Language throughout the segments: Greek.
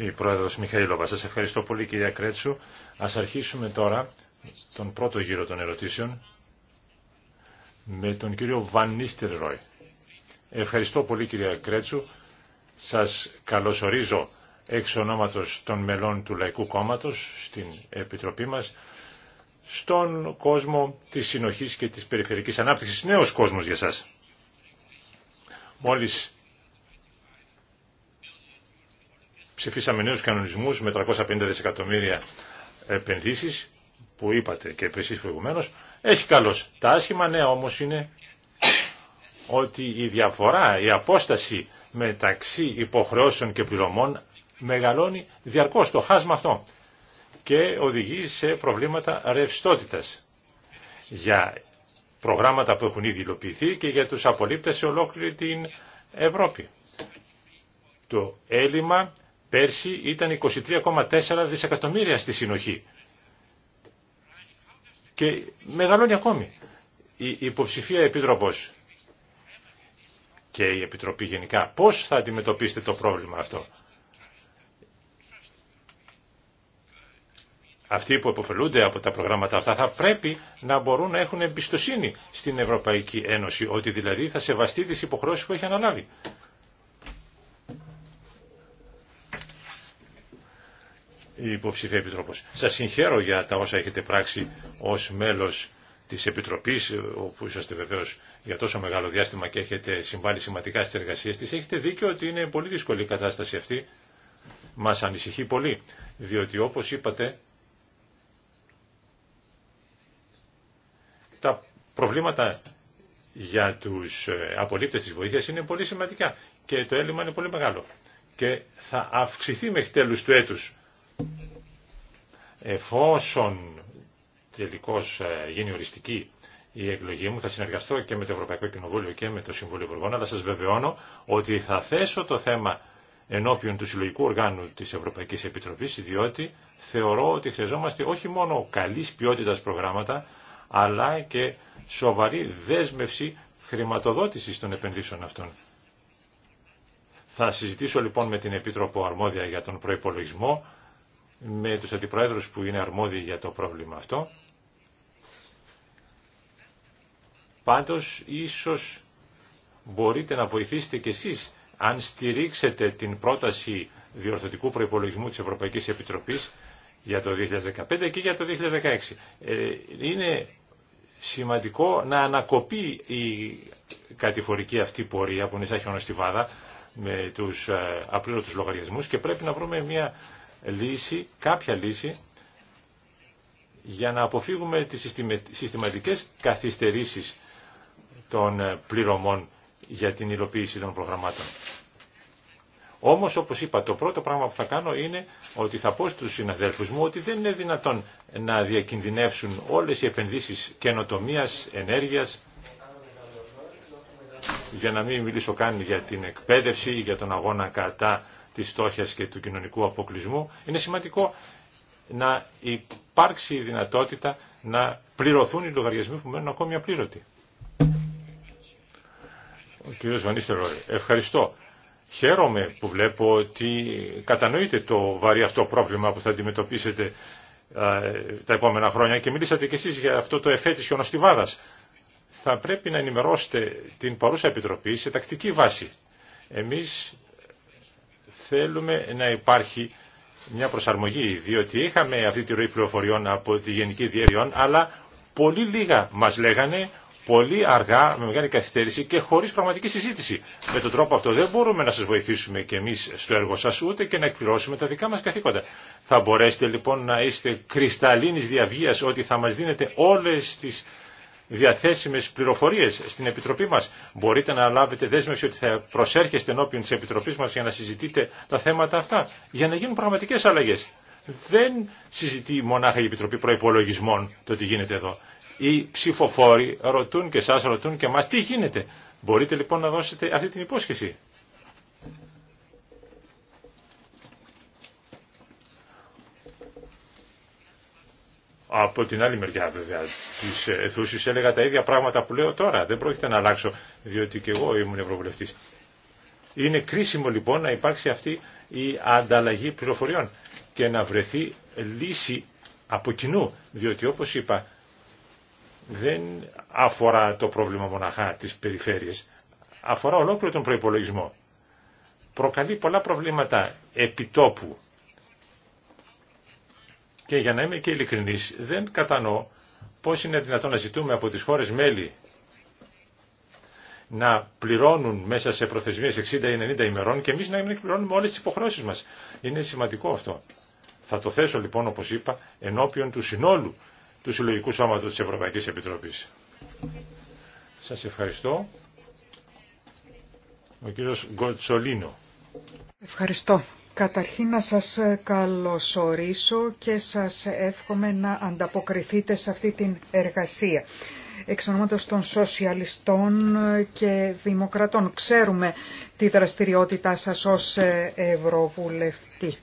η Πρόεδρος Μιχαήλοβα. Σας ευχαριστώ πολύ κυρία Κρέτσου. Ας αρχίσουμε τώρα τον πρώτο γύρο των ερωτήσεων με τον κύριο Βαν Νίστερ Ρόι. Ευχαριστώ πολύ κυρία Κρέτσου. Σας καλωσορίζω εξ ονόματος των μελών του Λαϊκού Κόμματος στην Επιτροπή μας στον κόσμο της συνοχής και της περιφερικής ανάπτυξης. Νέος κόσμος για σας. Μόλις Ψηφίσαμε νέους κανονισμούς με 350 δισεκατομμύρια επενδύσεις που είπατε και εσείς προηγουμένως. Έχει καλώς. Τα άσχημα νέα όμως είναι ότι η διαφορά, η απόσταση μεταξύ υποχρεώσεων και πληρωμών μεγαλώνει διαρκώς το χάσμα αυτό και οδηγεί σε προβλήματα ρευστότητας για προγράμματα που έχουν ήδη υλοποιηθεί και για τους απολύπτες σε ολόκληρη την Ευρώπη. Το έλλειμμα Πέρσι ήταν 23,4 δισεκατομμύρια στη συνοχή. Και μεγαλώνει ακόμη η υποψηφία Επίτροπος και η Επιτροπή γενικά. Πώς θα αντιμετωπίσετε το πρόβλημα αυτό. Αυτοί που υποφελούνται από τα προγράμματα αυτά θα πρέπει να μπορούν να έχουν εμπιστοσύνη στην Ευρωπαϊκή Ένωση, ότι δηλαδή θα σεβαστεί τις υποχρώσεις που έχει αναλάβει. η υποψηφία Επιτρόπος. Σας συγχαίρω για τα όσα έχετε πράξει ω μέλο τη Επιτροπής, όπου είσαστε βεβαίω για τόσο μεγάλο διάστημα και έχετε συμβάλει σημαντικά στις εργασίε τη. Έχετε δίκιο ότι είναι πολύ δύσκολη η κατάσταση αυτή. Μα ανησυχεί πολύ, διότι όπω είπατε, τα προβλήματα για τους ε, απολύπτες της βοήθειας είναι πολύ σημαντικά και το έλλειμμα είναι πολύ μεγάλο και θα αυξηθεί μέχρι τέλους του έτους Εφόσον τελικώς ε, γίνει οριστική η εκλογή μου, θα συνεργαστώ και με το Ευρωπαϊκό Κοινοβούλιο και με το Συμβούλιο Υπουργών, αλλά σας βεβαιώνω ότι θα θέσω το θέμα ενώπιον του συλλογικού οργάνου της Ευρωπαϊκής Επιτροπής, διότι θεωρώ ότι χρειαζόμαστε όχι μόνο καλής ποιότητας προγράμματα, αλλά και σοβαρή δέσμευση χρηματοδότησης των επενδύσεων αυτών. Θα συζητήσω λοιπόν με την Επίτροπο Αρμόδια για τον προϋπολογισμό με τους αντιπροέδρους που είναι αρμόδιοι για το πρόβλημα αυτό. Πάντως, ίσως μπορείτε να βοηθήσετε κι εσείς αν στηρίξετε την πρόταση διορθωτικού προϋπολογισμού της Ευρωπαϊκής Επιτροπής για το 2015 και για το 2016. Ε, είναι σημαντικό να ανακοπεί η κατηφορική αυτή πορεία που είναι σαν χιονοστιβάδα με τους ε, απλήρωτους λογαριασμούς και πρέπει να βρούμε μια λύση, κάποια λύση, για να αποφύγουμε τις συστηματικές καθυστερήσεις των ε, πληρωμών για την υλοποίηση των προγραμμάτων. Όμως, όπως είπα, το πρώτο πράγμα που θα κάνω είναι ότι θα πω στους συναδέλφους μου ότι δεν είναι δυνατόν να διακινδυνεύσουν όλες οι επενδύσεις καινοτομίας, ενέργειας, για να μην μιλήσω καν για την εκπαίδευση, για τον αγώνα κατά της φτώχειας και του κοινωνικού αποκλεισμού, είναι σημαντικό να υπάρξει η δυνατότητα να πληρωθούν οι λογαριασμοί που μένουν ακόμη απλήρωτοι. Ο κύριος Βανίστερο, ευχαριστώ. Χαίρομαι που βλέπω ότι κατανοείτε το βαρύ αυτό πρόβλημα που θα αντιμετωπίσετε ε, τα επόμενα χρόνια και μιλήσατε κι εσείς για αυτό το εφέ της χιονοστιβάδας. Θα πρέπει να ενημερώσετε την παρούσα Επιτροπή σε τακτική βάση. Εμείς θέλουμε να υπάρχει μια προσαρμογή, διότι είχαμε αυτή τη ροή πληροφοριών από τη Γενική Διεύθυνση, αλλά πολύ λίγα μας λέγανε, πολύ αργά, με μεγάλη καθυστέρηση και χωρίς πραγματική συζήτηση. Με τον τρόπο αυτό δεν μπορούμε να σας βοηθήσουμε και εμείς στο έργο σας, ούτε και να εκπληρώσουμε τα δικά μας καθήκοντα. Θα μπορέσετε λοιπόν να είστε κρυσταλλίνης διαβίας ότι θα μας δίνετε όλες τις διαθέσιμες πληροφορίες στην Επιτροπή μας. Μπορείτε να λάβετε δέσμευση ότι θα προσέρχεστε ενώπιον της Επιτροπής μας για να συζητείτε τα θέματα αυτά, για να γίνουν πραγματικές αλλαγές. Δεν συζητεί μονάχα η Επιτροπή Προϋπολογισμών το τι γίνεται εδώ. Οι ψηφοφόροι ρωτούν και σας ρωτούν και μας τι γίνεται. Μπορείτε λοιπόν να δώσετε αυτή την υπόσχεση. Από την άλλη μεριά βέβαια της αιθούσιους έλεγα τα ίδια πράγματα που λέω τώρα. Δεν πρόκειται να αλλάξω διότι και εγώ ήμουν ευρωβουλευτής. Είναι κρίσιμο λοιπόν να υπάρξει αυτή η ανταλλαγή πληροφοριών και να βρεθεί λύση από κοινού. Διότι όπως είπα δεν αφορά το πρόβλημα μοναχά της περιφέρειας. Αφορά ολόκληρο τον προϋπολογισμό. Προκαλεί πολλά προβλήματα επιτόπου και για να είμαι και ειλικρινής, δεν κατανοώ πώς είναι δυνατόν να ζητούμε από τις χώρες μέλη να πληρώνουν μέσα σε προθεσμίες ή 60-90 ημερών και εμείς να μην πληρώνουμε όλες τις υποχρεώσεις μας. Είναι σημαντικό αυτό. Θα το θέσω λοιπόν, όπως είπα, ενώπιον του συνόλου του Συλλογικού Σώματος της Ευρωπαϊκής Επιτροπής. Σας ευχαριστώ. Ο κύριος Γκοτσολίνο. Ευχαριστώ. Καταρχήν να σας ε, καλωσορίσω και σας εύχομαι να ανταποκριθείτε σε αυτή την εργασία. Εξ των σοσιαλιστών ε, και δημοκρατών ξέρουμε τη δραστηριότητά σας ως ε, ευρωβουλευτή.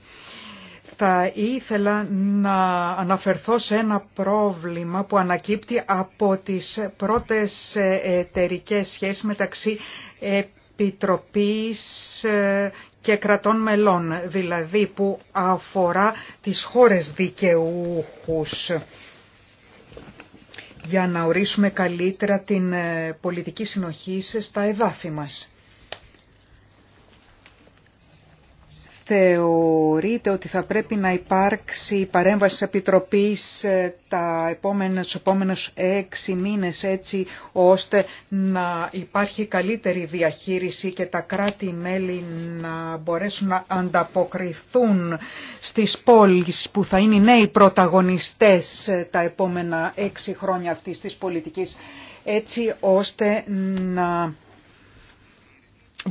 Θα ήθελα να αναφερθώ σε ένα πρόβλημα που ανακύπτει από τις πρώτες εταιρικές σχέσεις μεταξύ Επιτροπής και κρατών μελών, δηλαδή που αφορά τις χώρες δικαιούχους για να ορίσουμε καλύτερα την ε, πολιτική συνοχή στα εδάφη μας. Θεωρείτε ότι θα πρέπει να υπάρξει παρέμβαση Επιτροπής ε, τα επόμενα, έξι μήνες έτσι ώστε να υπάρχει καλύτερη διαχείριση και τα κράτη-μέλη να μπορέσουν να ανταποκριθούν στις πόλεις που θα είναι οι νέοι πρωταγωνιστές ε, τα επόμενα έξι χρόνια αυτής της πολιτικής έτσι ώστε να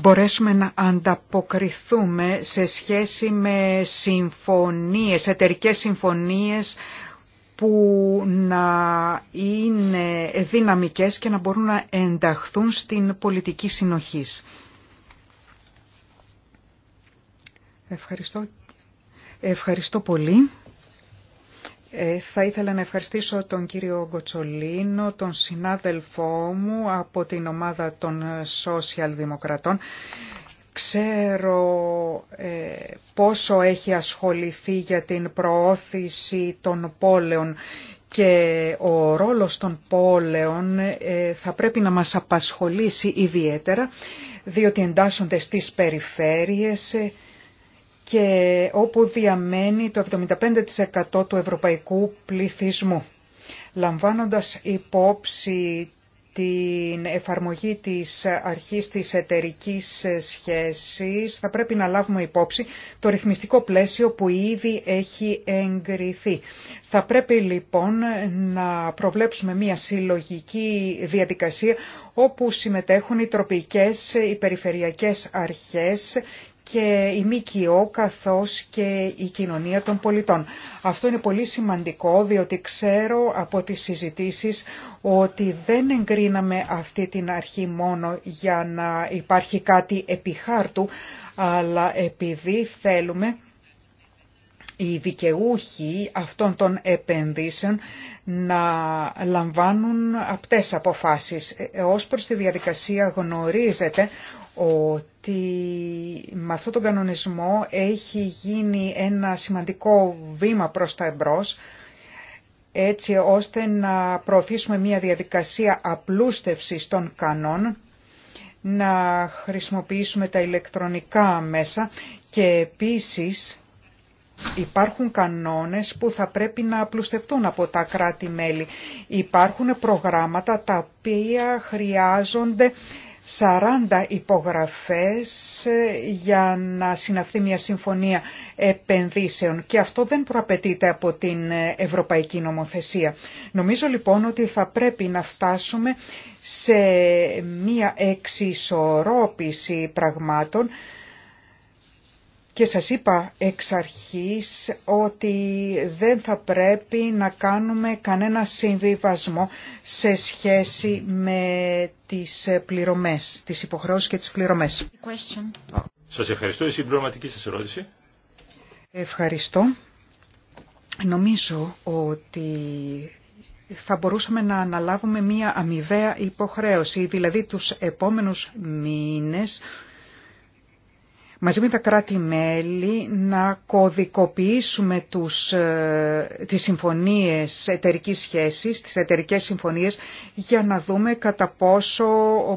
μπορέσουμε να ανταποκριθούμε σε σχέση με συμφωνίες, εταιρικέ συμφωνίες που να είναι δυναμικές και να μπορούν να ενταχθούν στην πολιτική συνοχής. Ευχαριστώ. Ευχαριστώ πολύ. Ε, θα ήθελα να ευχαριστήσω τον κύριο Γκοτσολίνο, τον συνάδελφό μου από την ομάδα των Σοσιαλδημοκρατών. Ξέρω ε, πόσο έχει ασχοληθεί για την προώθηση των πόλεων και ο ρόλος των πόλεων ε, θα πρέπει να μας απασχολήσει ιδιαίτερα, διότι εντάσσονται στις περιφέρειες και όπου διαμένει το 75% του ευρωπαϊκού πληθυσμού. Λαμβάνοντας υπόψη την εφαρμογή της αρχής της εταιρικής σχέσης θα πρέπει να λάβουμε υπόψη το ρυθμιστικό πλαίσιο που ήδη έχει εγκριθεί. Θα πρέπει λοιπόν να προβλέψουμε μια συλλογική διαδικασία όπου συμμετέχουν οι τροπικές, οι περιφερειακές αρχές και η ΜΚΟ καθώς και η κοινωνία των πολιτών. Αυτό είναι πολύ σημαντικό διότι ξέρω από τις συζητήσεις ότι δεν εγκρίναμε αυτή την αρχή μόνο για να υπάρχει κάτι επιχάρτου αλλά επειδή θέλουμε οι δικαιούχοι αυτών των επενδύσεων να λαμβάνουν απτές αποφάσεις. Ε, ως προς τη διαδικασία γνωρίζετε ότι με αυτόν τον κανονισμό έχει γίνει ένα σημαντικό βήμα προς τα εμπρός, έτσι ώστε να προωθήσουμε μια διαδικασία απλούστευσης των κανόνων, να χρησιμοποιήσουμε τα ηλεκτρονικά μέσα και επίσης Υπάρχουν κανόνες που θα πρέπει να απλουστευτούν από τα κράτη-μέλη. Υπάρχουν προγράμματα τα οποία χρειάζονται 40 υπογραφές ε, για να συναυθεί μια συμφωνία επενδύσεων και αυτό δεν προαπαιτείται από την ε, Ευρωπαϊκή Νομοθεσία. Νομίζω λοιπόν ότι θα πρέπει να φτάσουμε σε μια εξισορρόπηση πραγμάτων και σας είπα εξ αρχής ότι δεν θα πρέπει να κάνουμε κανένα συμβιβασμό σε σχέση με τις πληρωμές, τις υποχρεώσεις και τις πληρωμές. Σας ευχαριστώ. Η συμπληρωματική σας ερώτηση. Ευχαριστώ. Νομίζω ότι θα μπορούσαμε να αναλάβουμε μία αμοιβαία υποχρέωση, δηλαδή τους επόμενους μήνες μαζί με τα κράτη-μέλη να κωδικοποιήσουμε τους, ε, τις συμφωνίες εταιρικής σχέσης, τις εταιρικές συμφωνίες, για να δούμε κατά πόσο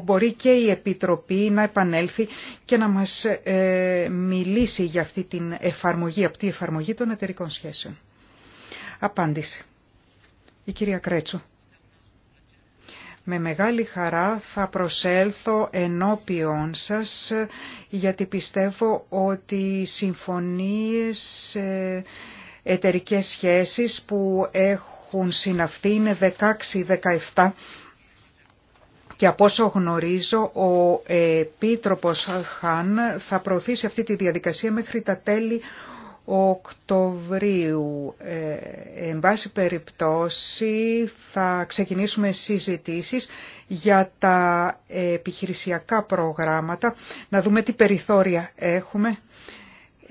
μπορεί και η Επιτροπή να επανέλθει και να μας ε, μιλήσει για αυτή την εφαρμογή, αυτή η εφαρμογή των εταιρικών σχέσεων. Απάντηση. Η κυρία Κρέτσου. Με μεγάλη χαρά θα προσέλθω ενώπιον σας γιατί πιστεύω ότι οι συμφωνίες ε, εταιρικές σχέσεις που έχουν συναυθεί είναι 16-17 και από όσο γνωρίζω ο Επίτροπος Χάν θα προωθήσει αυτή τη διαδικασία μέχρι τα τέλη Οκτωβρίου. Ε, εν πάση περιπτώσει θα ξεκινήσουμε συζητήσεις για τα επιχειρησιακά προγράμματα, να δούμε τι περιθώρια έχουμε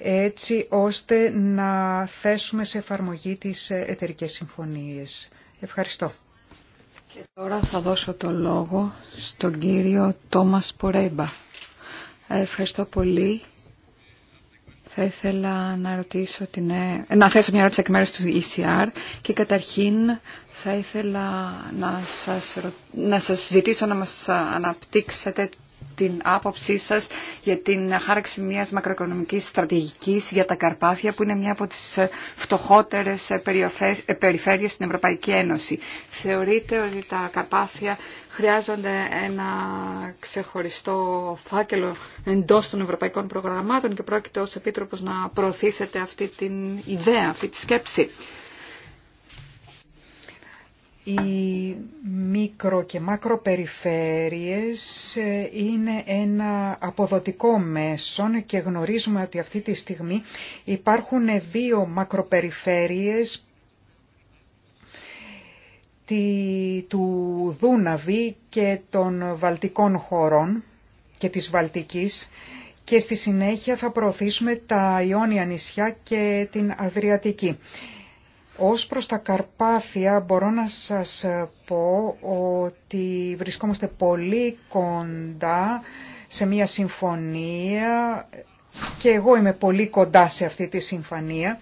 έτσι ώστε να θέσουμε σε εφαρμογή τις εταιρικέ συμφωνίες. Ευχαριστώ. Και τώρα θα δώσω το λόγο στον κύριο Τόμας Πορέμπα. Ε, ευχαριστώ πολύ. Θα ήθελα να, ρωτήσω ε, να θέσω μια ερώτηση εκ μέρους του ECR και καταρχήν θα ήθελα να σας, να σας ζητήσω να μας αναπτύξετε την άποψή σας για την χάραξη μιας μακροοικονομικής στρατηγικής για τα Καρπάθια που είναι μια από τις φτωχότερες περιφέρειες στην Ευρωπαϊκή Ένωση. Θεωρείτε ότι τα Καρπάθια χρειάζονται ένα ξεχωριστό φάκελο εντός των ευρωπαϊκών προγραμμάτων και πρόκειται ως Επίτροπος να προωθήσετε αυτή την ιδέα, αυτή τη σκέψη οι μικρο- και μακροπεριφέρειες ε, είναι ένα αποδοτικό μέσον και γνωρίζουμε ότι αυτή τη στιγμή υπάρχουν δύο μακροπεριφέρειες του Δούναβη και των Βαλτικών χωρών και της Βαλτικής και στη συνέχεια θα προωθήσουμε τα Ιόνια νησιά και την Αδριατική. Ως προς τα Καρπάθια μπορώ να σας πω ότι βρισκόμαστε πολύ κοντά σε μια συμφωνία και εγώ είμαι πολύ κοντά σε αυτή τη συμφωνία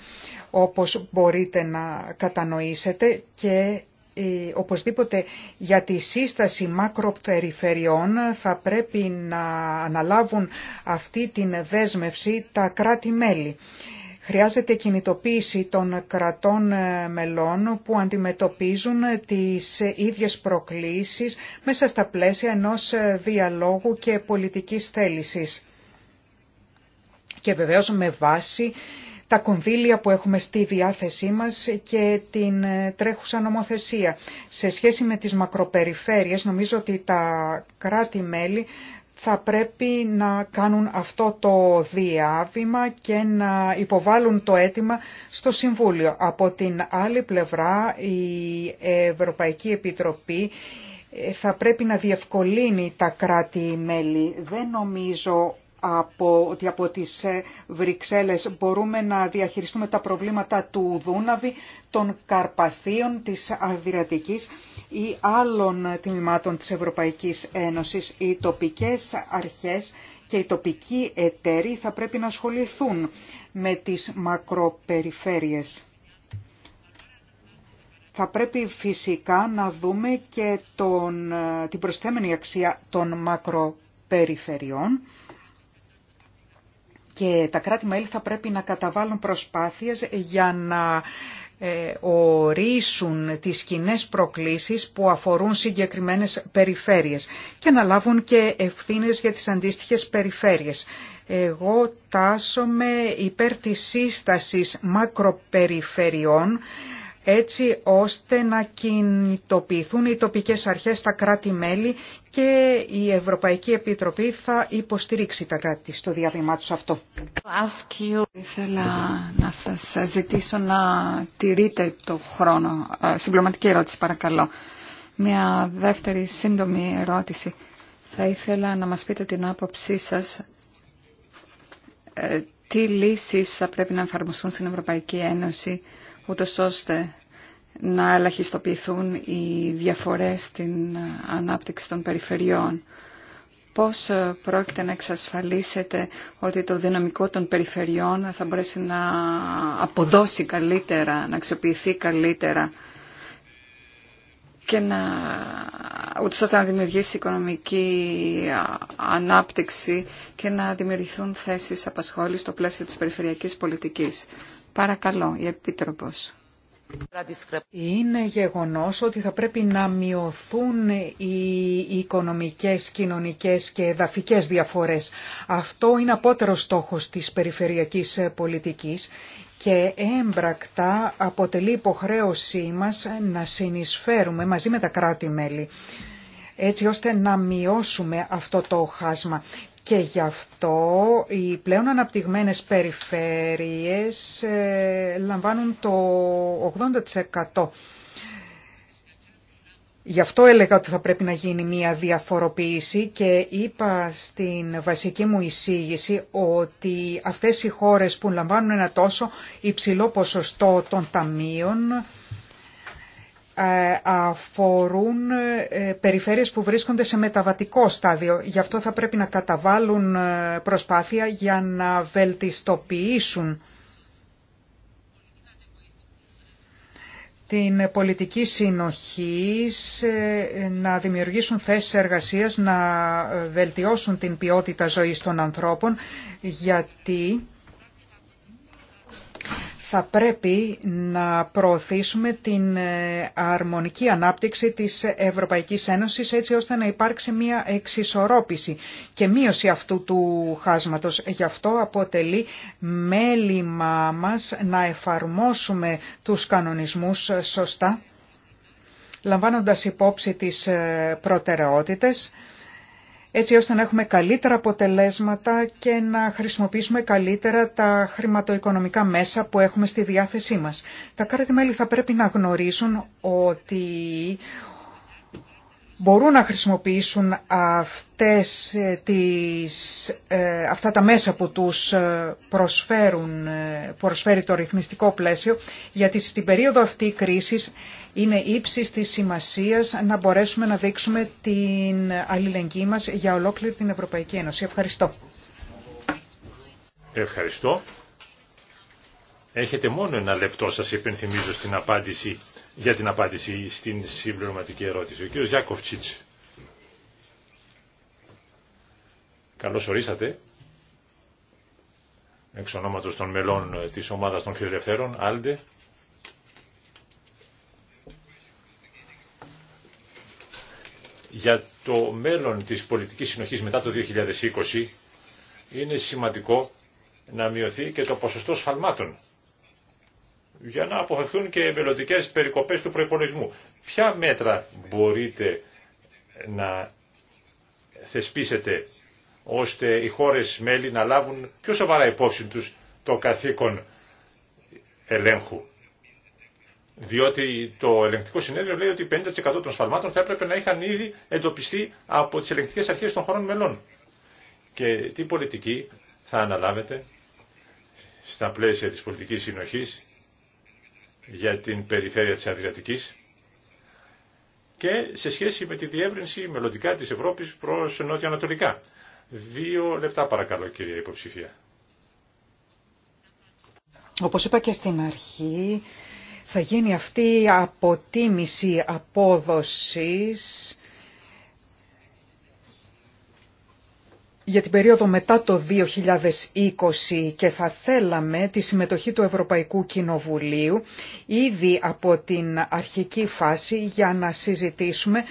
όπως μπορείτε να κατανοήσετε και ε, οπωσδήποτε για τη σύσταση μακροπεριφερειών θα πρέπει να αναλάβουν αυτή την δέσμευση τα κράτη-μέλη. Χρειάζεται κινητοποίηση των κρατών ε, μελών που αντιμετωπίζουν τις ίδιες προκλήσεις μέσα στα πλαίσια ενός ε, διαλόγου και πολιτικής θέλησης. Και βεβαίως με βάση τα κονδύλια που έχουμε στη διάθεσή μας και την ε, τρέχουσα νομοθεσία. Σε σχέση με τις μακροπεριφέρειες, νομίζω ότι τα κράτη-μέλη θα πρέπει να κάνουν αυτό το διάβημα και να υποβάλουν το αίτημα στο Συμβούλιο. Από την άλλη πλευρά η Ευρωπαϊκή Επιτροπή ε, θα πρέπει να διευκολύνει τα κράτη-μέλη. Δεν νομίζω από, ότι από τις ε, Βρυξέλλες μπορούμε να διαχειριστούμε τα προβλήματα του Δούναβη, των Καρπαθίων, της Αδριατικής ή άλλων τμήματων της Ευρωπαϊκής Ένωσης. Οι τοπικές αρχές και οι τοπικοί εταίροι θα πρέπει να ασχοληθούν με τις μακροπεριφέρειες. Θα πρέπει φυσικά να δούμε και τον, την προσθέμενη αξία των μακροπεριφερειών και τα κράτη-μέλη θα πρέπει να καταβάλουν προσπάθειες για να ε, ορίσουν τις κοινέ προκλήσεις που αφορούν συγκεκριμένες περιφέρειες και να λάβουν και ευθύνες για τις αντίστοιχες περιφέρειες. Εγώ τάσομαι υπέρ της σύστασης μακροπεριφερειών έτσι ώστε να κινητοποιηθούν οι τοπικές αρχές, στα κράτη-μέλη και η Ευρωπαϊκή Επιτροπή θα υποστηρίξει τα κράτη στο διαβήμα τους αυτό. Ήθελα να σας ζητήσω να τηρείτε το χρόνο. Ε, συμπληρωματική ερώτηση παρακαλώ. Μια δεύτερη σύντομη ερώτηση. Θα ήθελα να μας πείτε την άποψή σας ε, τι λύσεις θα πρέπει να εφαρμοστούν στην Ευρωπαϊκή Ένωση ούτως ώστε να ελαχιστοποιηθούν οι διαφορές στην ανάπτυξη των περιφερειών. Πώς ε, πρόκειται να εξασφαλίσετε ότι το δυναμικό των περιφερειών θα μπορέσει να αποδώσει καλύτερα, να αξιοποιηθεί καλύτερα και να, ούτως ώστε να δημιουργήσει οικονομική ανάπτυξη και να δημιουργηθούν θέσεις απασχόλησης στο πλαίσιο της περιφερειακής πολιτικής. Παρακαλώ, η Επίτροπος. Είναι γεγονός ότι θα πρέπει να μειωθούν οι οικονομικές, κοινωνικές και εδαφικές διαφορές. Αυτό είναι απότερο στόχος της περιφερειακής πολιτικής και έμπρακτα αποτελεί υποχρέωσή μας να συνεισφέρουμε μαζί με τα κράτη-μέλη έτσι ώστε να μειώσουμε αυτό το χάσμα και γι' αυτό οι πλέον αναπτυγμένες περιφέρειες ε, λαμβάνουν το 80%. Γι' αυτό έλεγα ότι θα πρέπει να γίνει μια διαφοροποίηση και είπα στην βασική μου εισήγηση ότι αυτές οι χώρες που λαμβάνουν ένα τόσο υψηλό ποσοστό των ταμείων ε, αφορούν ε, περιφέρειες που βρίσκονται σε μεταβατικό στάδιο. Γι' αυτό θα πρέπει να καταβάλουν ε, προσπάθεια για να βελτιστοποιήσουν την πολιτική συνοχή, να δημιουργήσουν θέσεις εργασίας, να βελτιώσουν την ποιότητα ζωής των ανθρώπων, γιατί θα πρέπει να προωθήσουμε την ε, αρμονική ανάπτυξη της Ευρωπαϊκής Ένωσης έτσι ώστε να υπάρξει μια εξισορρόπηση και μείωση αυτού του χάσματος. Γι' αυτό αποτελεί μέλημά μας να εφαρμόσουμε τους κανονισμούς σωστά λαμβάνοντας υπόψη τις ε, προτεραιότητες έτσι ώστε να έχουμε καλύτερα αποτελέσματα και να χρησιμοποιήσουμε καλύτερα τα χρηματοοικονομικά μέσα που έχουμε στη διάθεσή μας. Τα κράτη-μέλη θα πρέπει να γνωρίζουν ότι μπορούν να χρησιμοποιήσουν αυτές ε, τις, ε, αυτά τα μέσα που τους ε, προσφέρουν, προσφέρει το ρυθμιστικό πλαίσιο, γιατί στην περίοδο αυτή κρίσης είναι ύψη της σημασίας να μπορέσουμε να δείξουμε την αλληλεγγύη μας για ολόκληρη την Ευρωπαϊκή Ένωση. Ευχαριστώ. Ευχαριστώ. Έχετε μόνο ένα λεπτό σας υπενθυμίζω στην απάντηση για την απάντηση στην συμπληρωματική ερώτηση. Ο κύριος Γιάκοφτσίτς. Καλώς ορίσατε. Εξ ονόματος των μελών της ομάδας των φιλελευθέρων, Άλντε. Για το μέλλον της πολιτικής συνοχής μετά το 2020 είναι σημαντικό να μειωθεί και το ποσοστό σφαλμάτων για να αποφευθούν και μελλοντικέ περικοπές του προπολογισμού. Ποια μέτρα μπορείτε να θεσπίσετε ώστε οι χώρες μέλη να λάβουν πιο σοβαρά υπόψη τους το καθήκον ελέγχου. Διότι το ελεγκτικό συνέδριο λέει ότι 50% των σφαλμάτων θα έπρεπε να είχαν ήδη εντοπιστεί από τις ελεγκτικέ αρχές των χωρών μελών. Και τι πολιτική θα αναλάβετε στα πλαίσια της πολιτικής συνοχής για την περιφέρεια της Αδριατικής και σε σχέση με τη διεύρυνση μελλοντικά της Ευρώπης προς νότιο-ανατολικά. Δύο λεπτά παρακαλώ κυρία υποψηφία. Όπως είπα και στην αρχή, θα γίνει αυτή η αποτίμηση απόδοσης για την περίοδο μετά το 2020 και θα θέλαμε τη συμμετοχή του Ευρωπαϊκού Κοινοβουλίου ήδη από την αρχική φάση για να συζητήσουμε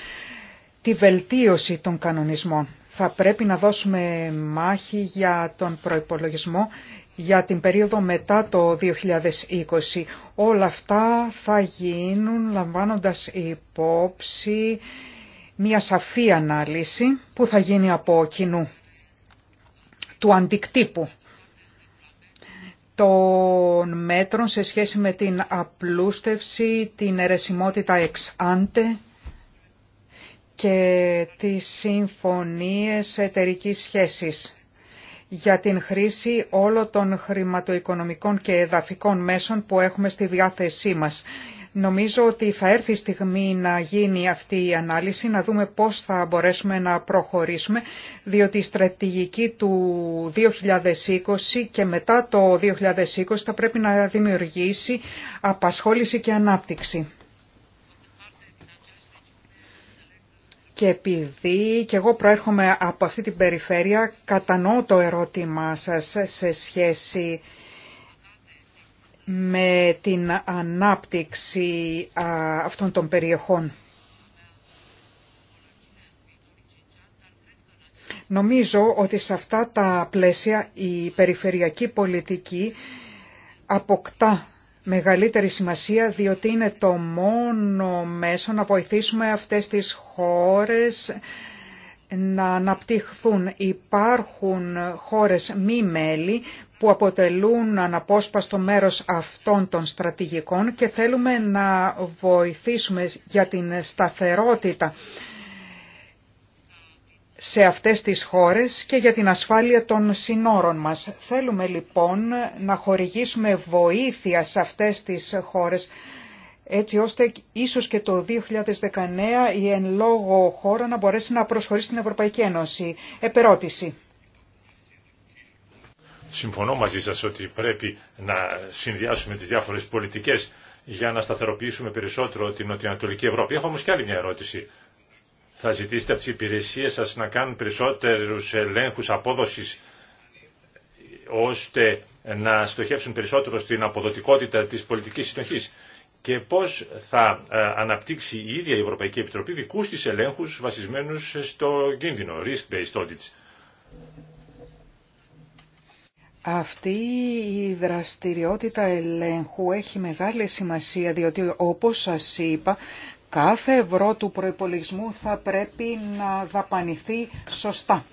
τη βελτίωση των κανονισμών. Θα πρέπει να δώσουμε μάχη για τον προϋπολογισμό για την περίοδο μετά το 2020. Όλα αυτά θα γίνουν λαμβάνοντας υπόψη μια σαφή ανάλυση που θα γίνει από κοινού του αντικτύπου των μέτρων σε σχέση με την απλούστευση, την αιρεσιμότητα εξ και τις συμφωνίες εταιρικής σχέσης για την χρήση όλων των χρηματοοικονομικών και εδαφικών μέσων που έχουμε στη διάθεσή μας Νομίζω ότι θα έρθει η στιγμή να γίνει αυτή η ανάλυση, να δούμε πώς θα μπορέσουμε να προχωρήσουμε, διότι η στρατηγική του 2020 και μετά το 2020 θα πρέπει να δημιουργήσει απασχόληση και ανάπτυξη. Και επειδή και εγώ προέρχομαι από αυτή την περιφέρεια, κατανοώ το ερώτημά σας σε σχέση με την ανάπτυξη αυτών των περιοχών. Νομίζω ότι σε αυτά τα πλαίσια η περιφερειακή πολιτική αποκτά μεγαλύτερη σημασία διότι είναι το μόνο μέσο να βοηθήσουμε αυτές τις χώρες να αναπτυχθούν. Υπάρχουν χώρες μη μέλη που αποτελούν αναπόσπαστο μέρος αυτών των στρατηγικών και θέλουμε να βοηθήσουμε για την σταθερότητα σε αυτές τις χώρες και για την ασφάλεια των συνόρων μας. Θέλουμε λοιπόν να χορηγήσουμε βοήθεια σε αυτές τις χώρες έτσι ώστε ίσως και το 2019 η εν λόγω χώρα να μπορέσει να προσχωρήσει στην Ευρωπαϊκή Ένωση. Επερώτηση. Συμφωνώ μαζί σας ότι πρέπει να συνδυάσουμε τις διάφορες πολιτικές για να σταθεροποιήσουμε περισσότερο την Νοτιοανατολική Ευρώπη. Έχω όμως και άλλη μια ερώτηση. Θα ζητήσετε από τις υπηρεσίες σας να κάνουν περισσότερους ελέγχους απόδοσης ώστε να στοχεύσουν περισσότερο στην αποδοτικότητα της πολιτικής συνοχής και πώς θα ε, αναπτύξει η ίδια η Ευρωπαϊκή Επιτροπή δικούς της ελέγχους βασισμένους στο κίνδυνο, risk-based audits. Αυτή η δραστηριότητα ελέγχου έχει μεγάλη σημασία διότι όπως σας είπα κάθε ευρώ του προϋπολογισμού θα πρέπει να δαπανηθεί σωστά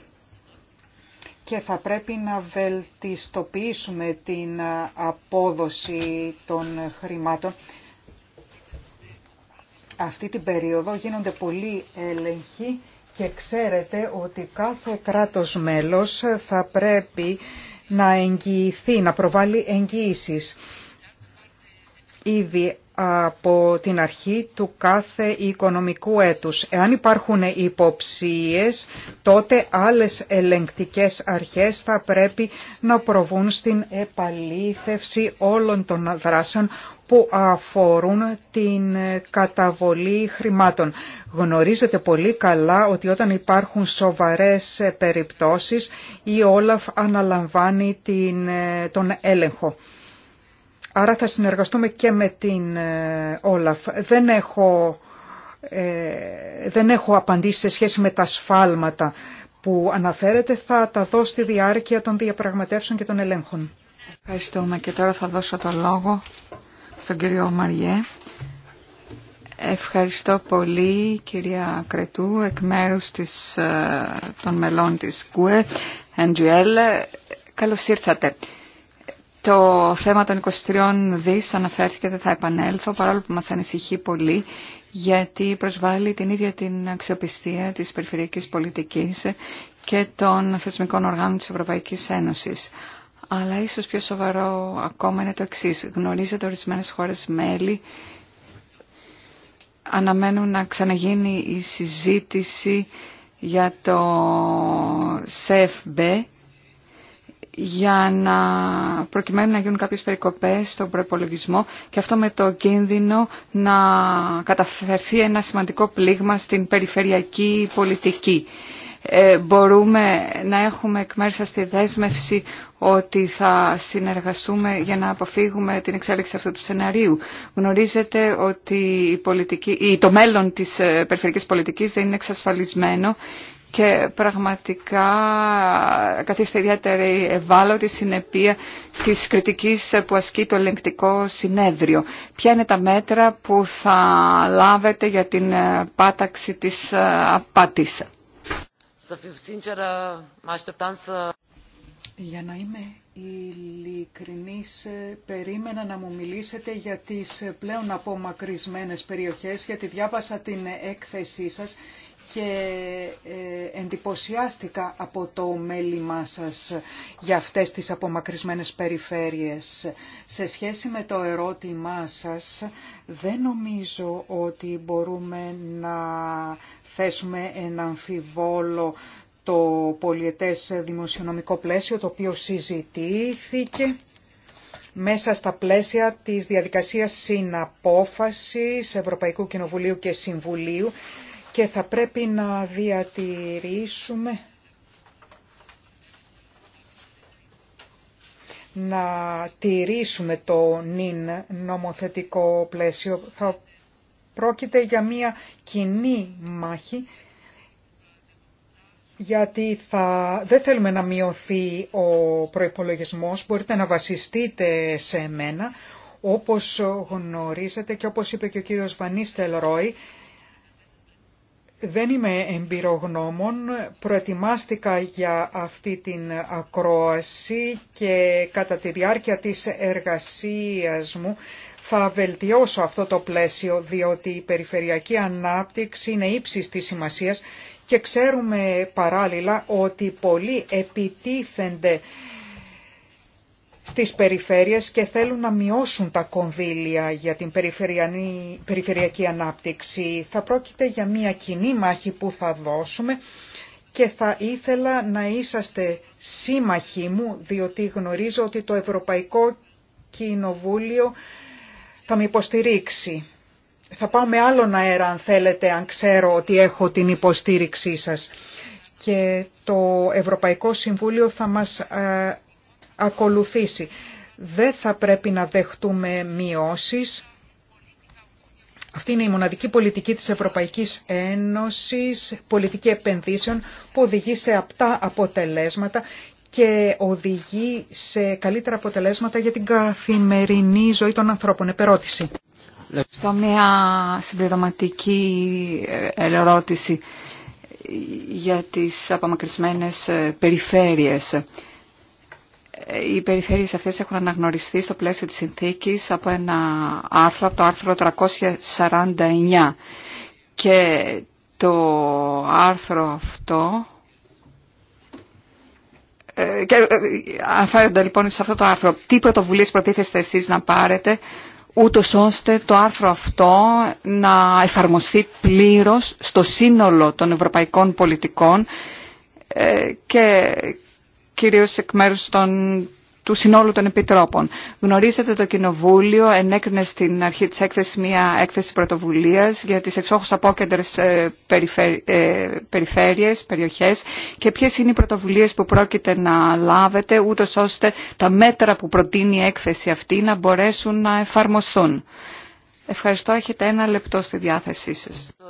και θα πρέπει να βελτιστοποιήσουμε την ε, απόδοση των χρημάτων αυτή την περίοδο γίνονται πολύ έλεγχοι και ξέρετε ότι κάθε κράτος μέλος θα πρέπει να εγγυηθεί, να προβάλλει εγγύησεις. Ήδη από την αρχή του κάθε οικονομικού έτους. Εάν υπάρχουν υποψίες, τότε άλλες ελεγκτικές αρχές θα πρέπει να προβούν στην επαλήθευση όλων των δράσεων που αφορούν την καταβολή χρημάτων. Γνωρίζετε πολύ καλά ότι όταν υπάρχουν σοβαρές περιπτώσεις η Όλαφ αναλαμβάνει την, τον έλεγχο Άρα θα συνεργαστούμε και με την ε, Όλαφ. Δεν έχω, ε, δεν έχω απαντήσει σε σχέση με τα σφάλματα που αναφέρεται. Θα τα δω στη διάρκεια των διαπραγματεύσεων και των ελέγχων. Ευχαριστούμε και τώρα θα δώσω το λόγο στον κύριο Μαριέ. Ευχαριστώ πολύ κυρία Κρετού εκ μέρους της, ε, των μελών της ΚΟΕ, καλώ Καλώς ήρθατε. Το θέμα των 23 δις αναφέρθηκε, δεν θα επανέλθω, παρόλο που μας ανησυχεί πολύ, γιατί προσβάλλει την ίδια την αξιοπιστία της περιφερειακής πολιτικής και των θεσμικών οργάνων της Ευρωπαϊκής Ένωσης. Αλλά ίσως πιο σοβαρό ακόμα είναι το εξής. Γνωρίζετε ορισμένες χώρες μέλη αναμένουν να ξαναγίνει η συζήτηση για το ΣΕΦΜΠΕ, για να προκειμένου να γίνουν κάποιες περικοπές στον προπολογισμό και αυτό με το κίνδυνο να καταφερθεί ένα σημαντικό πλήγμα στην περιφερειακή πολιτική. Ε, μπορούμε να έχουμε εκ μέρους σας δέσμευση ότι θα συνεργαστούμε για να αποφύγουμε την εξέλιξη αυτού του σενάριου. Γνωρίζετε ότι η πολιτική, το μέλλον της ε, περιφερειακής πολιτικής δεν είναι εξασφαλισμένο και πραγματικά καθίστε ιδιαίτερη ευάλωτη συνεπία της κριτικής που ασκεί το ελεγκτικό συνέδριο. Ποια είναι τα μέτρα που θα λάβετε για την πάταξη της απάτης. Για να είμαι ειλικρινής, περίμενα να μου μιλήσετε για τις πλέον απομακρυσμένες περιοχές, γιατί διάβασα την έκθεσή σας και ε, εντυπωσιάστηκα από το μέλημά σας για αυτές τις απομακρυσμένες περιφέρειες. Σε σχέση με το ερώτημά σας, δεν νομίζω ότι μπορούμε να θέσουμε ένα αμφιβόλο το πολιετές δημοσιονομικό πλαίσιο, το οποίο συζητήθηκε μέσα στα πλαίσια της διαδικασίας συναπόφασης Ευρωπαϊκού Κοινοβουλίου και Συμβουλίου και θα πρέπει να διατηρήσουμε να τηρήσουμε το νυν νομοθετικό πλαίσιο. Θα πρόκειται για μια κοινή μάχη γιατί θα, δεν θέλουμε να μειωθεί ο προϋπολογισμός. Μπορείτε να βασιστείτε σε μένα, Όπως γνωρίζετε και όπως είπε και ο κύριος Βανίστελ Ρόι, δεν είμαι εμπειρογνώμων, προετοιμάστηκα για αυτή την ακρόαση και κατά τη διάρκεια της εργασίας μου θα βελτιώσω αυτό το πλαίσιο διότι η περιφερειακή ανάπτυξη είναι ύψης της σημασίας και ξέρουμε παράλληλα ότι πολλοί επιτίθενται στις περιφέρειες και θέλουν να μειώσουν τα κονδύλια για την περιφερειακή ανάπτυξη. Θα πρόκειται για μια κοινή μάχη που θα δώσουμε και θα ήθελα να είσαστε σύμμαχοί μου, διότι γνωρίζω ότι το Ευρωπαϊκό Κοινοβούλιο θα με υποστηρίξει. Θα πάω με άλλον αέρα αν θέλετε, αν ξέρω ότι έχω την υποστήριξή σας. Και το Ευρωπαϊκό Συμβούλιο θα μας ε, ακολουθήσει. Δεν θα πρέπει να δεχτούμε μειώσεις. Αυτή είναι η μοναδική πολιτική της Ευρωπαϊκής Ένωσης, πολιτική επενδύσεων που οδηγεί σε απτά αποτελέσματα και οδηγεί σε καλύτερα αποτελέσματα για την καθημερινή ζωή των ανθρώπων. Επερώτηση. Στο μια συμπληρωματική ερώτηση για τις απομακρυσμένες περιφέρειες οι περιφέρειες αυτές έχουν αναγνωριστεί στο πλαίσιο της συνθήκης από ένα άρθρο, από το άρθρο 349. Και το άρθρο αυτό... Ε, και ε, αναφέρονται λοιπόν σε αυτό το άρθρο τι πρωτοβουλίες προτίθεστε εσείς να πάρετε ούτως ώστε το άρθρο αυτό να εφαρμοστεί πλήρως στο σύνολο των ευρωπαϊκών πολιτικών ε, και κυρίως εκ μέρους των του συνόλου των επιτρόπων. Γνωρίζετε το Κοινοβούλιο ενέκρινε στην αρχή της έκθεσης μια έκθεση πρωτοβουλίας για τις εξόχως απόκεντρες ε, ε, περιφέρειες, περιοχές και ποιες είναι οι πρωτοβουλίες που πρόκειται να λάβετε ούτω ώστε τα μέτρα που προτείνει η έκθεση αυτή να μπορέσουν να εφαρμοστούν. Ευχαριστώ, έχετε ένα λεπτό στη διάθεσή σας. Ε,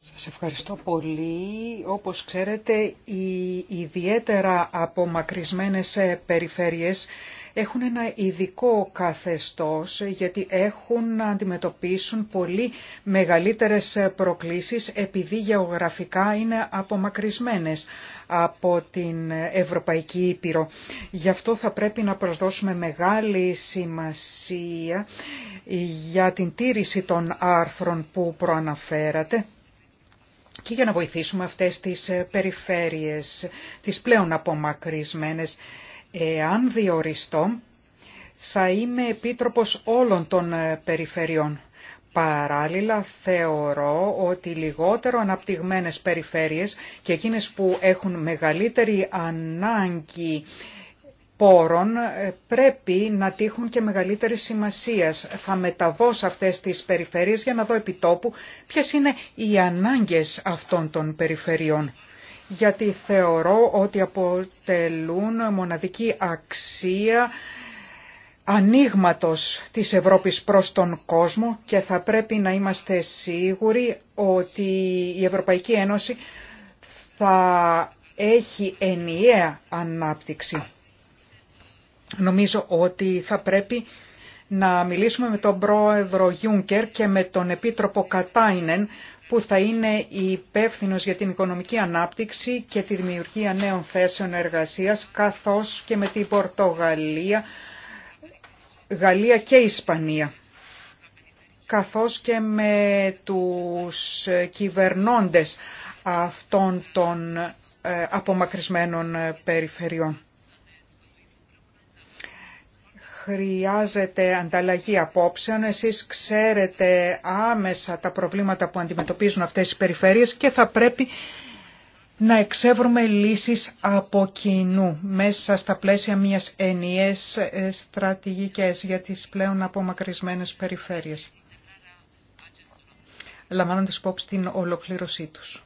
σας ευχαριστώ πολύ. Όπως ξέρετε, οι ιδιαίτερα απομακρυσμένες περιφέρειες έχουν ένα ειδικό καθεστώς γιατί έχουν να αντιμετωπίσουν πολύ μεγαλύτερες προκλήσεις επειδή γεωγραφικά είναι απομακρυσμένες από την Ευρωπαϊκή Ήπειρο. Γι' αυτό θα πρέπει να προσδώσουμε μεγάλη σημασία για την τήρηση των άρθρων που προαναφέρατε και για να βοηθήσουμε αυτές τις ε, περιφέρειες, τις πλέον απομακρυσμένες. Αν διοριστώ, θα είμαι επίτροπος όλων των ε, περιφερειών. Παράλληλα, θεωρώ ότι λιγότερο αναπτυγμένες περιφέρειες και εκείνες που έχουν μεγαλύτερη ανάγκη πόρων ε, πρέπει να τύχουν και μεγαλύτερη σημασία. Θα μεταβώ σε αυτές τις περιφερειές για να δω επιτόπου ποιες είναι οι ανάγκες αυτών των περιφερειών. Γιατί θεωρώ ότι αποτελούν μοναδική αξία ανοίγματο της Ευρώπης προς τον κόσμο και θα πρέπει να είμαστε σίγουροι ότι η Ευρωπαϊκή Ένωση θα έχει ενιαία ανάπτυξη Νομίζω ότι θα πρέπει να μιλήσουμε με τον πρόεδρο Γιούνκερ και με τον επίτροπο Κατάινεν που θα είναι υπεύθυνο για την οικονομική ανάπτυξη και τη δημιουργία νέων θέσεων εργασίας καθώς και με την Πορτογαλία, Γαλλία και Ισπανία καθώς και με τους κυβερνώντες αυτών των ε, απομακρυσμένων περιφερειών χρειάζεται ανταλλαγή απόψεων. Εσείς ξέρετε άμεσα τα προβλήματα που αντιμετωπίζουν αυτές οι περιφέρειες και θα πρέπει να εξεύρουμε λύσεις από κοινού μέσα στα πλαίσια μιας ενιαίας ε, στρατηγικής για τις πλέον απομακρυσμένες περιφέρειες, λαμβάνοντας υπόψη την ολοκλήρωσή τους.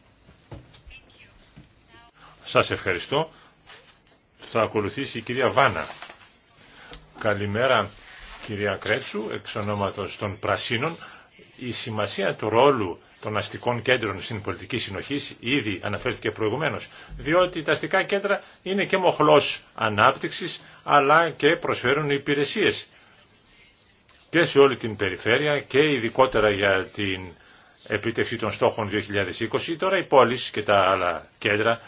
Σας ευχαριστώ. Θα ακολουθήσει η κυρία Βάνα. Καλημέρα κυρία Κρέτσου, εξ ονόματος των Πρασίνων. Η σημασία του ρόλου των αστικών κέντρων στην πολιτική συνοχή ήδη αναφέρθηκε προηγουμένως, διότι τα αστικά κέντρα είναι και μοχλός ανάπτυξης, αλλά και προσφέρουν υπηρεσίες και σε όλη την περιφέρεια και ειδικότερα για την επίτευξη των στόχων 2020. Τώρα οι πόλεις και τα άλλα κέντρα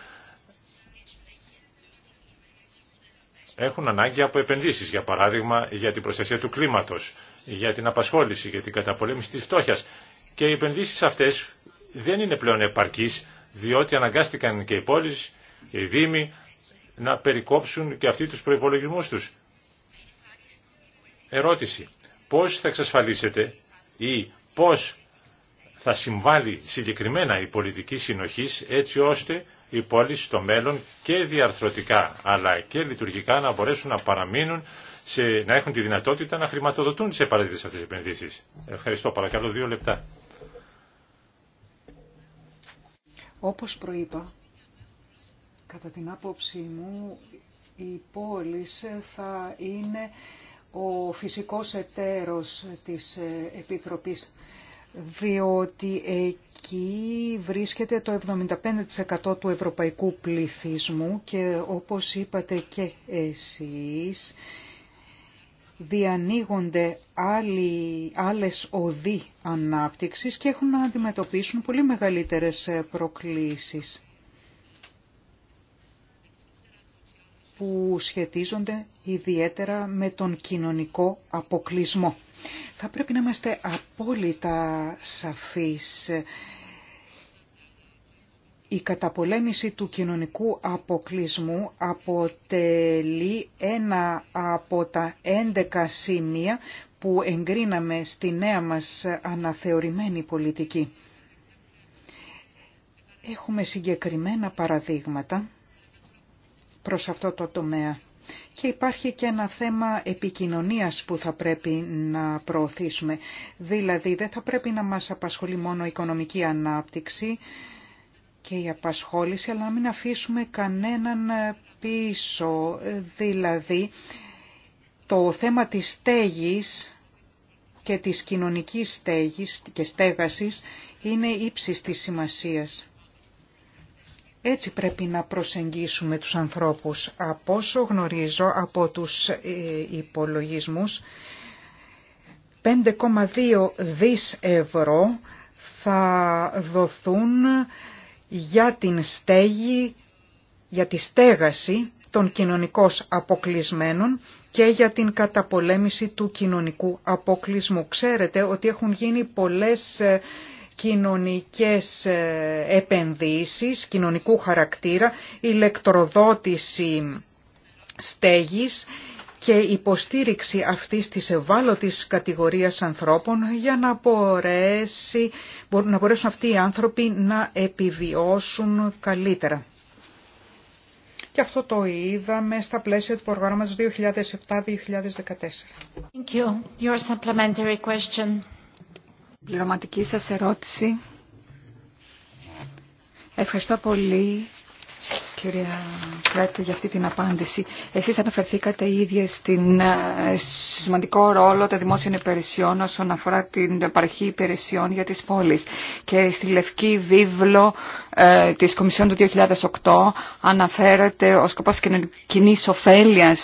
έχουν ανάγκη από επενδύσεις, για παράδειγμα για την προστασία του κλίματος, για την απασχόληση, για την καταπολέμηση της φτώχεια. Και οι επενδύσεις αυτές δεν είναι πλέον επαρκείς, διότι αναγκάστηκαν και οι πόλεις και οι δήμοι να περικόψουν και αυτοί τους προϋπολογισμούς τους. Ερώτηση. Πώς θα εξασφαλίσετε ή πώς θα συμβάλλει συγκεκριμένα η πολιτική συνοχή, έτσι ώστε οι πόλεις στο μέλλον και διαρθρωτικά αλλά και λειτουργικά να μπορέσουν να παραμείνουν σε, να έχουν τη δυνατότητα να χρηματοδοτούν σε παραδείγματες αυτές τις επενδύσεις. Ευχαριστώ. Παρακαλώ δύο λεπτά. Όπως προείπα, κατά την άποψή μου, η πόλη θα είναι ο φυσικός εταίρος της Επιτροπής διότι εκεί βρίσκεται το 75% του ευρωπαϊκού πληθυσμού και όπως είπατε και εσείς, διανοίγονται άλλοι, άλλες οδοί ανάπτυξης και έχουν να αντιμετωπίσουν πολύ μεγαλύτερες προκλήσεις που σχετίζονται ιδιαίτερα με τον κοινωνικό αποκλεισμό. Θα πρέπει να είμαστε απόλυτα σαφείς. Η καταπολέμηση του κοινωνικού αποκλεισμού αποτελεί ένα από τα 11 σημεία που εγκρίναμε στη νέα μας αναθεωρημένη πολιτική. Έχουμε συγκεκριμένα παραδείγματα προς αυτό το τομέα. Και υπάρχει και ένα θέμα επικοινωνίας που θα πρέπει να προωθήσουμε. Δηλαδή δεν θα πρέπει να μας απασχολεί μόνο η οικονομική ανάπτυξη και η απασχόληση, αλλά να μην αφήσουμε κανέναν πίσω. Δηλαδή το θέμα της στέγης και της κοινωνικής στέγης και στέγασης είναι ύψης της σημασίας. Έτσι πρέπει να προσεγγίσουμε τους ανθρώπους. Από όσο γνωρίζω από τους ε, υπολογισμούς, 5,2 δις ευρώ θα δοθούν για την στέγη, για τη στέγαση των κοινωνικώς αποκλεισμένων και για την καταπολέμηση του κοινωνικού αποκλεισμού. Ξέρετε ότι έχουν γίνει πολλές ε, κοινωνικές ε, επενδύσεις, κοινωνικού χαρακτήρα, ηλεκτροδότηση στέγης και υποστήριξη αυτής της ευάλωτης κατηγορίας ανθρώπων για να, μπορέσει, να μπορέσουν αυτοί οι άνθρωποι να επιβιώσουν καλύτερα. Και αυτό το είδαμε στα πλαίσια του προγράμματος 2007-2014 πληρωματική σας ερώτηση. Ευχαριστώ πολύ κυρία Κρέτου για αυτή την απάντηση. Εσείς αναφερθήκατε ίδια στην, ε, στο σημαντικό ρόλο των δημόσιων υπηρεσιών όσον αφορά την παροχή υπηρεσιών για τις πόλεις. Και στη Λευκή Βίβλο ε, της Κομισιόν του 2008 αναφέρεται ο σκοπός κοινής ωφέλεια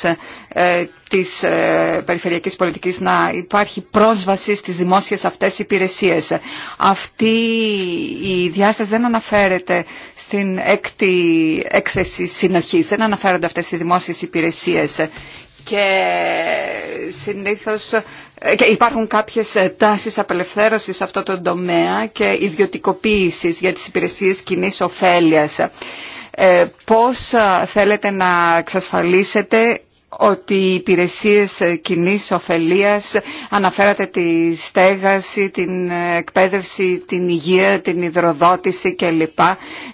ε, της ε, περιφερειακής πολιτικής να υπάρχει πρόσβαση στις δημόσιες αυτές υπηρεσίες. Αυτή η διάσταση δεν αναφέρεται στην έκτη έκθεση συνοχής, δεν αναφέρονται αυτές οι δημόσιες υπηρεσίες και συνήθως ε, και υπάρχουν κάποιες τάσεις απελευθέρωσης σε αυτό το τομέα και ιδιωτικοποίησης για τις υπηρεσίες κοινή ωφέλειας. Ε, πώς θέλετε να εξασφαλίσετε ότι οι υπηρεσίες κοινή ωφελίας αναφέρατε τη στέγαση, την εκπαίδευση, την υγεία, την υδροδότηση κλπ.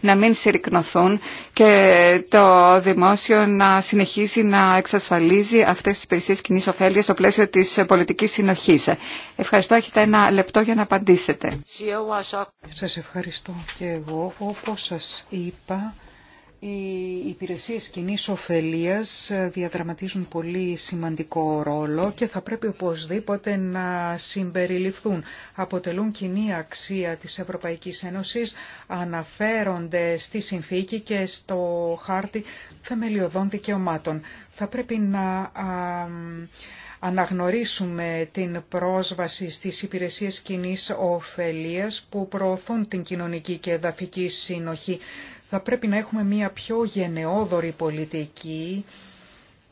να μην συρρυκνωθούν και το δημόσιο να συνεχίσει να εξασφαλίζει αυτές τις υπηρεσίες κοινή ωφέλεια στο πλαίσιο της πολιτικής συνοχής. Ευχαριστώ. Έχετε ένα λεπτό για να απαντήσετε. Σας ευχαριστώ και εγώ. Όπως σας είπα... Οι υπηρεσίες κοινή ωφελία διαδραματίζουν πολύ σημαντικό ρόλο και θα πρέπει οπωσδήποτε να συμπεριληφθούν. Αποτελούν κοινή αξία της Ευρωπαϊκής Ένωσης, αναφέρονται στη συνθήκη και στο χάρτη θεμελιωδών δικαιωμάτων. Θα πρέπει να αναγνωρίσουμε την πρόσβαση στις υπηρεσίες κοινή ωφελία που προωθούν την κοινωνική και εδαφική συνοχή θα πρέπει να έχουμε μια πιο γενναιόδορη πολιτική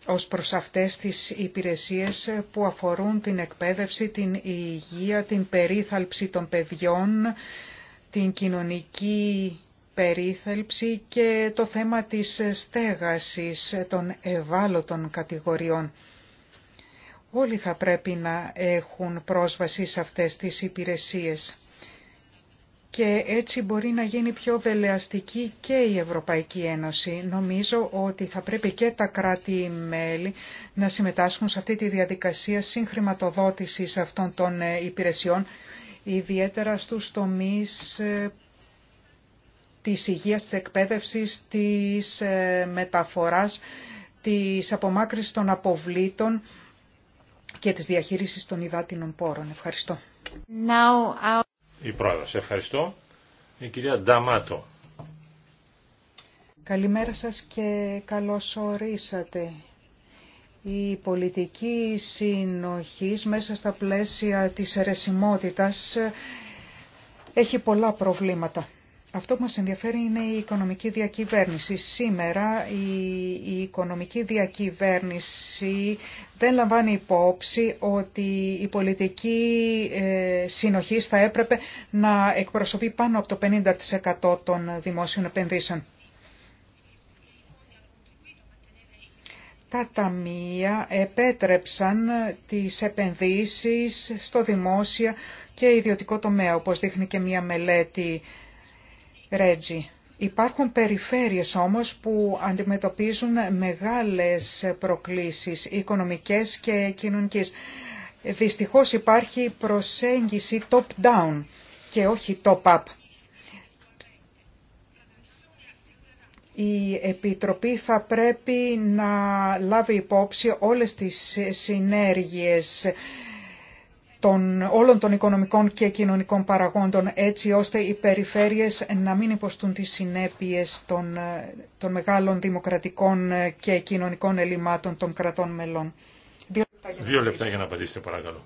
ως προς αυτές τις υπηρεσίες που αφορούν την εκπαίδευση, την υγεία, την περίθαλψη των παιδιών, την κοινωνική περίθαλψη και το θέμα της στέγασης των ευάλωτων κατηγοριών. Όλοι θα πρέπει να έχουν πρόσβαση σε αυτές τις υπηρεσίες και έτσι μπορεί να γίνει πιο δελεαστική και η Ευρωπαϊκή Ένωση. Νομίζω ότι θα πρέπει και τα κράτη-μέλη να συμμετάσχουν σε αυτή τη διαδικασία συγχρηματοδότησης αυτών των ε, υπηρεσιών, ιδιαίτερα στους τομείς ε, της υγείας, της εκπαίδευσης, της ε, μεταφοράς, της απομάκρυσης των αποβλήτων και της διαχείρισης των υδάτινων πόρων. Ευχαριστώ. Η σε Ευχαριστώ. Η κυρία Νταμάτο. Καλημέρα σας και καλώς ορίσατε. Η πολιτική συνοχή μέσα στα πλαίσια της αιρεσιμότητας έχει πολλά προβλήματα. Αυτό που μας ενδιαφέρει είναι η οικονομική διακυβέρνηση. Σήμερα η, η οικονομική διακυβέρνηση δεν λαμβάνει υπόψη ότι η πολιτική ε, συνοχή θα έπρεπε να εκπροσωπεί πάνω από το 50% των δημόσιων επενδύσεων. Τα ταμεία επέτρεψαν τις επενδύσεις στο δημόσια και ιδιωτικό τομέα, όπως δείχνει και μια μελέτη Ρέτζι. Υπάρχουν περιφέρειες όμως που αντιμετωπίζουν μεγάλες προκλήσεις οικονομικές και κοινωνικές. Δυστυχώς υπάρχει προσέγγιση top-down και όχι top-up. Η Επιτροπή θα πρέπει να λάβει υπόψη όλες τις συνέργειες όλων των οικονομικών και κοινωνικών παραγόντων έτσι ώστε οι περιφέρειες να μην υποστούν τις συνέπειες των, ε, των μεγάλων δημοκρατικών ε, και κοινωνικών ελλημάτων των κρατών μελών. Δύο λεπτά για να, Δύο απαντήσετε παρακαλώ.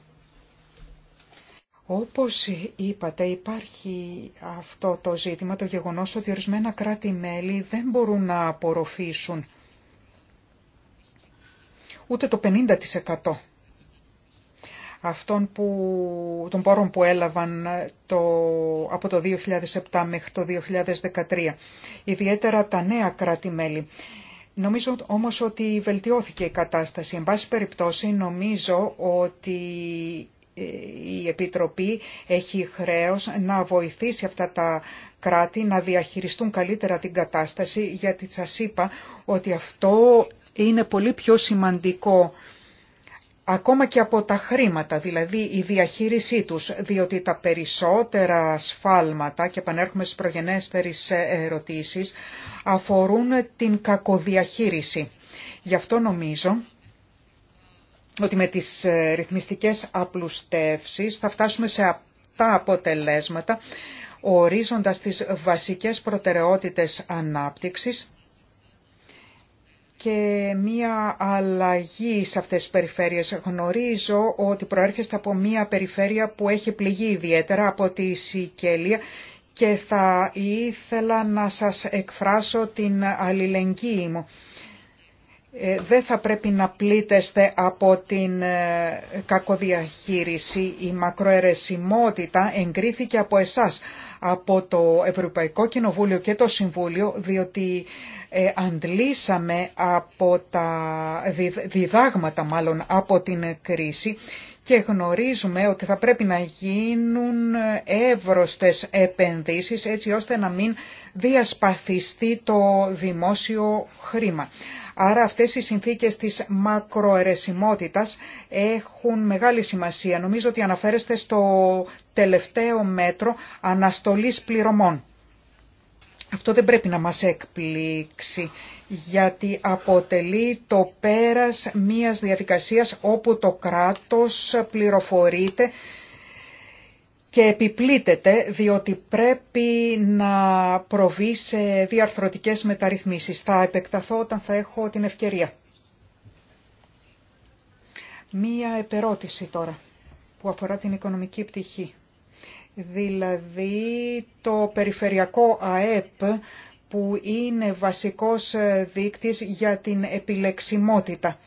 Όπως είπατε υπάρχει αυτό το ζήτημα, το γεγονός ότι ορισμένα κράτη-μέλη δεν μπορούν να απορροφήσουν ούτε το 50% αυτών που, των πόρων που έλαβαν ε, το, από το 2007 μέχρι το 2013, ιδιαίτερα τα νέα κράτη-μέλη. Νομίζω όμως ότι βελτιώθηκε η κατάσταση. Εν πάση περιπτώσει νομίζω ότι ε, η Επιτροπή έχει χρέος να βοηθήσει αυτά τα κράτη να διαχειριστούν καλύτερα την κατάσταση γιατί σας είπα ότι αυτό είναι πολύ πιο σημαντικό ακόμα και από τα χρήματα, δηλαδή η διαχείρισή τους, διότι τα περισσότερα σφάλματα, και επανέρχομαι στις προγενέστερες ερωτήσεις, αφορούν την κακοδιαχείριση. Γι' αυτό νομίζω ότι με τις ε, ρυθμιστικές απλουστεύσεις θα φτάσουμε σε αυτά αποτελέσματα, ορίζοντας τις βασικές προτεραιότητες ανάπτυξης, και μία αλλαγή σε αυτές τις περιφέρειες. Γνωρίζω ότι προέρχεστε από μία περιφέρεια που έχει πληγεί ιδιαίτερα από τη Σικέλια και θα ήθελα να σας εκφράσω την αλληλεγγύη μου. Ε, δεν θα πρέπει να πλήτεστε από την ε, κακοδιαχείριση. Η μακροαιρεσιμότητα εγκρίθηκε από εσάς, από το Ευρωπαϊκό Κοινοβούλιο και το Συμβούλιο, διότι ε, αντλήσαμε από τα διδάγματα μάλλον από την κρίση και γνωρίζουμε ότι θα πρέπει να γίνουν εύρωστες επενδύσεις έτσι ώστε να μην διασπαθιστεί το δημόσιο χρήμα. Άρα αυτές οι συνθήκες της μακροαιρεσιμότητας έχουν μεγάλη σημασία. Νομίζω ότι αναφέρεστε στο τελευταίο μέτρο αναστολής πληρωμών. Αυτό δεν πρέπει να μας εκπλήξει, γιατί αποτελεί το πέρας μιας διαδικασίας όπου το κράτος πληροφορείται και επιπλήτεται διότι πρέπει να προβεί σε διαρθρωτικές μεταρρυθμίσεις. Θα επεκταθώ όταν θα έχω την ευκαιρία. Μία επερώτηση τώρα που αφορά την οικονομική πτυχή. Δηλαδή το περιφερειακό ΑΕΠ που είναι βασικός δείκτης για την επιλεξιμότητα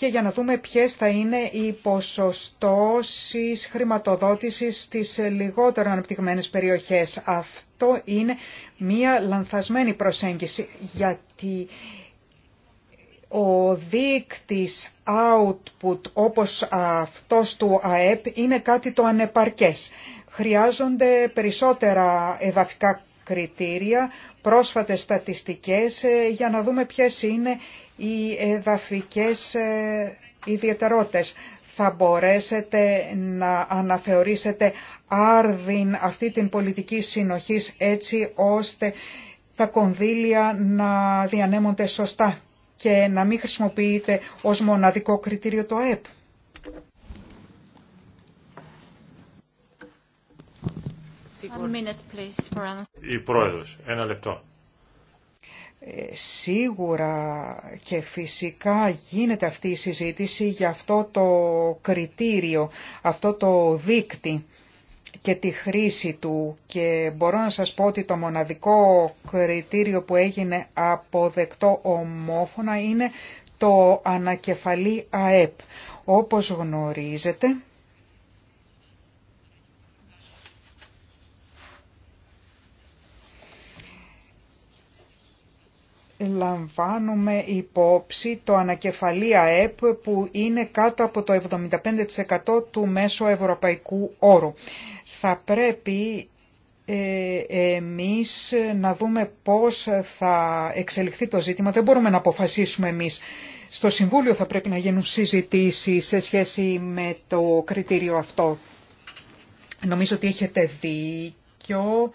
και για να δούμε ποιες θα είναι οι ποσοστώσεις χρηματοδότησης στις λιγότερο αναπτυγμένες περιοχές. Αυτό είναι μία λανθασμένη προσέγγιση, γιατί ο δείκτης output όπως αυτός του ΑΕΠ είναι κάτι το ανεπαρκές. Χρειάζονται περισσότερα εδαφικά κριτήρια, πρόσφατες στατιστικές ε, για να δούμε ποιες είναι οι εδαφικές ε, ιδιαιτερότητες. Θα μπορέσετε να αναθεωρήσετε άρδιν αυτή την πολιτική συνοχής έτσι ώστε τα κονδύλια να διανέμονται σωστά και να μην χρησιμοποιείτε ως μοναδικό κριτήριο το ΑΕΠ. Η Πρόεδρος, ένα λεπτό. Ε, σίγουρα και φυσικά γίνεται αυτή η συζήτηση για αυτό το κριτήριο, αυτό το δίκτυ και τη χρήση του και μπορώ να σας πω ότι το μοναδικό κριτήριο που έγινε αποδεκτό ομόφωνα είναι το ανακεφαλή ΑΕΠ. Όπως γνωρίζετε λαμβάνουμε υπόψη το ανακεφαλή ΑΕΠ που είναι κάτω από το 75% του μέσου ευρωπαϊκού όρου. Θα πρέπει ε, εμείς να δούμε πώς θα εξελιχθεί το ζήτημα. Δεν μπορούμε να αποφασίσουμε εμείς. Στο Συμβούλιο θα πρέπει να γίνουν συζητήσεις σε σχέση με το κριτήριο αυτό. Νομίζω ότι έχετε δίκιο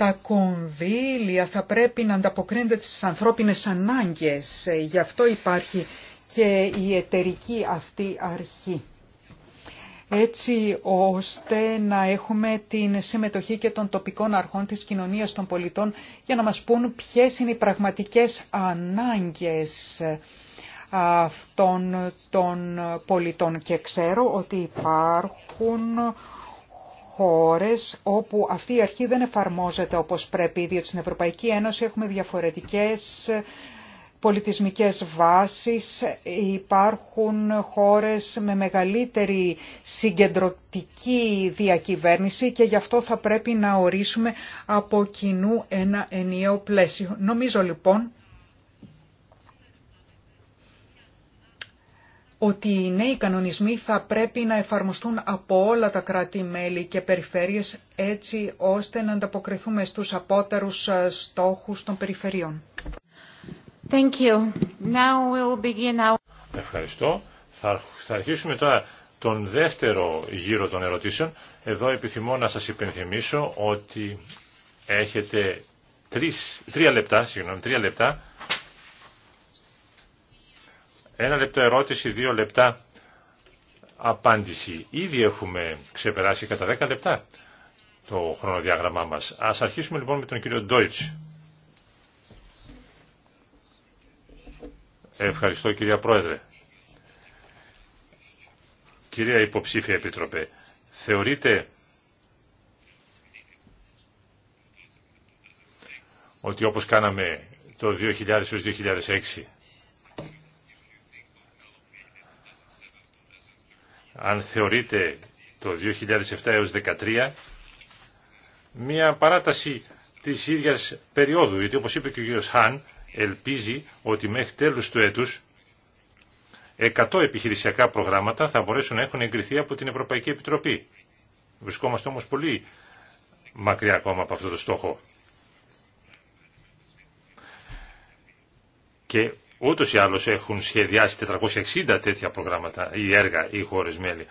τα κονδύλια θα πρέπει να ανταποκρίνονται στις ανθρώπινες ανάγκες. Γι' αυτό υπάρχει και η εταιρική αυτή αρχή. Έτσι ώστε να έχουμε την συμμετοχή και των τοπικών αρχών της κοινωνίας των πολιτών για να μας πούν ποιες είναι οι πραγματικές ανάγκες αυτών των πολιτών. Και ξέρω ότι υπάρχουν χώρες όπου αυτή η αρχή δεν εφαρμόζεται όπως πρέπει, διότι στην Ευρωπαϊκή Ένωση έχουμε διαφορετικές πολιτισμικές βάσεις, υπάρχουν χώρες με μεγαλύτερη συγκεντρωτική διακυβέρνηση και γι' αυτό θα πρέπει να ορίσουμε από κοινού ένα ενιαίο πλαίσιο. Νομίζω λοιπόν ότι οι νέοι κανονισμοί θα πρέπει να εφαρμοστούν από όλα τα κράτη-μέλη και περιφέρειες έτσι ώστε να ανταποκριθούμε στους απότερους ε, στόχους των περιφερειών. Thank you. Now begin our... Ευχαριστώ. Θα, θα αρχίσουμε τώρα τον δεύτερο γύρο των ερωτήσεων. Εδώ επιθυμώ να σας υπενθυμίσω ότι έχετε τρία λεπτά, συγγνώμη, τρία λεπτά ένα λεπτό ερώτηση, δύο λεπτά απάντηση. Ήδη έχουμε ξεπεράσει κατά δέκα λεπτά το χρονοδιάγραμμά μας. Ας αρχίσουμε λοιπόν με τον κύριο Ντόιτς. Ευχαριστώ κυρία Πρόεδρε. Κυρία Υποψήφια Επίτροπε, θεωρείτε ότι όπως κάναμε το 2000-2006 αν θεωρείται το 2007 έως 2013, μια παράταση της ίδιας περίοδου, γιατί όπως είπε και ο κ. Χάν, ελπίζει ότι μέχρι τέλους του έτους 100 επιχειρησιακά προγράμματα θα μπορέσουν να έχουν εγκριθεί από την Ευρωπαϊκή Επιτροπή. Βρισκόμαστε όμως πολύ μακριά ακόμα από αυτό το στόχο. Και ούτω ή άλλω έχουν σχεδιάσει 460 τέτοια προγράμματα ή έργα ή χώρε μέλη.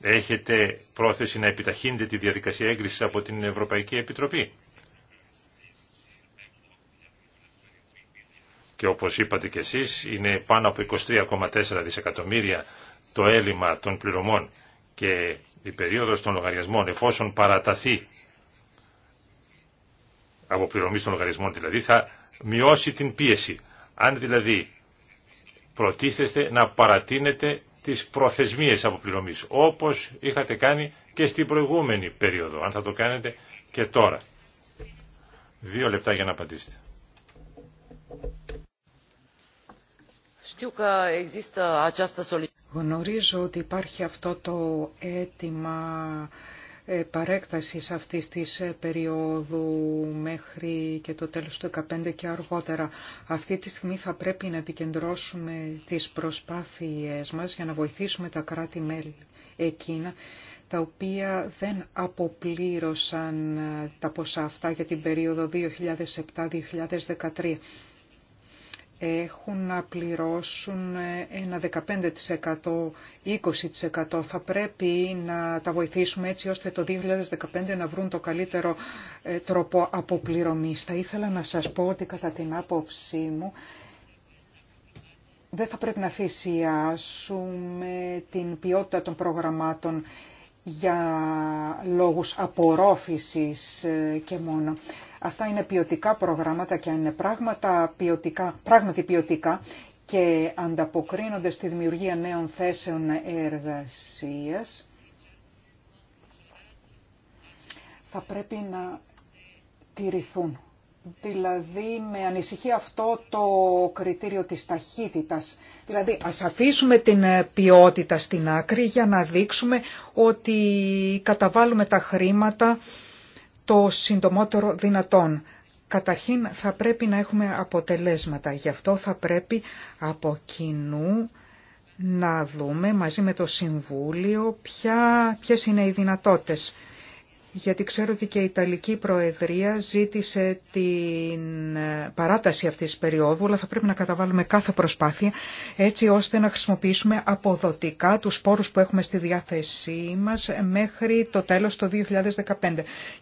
Έχετε πρόθεση να επιταχύνετε τη διαδικασία έγκρισης από την Ευρωπαϊκή Επιτροπή. Και όπως είπατε και εσείς, είναι πάνω από 23,4 δισεκατομμύρια το έλλειμμα των πληρωμών και η περίοδος των λογαριασμών, εφόσον παραταθεί από πληρωμή των λογαριασμών δηλαδή, θα μειώσει την πίεση. Αν δηλαδή προτίθεστε να παρατείνετε τις προθεσμίες αποπληρωμής, όπως είχατε κάνει και στην προηγούμενη περίοδο, αν θα το κάνετε και τώρα. Δύο λεπτά για να απαντήσετε. Uh, uh, Γνωρίζω ότι υπάρχει αυτό το αίτημα ε, παρέκτασης αυτής της ε, περίοδου μέχρι και το τέλος του 2015 και αργότερα. Αυτή τη στιγμή θα πρέπει να επικεντρώσουμε τις προσπάθειές μας για να βοηθήσουμε τα κράτη-μέλη εκείνα τα οποία δεν αποπλήρωσαν ε, τα ποσά αυτά για την περίοδο 2007-2013 έχουν να πληρώσουν ένα 15%, 20%. Θα πρέπει να τα βοηθήσουμε έτσι ώστε το 2015 να βρουν το καλύτερο ε, τρόπο αποπληρωμής. Θα ήθελα να σας πω ότι κατά την άποψή μου δεν θα πρέπει να θυσιάσουμε την ποιότητα των προγραμμάτων για λόγους απορρόφησης ε, και μόνο. Αυτά είναι ποιοτικά προγράμματα και αν είναι πράγματα ποιοτικά, πράγματι ποιοτικά και ανταποκρίνονται στη δημιουργία νέων θέσεων εργασίας, θα πρέπει να τηρηθούν. Δηλαδή με ανησυχεί αυτό το κριτήριο της ταχύτητας. Δηλαδή ας αφήσουμε την ποιότητα στην άκρη για να δείξουμε ότι καταβάλουμε τα χρήματα το συντομότερο δυνατόν. Καταρχήν θα πρέπει να έχουμε αποτελέσματα. Γι' αυτό θα πρέπει από κοινού να δούμε μαζί με το Συμβούλιο ποια, ποιες είναι οι δυνατότητες γιατί ξέρω ότι και η Ιταλική Προεδρία ζήτησε την ε, παράταση αυτής της περίοδου, αλλά θα πρέπει να καταβάλουμε κάθε προσπάθεια έτσι ώστε να χρησιμοποιήσουμε αποδοτικά τους πόρους που έχουμε στη διάθεσή μας μέχρι το τέλος του 2015.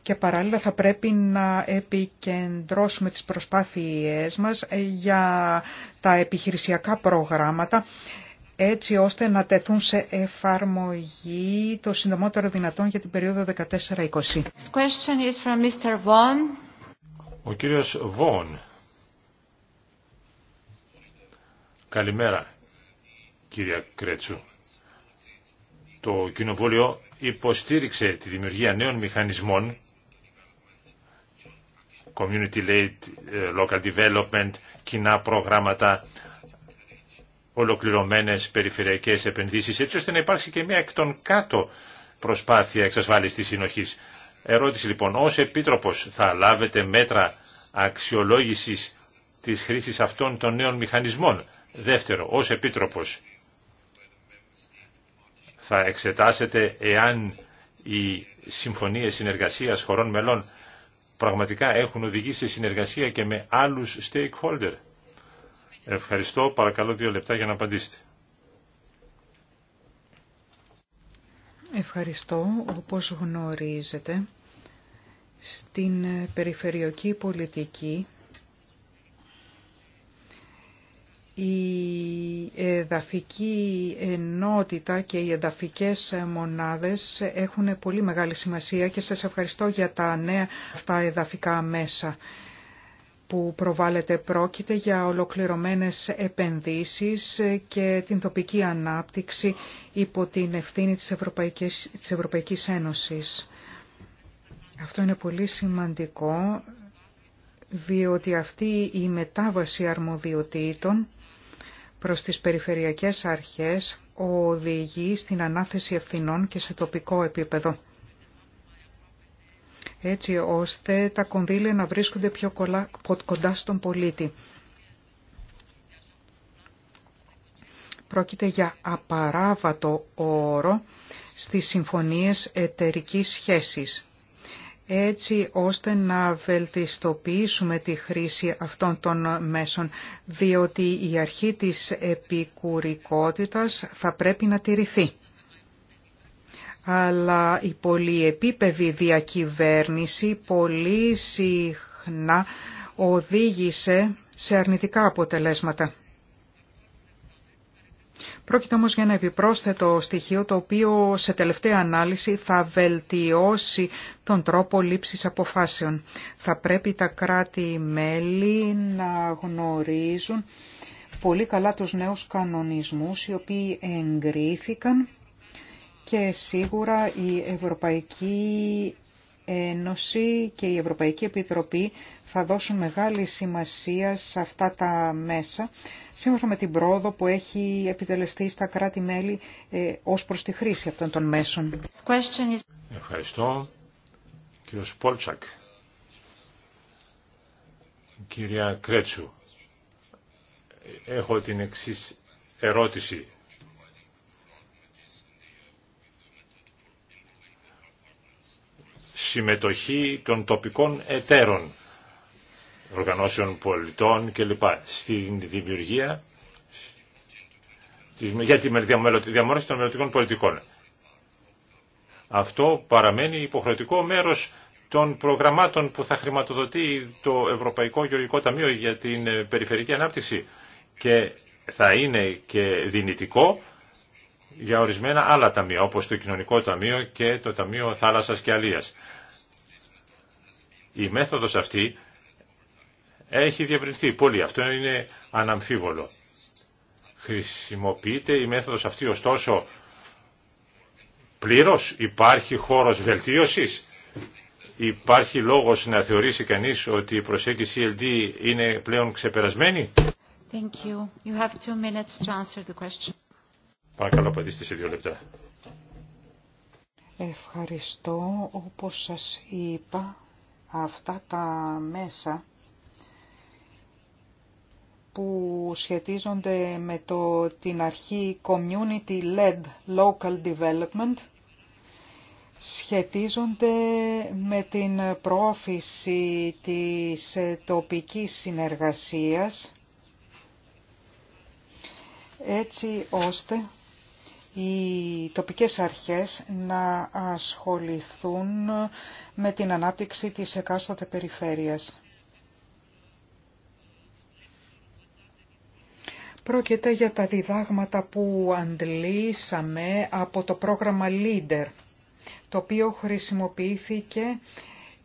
Και παράλληλα θα πρέπει να επικεντρώσουμε τις προσπάθειές μας για τα επιχειρησιακά προγράμματα έτσι ώστε να τεθούν σε εφαρμογή το συντομότερο δυνατόν για την περίοδο 14-20. Ο κύριος Βόν. Καλημέρα, κύριε Κρέτσου. Το Κοινοβούλιο υποστήριξε τη δημιουργία νέων μηχανισμών community-led, eh, local development, κοινά προγράμματα ολοκληρωμένες περιφερειακές επενδύσεις, έτσι ώστε να υπάρξει και μια εκ των κάτω προσπάθεια εξασφάλισης της συνοχής. Ερώτηση λοιπόν, ως Επίτροπος θα λάβετε μέτρα αξιολόγησης της χρήσης αυτών των νέων μηχανισμών. Δεύτερο, ως Επίτροπος θα εξετάσετε εάν οι συμφωνίες συνεργασίας χωρών μελών πραγματικά έχουν οδηγήσει σε συνεργασία και με άλλους stakeholder. Ευχαριστώ. Παρακαλώ δύο λεπτά για να απαντήσετε. Ευχαριστώ. Όπως γνωρίζετε, στην περιφερειακή πολιτική η εδαφική ενότητα και οι εδαφικές μονάδες έχουν πολύ μεγάλη σημασία και σας ευχαριστώ για τα νέα αυτά εδαφικά μέσα που προβάλλεται πρόκειται για ολοκληρωμένες επενδύσεις και την τοπική ανάπτυξη υπό την ευθύνη της Ευρωπαϊκής, της Ένωσης. Αυτό είναι πολύ σημαντικό διότι αυτή η μετάβαση αρμοδιοτήτων προς τις περιφερειακές αρχές οδηγεί στην ανάθεση ευθυνών και σε τοπικό επίπεδο έτσι ώστε τα κονδύλια να βρίσκονται πιο κοντά στον πολίτη. Πρόκειται για απαράβατο όρο στις συμφωνίες εταιρικής σχέσης έτσι ώστε να βελτιστοποιήσουμε τη χρήση αυτών των μέσων, διότι η αρχή της επικουρικότητας θα πρέπει να τηρηθεί αλλά η πολυεπίπεδη διακυβέρνηση πολύ συχνά οδήγησε σε αρνητικά αποτελέσματα. Πρόκειται όμως για ένα επιπρόσθετο στοιχείο το οποίο σε τελευταία ανάλυση θα βελτιώσει τον τρόπο λήψης αποφάσεων. Θα πρέπει τα κράτη-μέλη να γνωρίζουν πολύ καλά τους νέους κανονισμούς οι οποίοι εγκρίθηκαν και σίγουρα η Ευρωπαϊκή Ένωση και η Ευρωπαϊκή Επιτροπή θα δώσουν μεγάλη σημασία σε αυτά τα μέσα, σύμφωνα με την πρόοδο που έχει επιτελεστεί στα κράτη-μέλη ε, ως προς τη χρήση αυτών των μέσων. Ευχαριστώ. κύριο Πόλτσακ. Κυρία Κρέτσου, έχω την εξής ερώτηση συμμετοχή των τοπικών εταίρων, οργανώσεων πολιτών κλπ. Στην δημιουργία για τη διαμόρφωση των μελλοντικών πολιτικών. Αυτό παραμένει υποχρεωτικό μέρος των προγραμμάτων που θα χρηματοδοτεί το Ευρωπαϊκό Γεωργικό Ταμείο για την ε, Περιφερική Ανάπτυξη και θα είναι και δυνητικό για ορισμένα άλλα ταμεία, όπως το Κοινωνικό Ταμείο και το Ταμείο Θάλασσας και Αλίας. Η μέθοδος αυτή έχει διευρυνθεί πολύ. Αυτό είναι αναμφίβολο. Χρησιμοποιείται η μέθοδος αυτή ωστόσο πλήρως. Υπάρχει χώρος βελτίωσης. Υπάρχει λόγος να θεωρήσει κανείς ότι η προσέγγιση LD είναι πλέον ξεπερασμένη. Thank you. You have two minutes to answer the question. Παρακαλώ απαντήστε σε δύο λεπτά. Ευχαριστώ. Όπως σας είπα, αυτά τα μέσα που σχετίζονται με το, την αρχή Community Led Local Development σχετίζονται με την πρόφηση της τοπικής συνεργασίας έτσι ώστε οι τοπικές αρχές να ασχοληθούν με την ανάπτυξη της εκάστοτε περιφέρειας. Πρόκειται για τα διδάγματα που αντλήσαμε από το πρόγραμμα LEADER, το οποίο χρησιμοποιήθηκε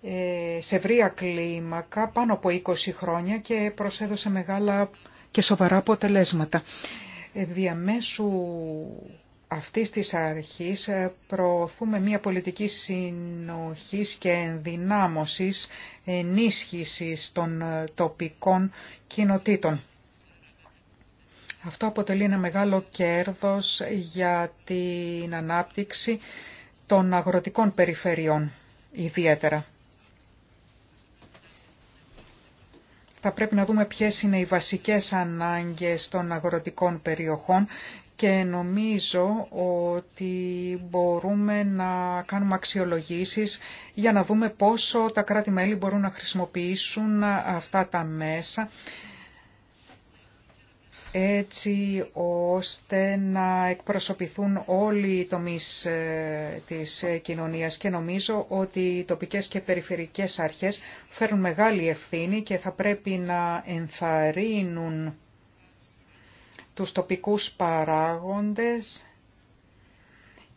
ε, σε βρία κλίμακα πάνω από 20 χρόνια και προσέδωσε μεγάλα και σοβαρά αποτελέσματα. Ε, διαμέσου αυτή της αρχής ε, προωθούμε μια πολιτική συνοχής και ενδυνάμωσης ενίσχυσης των ε, τοπικών κοινοτήτων. Αυτό αποτελεί ένα μεγάλο κέρδος για την ανάπτυξη των αγροτικών περιφερειών ιδιαίτερα. Θα πρέπει να δούμε ποιες είναι οι βασικές ανάγκες των αγροτικών περιοχών και νομίζω ότι μπορούμε να κάνουμε αξιολογήσεις για να δούμε πόσο τα κράτη-μέλη μπορούν να χρησιμοποιήσουν αυτά τα μέσα έτσι ώστε να εκπροσωπηθούν όλοι οι τομείς ε, της ε, κοινωνίας και νομίζω ότι οι τοπικές και περιφερικές αρχές φέρουν μεγάλη ευθύνη και θα πρέπει να ενθαρρύνουν τους τοπικούς παράγοντες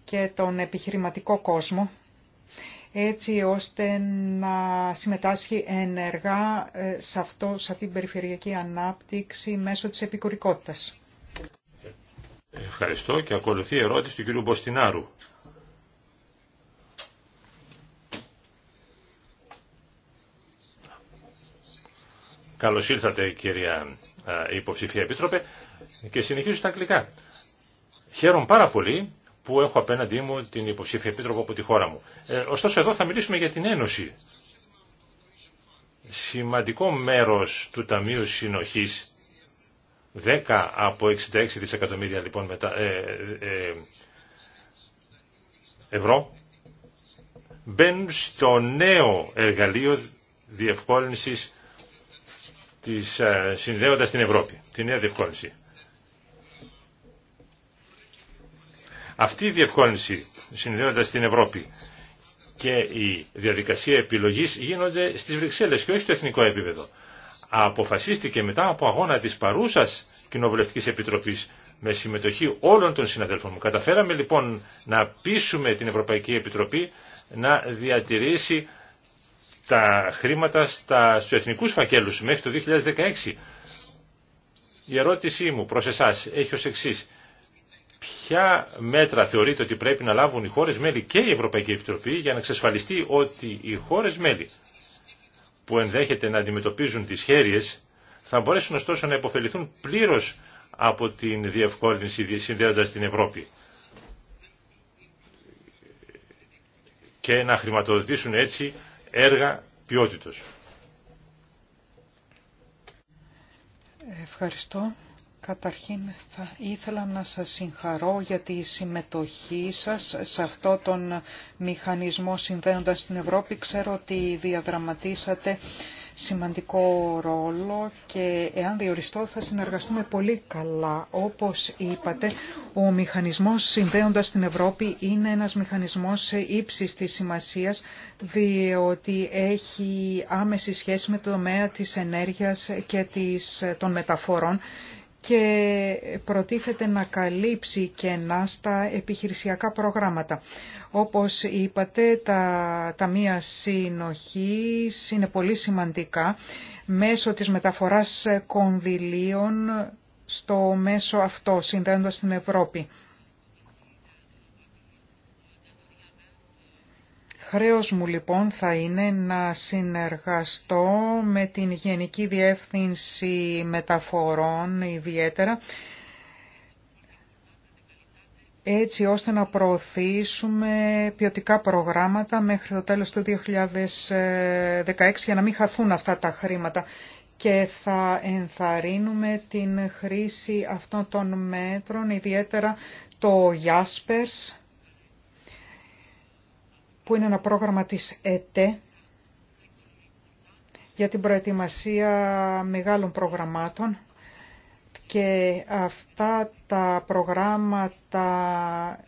και τον επιχειρηματικό κόσμο, έτσι ώστε να συμμετάσχει ενεργά ε, σε, αυτό, σε αυτή την περιφερειακή ανάπτυξη μέσω της επικουρικότητας. Ευχαριστώ και ακολουθεί η ερώτηση του κ. Μποστινάρου. Καλώς ήρθατε κυρία ε, υποψηφία επίτροπε και συνεχίζω στα αγγλικά. Χαίρομαι πάρα πολύ που έχω απέναντί μου την υποψήφια επίτροπο από τη χώρα μου. Ε, ωστόσο εδώ θα μιλήσουμε για την Ένωση. Σημαντικό μέρος του Ταμείου Συνοχής 10 από 66 δισεκατομμύρια λοιπόν ε, ευρώ μπαίνουν στο νέο εργαλείο διευκόλυνσης της ε, συνδέοντας την Ευρώπη, την νέα διευκόλυνση. Αυτή η διευκόλυνση συνδέοντας την Ευρώπη και η διαδικασία επιλογής γίνονται στις Βρυξέλλες και όχι στο εθνικό επίπεδο. Αποφασίστηκε μετά από αγώνα της παρούσας Κοινοβουλευτικής Επιτροπής με συμμετοχή όλων των συναδέλφων μου. Καταφέραμε λοιπόν να πείσουμε την Ευρωπαϊκή Επιτροπή να διατηρήσει τα χρήματα στα, στους εθνικούς φακέλους μέχρι το 2016. Η ερώτησή μου προς εσάς έχει ως εξής. Ποια μέτρα θεωρείτε ότι πρέπει να λάβουν οι χώρες μέλη και η Ευρωπαϊκή Επιτροπή για να εξασφαλιστεί ότι οι χώρες μέλη που ενδέχεται να αντιμετωπίζουν τις χέρειες θα μπορέσουν ωστόσο να υποφεληθούν πλήρως από την διευκόλυνση συνδέοντας την Ευρώπη και να χρηματοδοτήσουν έτσι έργα ποιότητος. Ευχαριστώ. Καταρχήν θα ήθελα να σας συγχαρώ για τη συμμετοχή σας σε αυτό τον μηχανισμό συνδέοντας την Ευρώπη. Ξέρω ότι διαδραματίσατε σημαντικό ρόλο και εάν διοριστώ θα συνεργαστούμε πολύ καλά. Όπως είπατε, ο μηχανισμός συνδέοντας την Ευρώπη είναι ένας μηχανισμός ύψης της σημασίας διότι έχει άμεση σχέση με το τομέα της ενέργειας και των μεταφορών και προτίθεται να καλύψει κενά στα επιχειρησιακά προγράμματα. Όπως είπατε, τα ταμεία συνοχής είναι πολύ σημαντικά μέσω της μεταφοράς κονδυλίων στο μέσο αυτό, συνδέοντας την Ευρώπη. Χρέος μου λοιπόν θα είναι να συνεργαστώ με την Γενική Διεύθυνση Μεταφορών ιδιαίτερα, έτσι ώστε να προωθήσουμε ποιοτικά προγράμματα μέχρι το τέλος του 2016 για να μην χαθούν αυτά τα χρήματα και θα ενθαρρύνουμε την χρήση αυτών των μέτρων, ιδιαίτερα το Jaspers που είναι ένα πρόγραμμα της ΕΤΕ για την προετοιμασία μεγάλων προγραμμάτων και αυτά τα προγράμματα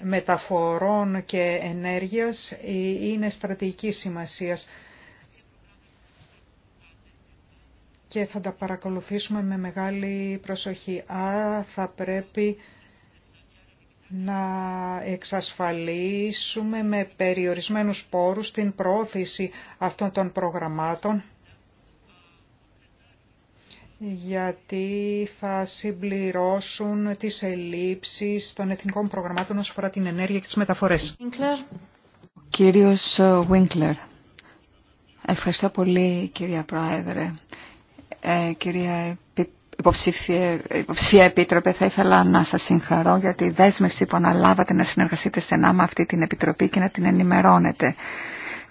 μεταφορών και ενέργειας είναι στρατηγικής σημασίας και θα τα παρακολουθήσουμε με μεγάλη προσοχή. Α, θα πρέπει να εξασφαλίσουμε με περιορισμένους πόρους την πρόθεση αυτών των προγραμμάτων γιατί θα συμπληρώσουν τις ελλείψεις των εθνικών προγραμμάτων όσον αφορά την ενέργεια και τις μεταφορές. κύριος Ευχαριστώ πολύ κυρία Πρόεδρε. Ε, κυρία Υποψήφια, υποψήφια Επίτροπε, θα ήθελα να σας συγχαρώ για τη δέσμευση που αναλάβατε να συνεργαστείτε στενά με αυτή την Επιτροπή και να την ενημερώνετε.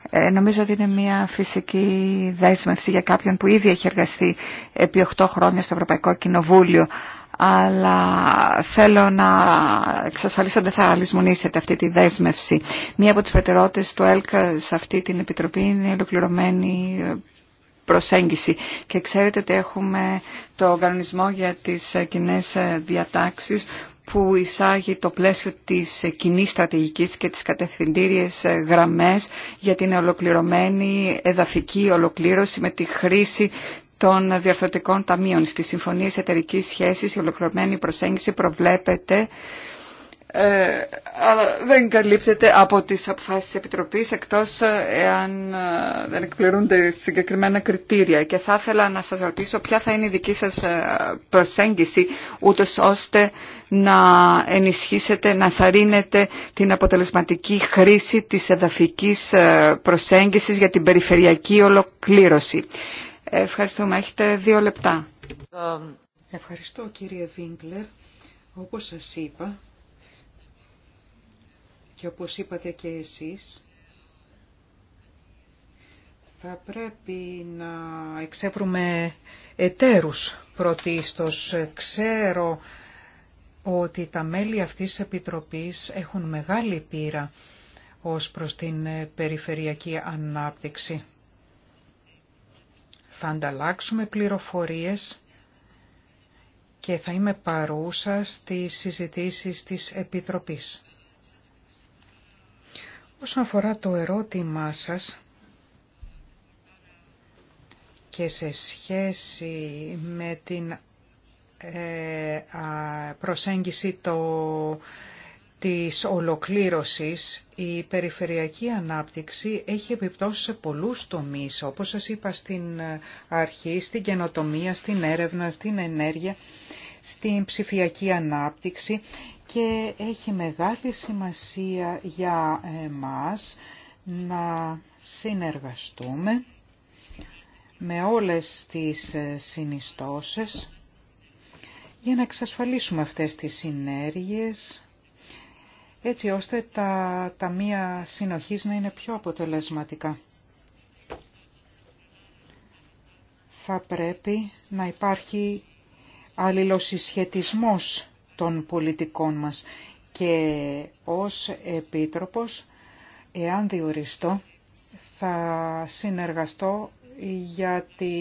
Ε, νομίζω ότι είναι μια φυσική δέσμευση για κάποιον που ήδη έχει εργαστεί επί 8 χρόνια στο Ευρωπαϊκό Κοινοβούλιο αλλά θέλω να εξασφαλίσω ότι θα λησμονήσετε αυτή τη δέσμευση. Μία από τις προτεραιότητες του ΕΛΚ σε αυτή την Επιτροπή είναι η ολοκληρωμένη προσέγγιση. Και ξέρετε ότι έχουμε το κανονισμό για τις κοινέ διατάξεις που εισάγει το πλαίσιο της κοινή στρατηγικής και τις κατευθυντήριες γραμμές για την ολοκληρωμένη εδαφική ολοκλήρωση με τη χρήση των διαρθρωτικών ταμείων. Στις συμφωνίες εταιρικής σχέσης η ολοκληρωμένη προσέγγιση προβλέπεται ε, αλλά δεν καλύπτεται από τις αποφάσεις της Επιτροπής εκτός ε, εάν ε, δεν εκπληρούνται συγκεκριμένα κριτήρια και θα ήθελα να σας ρωτήσω ποια θα είναι η δική σας προσέγγιση ούτως ώστε να ενισχύσετε, να θαρρύνετε την αποτελεσματική χρήση της εδαφικής προσέγγισης για την περιφερειακή ολοκλήρωση. Ευχαριστούμε. Έχετε δύο λεπτά. Ευχαριστώ κύριε Βίγκλερ. Όπως σας είπα, και όπως είπατε και εσείς, θα πρέπει να εξεύρουμε εταίρους πρωτίστως. Ξέρω ότι τα μέλη αυτής της Επιτροπής έχουν μεγάλη πείρα ως προς την περιφερειακή ανάπτυξη. Θα ανταλλάξουμε πληροφορίες και θα είμαι παρούσα στις συζητήσεις της Επιτροπής. Όσον αφορά το ερώτημά σας και σε σχέση με την ε, προσέγγιση το, της ολοκλήρωσης, η περιφερειακή ανάπτυξη έχει επιπτώσει σε πολλούς τομείς, όπως σας είπα στην αρχή, στην καινοτομία, στην έρευνα, στην ενέργεια, στην ψηφιακή ανάπτυξη και έχει μεγάλη σημασία για εμάς να συνεργαστούμε με όλες τις συνιστώσεις για να εξασφαλίσουμε αυτές τις συνέργειες έτσι ώστε τα ταμεία συνοχής να είναι πιο αποτελεσματικά. Θα πρέπει να υπάρχει αλληλοσυσχετισμός των πολιτικών μας. Και ως Επίτροπος, εάν διοριστώ, θα συνεργαστώ για τη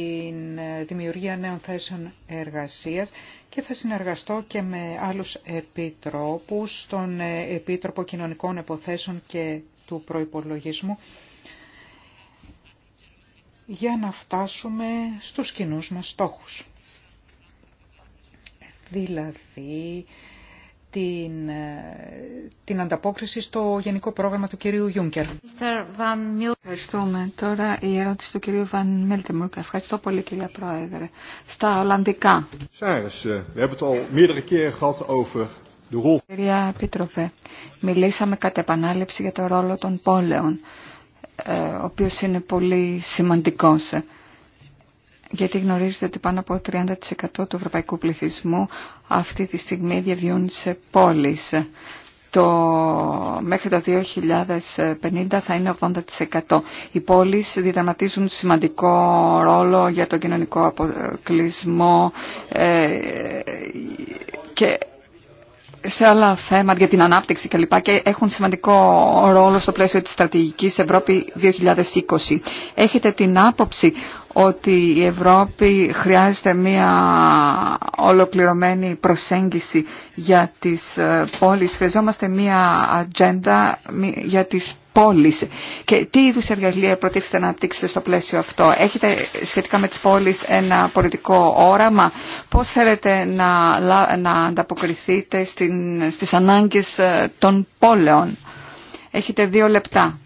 δημιουργία νέων θέσεων εργασίας και θα συνεργαστώ και με άλλους επιτρόπους, τον Επίτροπο Κοινωνικών εποθέσεων και του Προϋπολογισμού, για να φτάσουμε στους κοινούς μας στόχους δηλαδή την, ανταπόκριση στο γενικό πρόγραμμα του κυρίου Γιούγκερ. Ευχαριστούμε. Τώρα η ερώτηση του κυρίου Βαν Μίλτεμουρκ. Ευχαριστώ πολύ κυρία Πρόεδρε. Στα Ολλανδικά. Κυρία Επίτροφε, μιλήσαμε κατά επανάληψη για το ρόλο των πόλεων, ε, ο οποίος είναι πολύ σημαντικός γιατί γνωρίζετε ότι πάνω από 30% του ευρωπαϊκού πληθυσμού αυτή τη στιγμή διαβιούν σε πόλεις. Το, μέχρι το 2050 θα είναι 80%. Οι πόλεις διδραματίζουν σημαντικό ρόλο για τον κοινωνικό αποκλεισμό ε, και σε άλλα θέματα για την ανάπτυξη κλπ. και έχουν σημαντικό ρόλο στο πλαίσιο της στρατηγικής Ευρώπη 2020. Έχετε την άποψη ότι η Ευρώπη χρειάζεται μια ολοκληρωμένη προσέγγιση για τις ε, πόλεις. Χρειαζόμαστε μια ατζέντα για τις και τι είδους εργαλεία προτίθεστε να αναπτύξετε στο πλαίσιο αυτό. Έχετε σχετικά με τις πόλεις ένα πολιτικό όραμα. Πώς θέλετε να, ανταποκριθείτε στι στις ανάγκες ε, των πόλεων. Έχετε δύο λεπτά.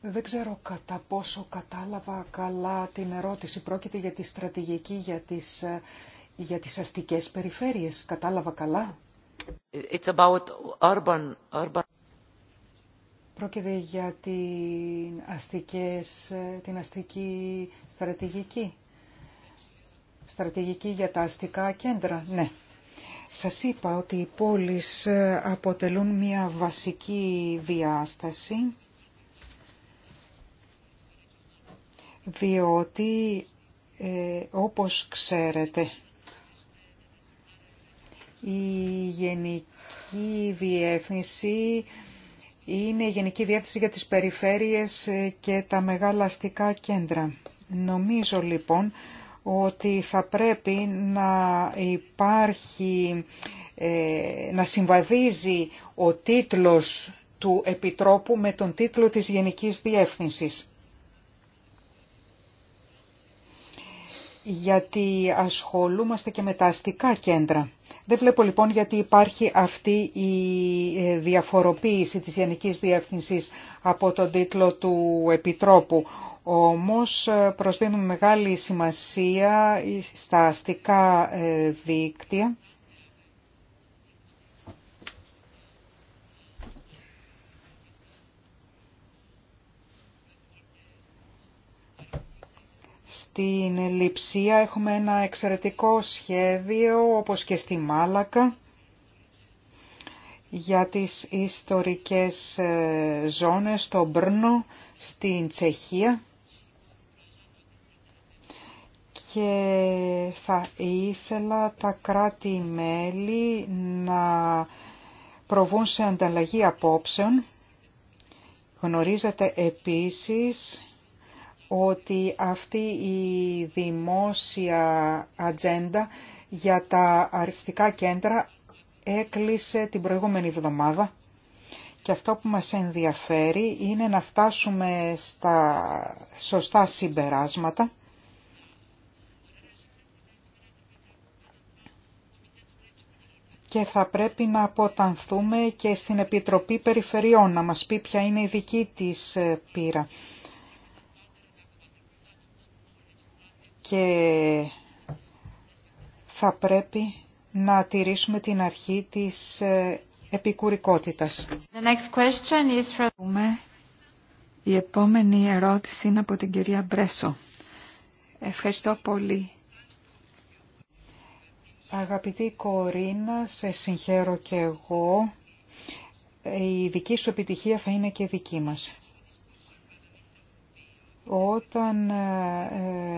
Δεν ξέρω κατά πόσο κατάλαβα καλά την ερώτηση. Πρόκειται για τη στρατηγική για τις, ε, για τις αστικές περιφέρειες. Κατάλαβα καλά. Πρόκειται για την, αστικές, την αστική στρατηγική. Στρατηγική για τα αστικά κέντρα, ναι. Σας είπα ότι οι πόλεις αποτελούν μια βασική διάσταση, διότι, ε, όπως ξέρετε, η Γενική Διεύθυνση είναι η Γενική Διεύθυνση για τις Περιφέρειες και τα Μεγάλα Αστικά Κέντρα. Νομίζω λοιπόν ότι θα πρέπει να υπάρχει, ε, να συμβαδίζει ο τίτλος του Επιτρόπου με τον τίτλο της Γενικής Διεύθυνσης. Γιατί ασχολούμαστε και με τα αστικά κέντρα. Δεν βλέπω λοιπόν γιατί υπάρχει αυτή η ε, διαφοροποίηση της Γενικής Διεύθυνσης από τον τίτλο του Επιτρόπου. Όμως ε, προσδίνουμε μεγάλη σημασία στα αστικά ε, δίκτυα στην Λιψία έχουμε ένα εξαιρετικό σχέδιο, όπως και στη Μάλακα, για τις ιστορικές ε, ζώνες στο Μπρνο, στην Τσεχία. Και θα ήθελα τα κράτη-μέλη να προβούν σε ανταλλαγή απόψεων. Γνωρίζετε επίσης ότι αυτή η δημόσια ατζέντα για τα αριστικά κέντρα έκλεισε την προηγούμενη εβδομάδα και αυτό που μας ενδιαφέρει είναι να φτάσουμε στα σωστά συμπεράσματα και θα πρέπει να αποτανθούμε και στην Επιτροπή Περιφερειών να μας πει ποια είναι η δική της πείρα και θα πρέπει να τηρήσουμε την αρχή της ε, επικουρικότητας. Η επόμενη ερώτηση είναι από την κυρία Μπρέσο. Ευχαριστώ πολύ. Αγαπητή Κορίνα, σε συγχαίρω και εγώ. Ε, η δική σου επιτυχία θα είναι και δική μας. Όταν ε,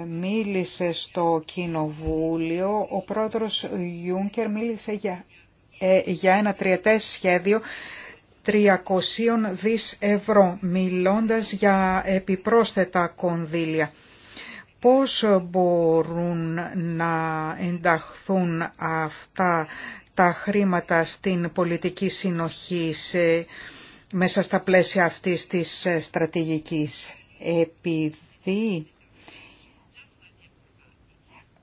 ε, μίλησε στο Κοινοβούλιο, ο πρόεδρος Γιούνκερ μίλησε για, ε, για ένα τριετές σχέδιο 300 δις ευρώ, μιλώντας για επιπρόσθετα κονδύλια. Πώς μπορούν να ενταχθούν αυτά τα χρήματα στην πολιτική συνοχή μέσα στα πλαίσια αυτής της στρατηγικής επειδή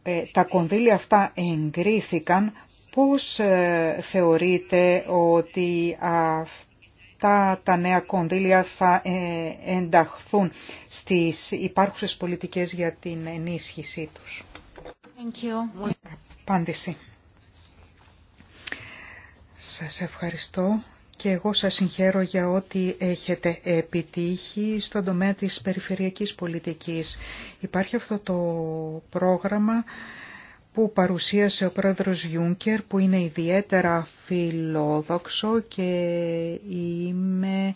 ε, τα κονδύλια αυτά εγκρίθηκαν, πώς ε, θεωρείτε ότι αυτά τα νέα κονδύλια θα ε, ενταχθούν στις υπάρχουσες πολιτικές για την ενίσχυσή τους. Thank Σας ευχαριστώ και εγώ σας συγχαίρω για ό,τι έχετε επιτύχει στον τομέα της περιφερειακής πολιτικής. Υπάρχει αυτό το πρόγραμμα που παρουσίασε ο πρόεδρος Γιούνκερ που είναι ιδιαίτερα φιλόδοξο και είμαι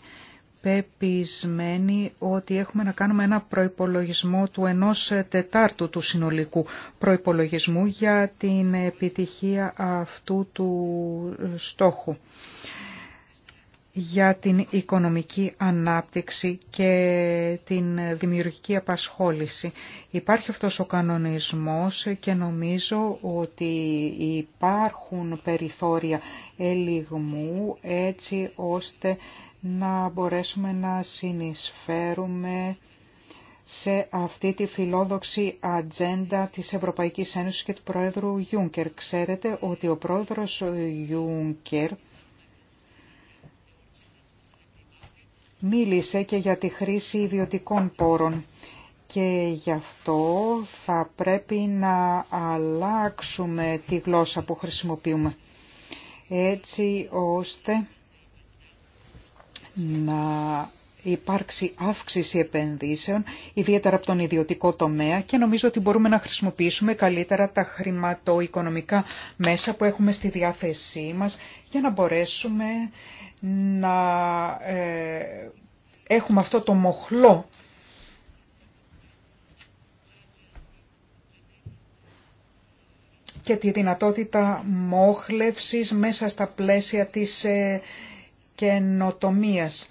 πεπισμένη ότι έχουμε να κάνουμε ένα προϋπολογισμό του ενός τετάρτου του συνολικού προϋπολογισμού για την επιτυχία αυτού του στόχου για την οικονομική ανάπτυξη και την δημιουργική απασχόληση. Υπάρχει αυτός ο κανονισμός και νομίζω ότι υπάρχουν περιθώρια ελιγμού έτσι ώστε να μπορέσουμε να συνεισφέρουμε σε αυτή τη φιλόδοξη ατζέντα της Ευρωπαϊκής Ένωσης και του Πρόεδρου Γιούνκερ. Ξέρετε ότι ο Πρόεδρος Γιούνκερ μίλησε και για τη χρήση ιδιωτικών πόρων και γι' αυτό θα πρέπει να αλλάξουμε τη γλώσσα που χρησιμοποιούμε έτσι ώστε να υπάρξει αύξηση επενδύσεων, ιδιαίτερα από τον ιδιωτικό τομέα και νομίζω ότι μπορούμε να χρησιμοποιήσουμε καλύτερα τα χρηματοοικονομικά μέσα που έχουμε στη διάθεσή μας για να μπορέσουμε να ε, έχουμε αυτό το μοχλό και τη δυνατότητα μόχλευσης μέσα στα πλαίσια της ε, καινοτομίας.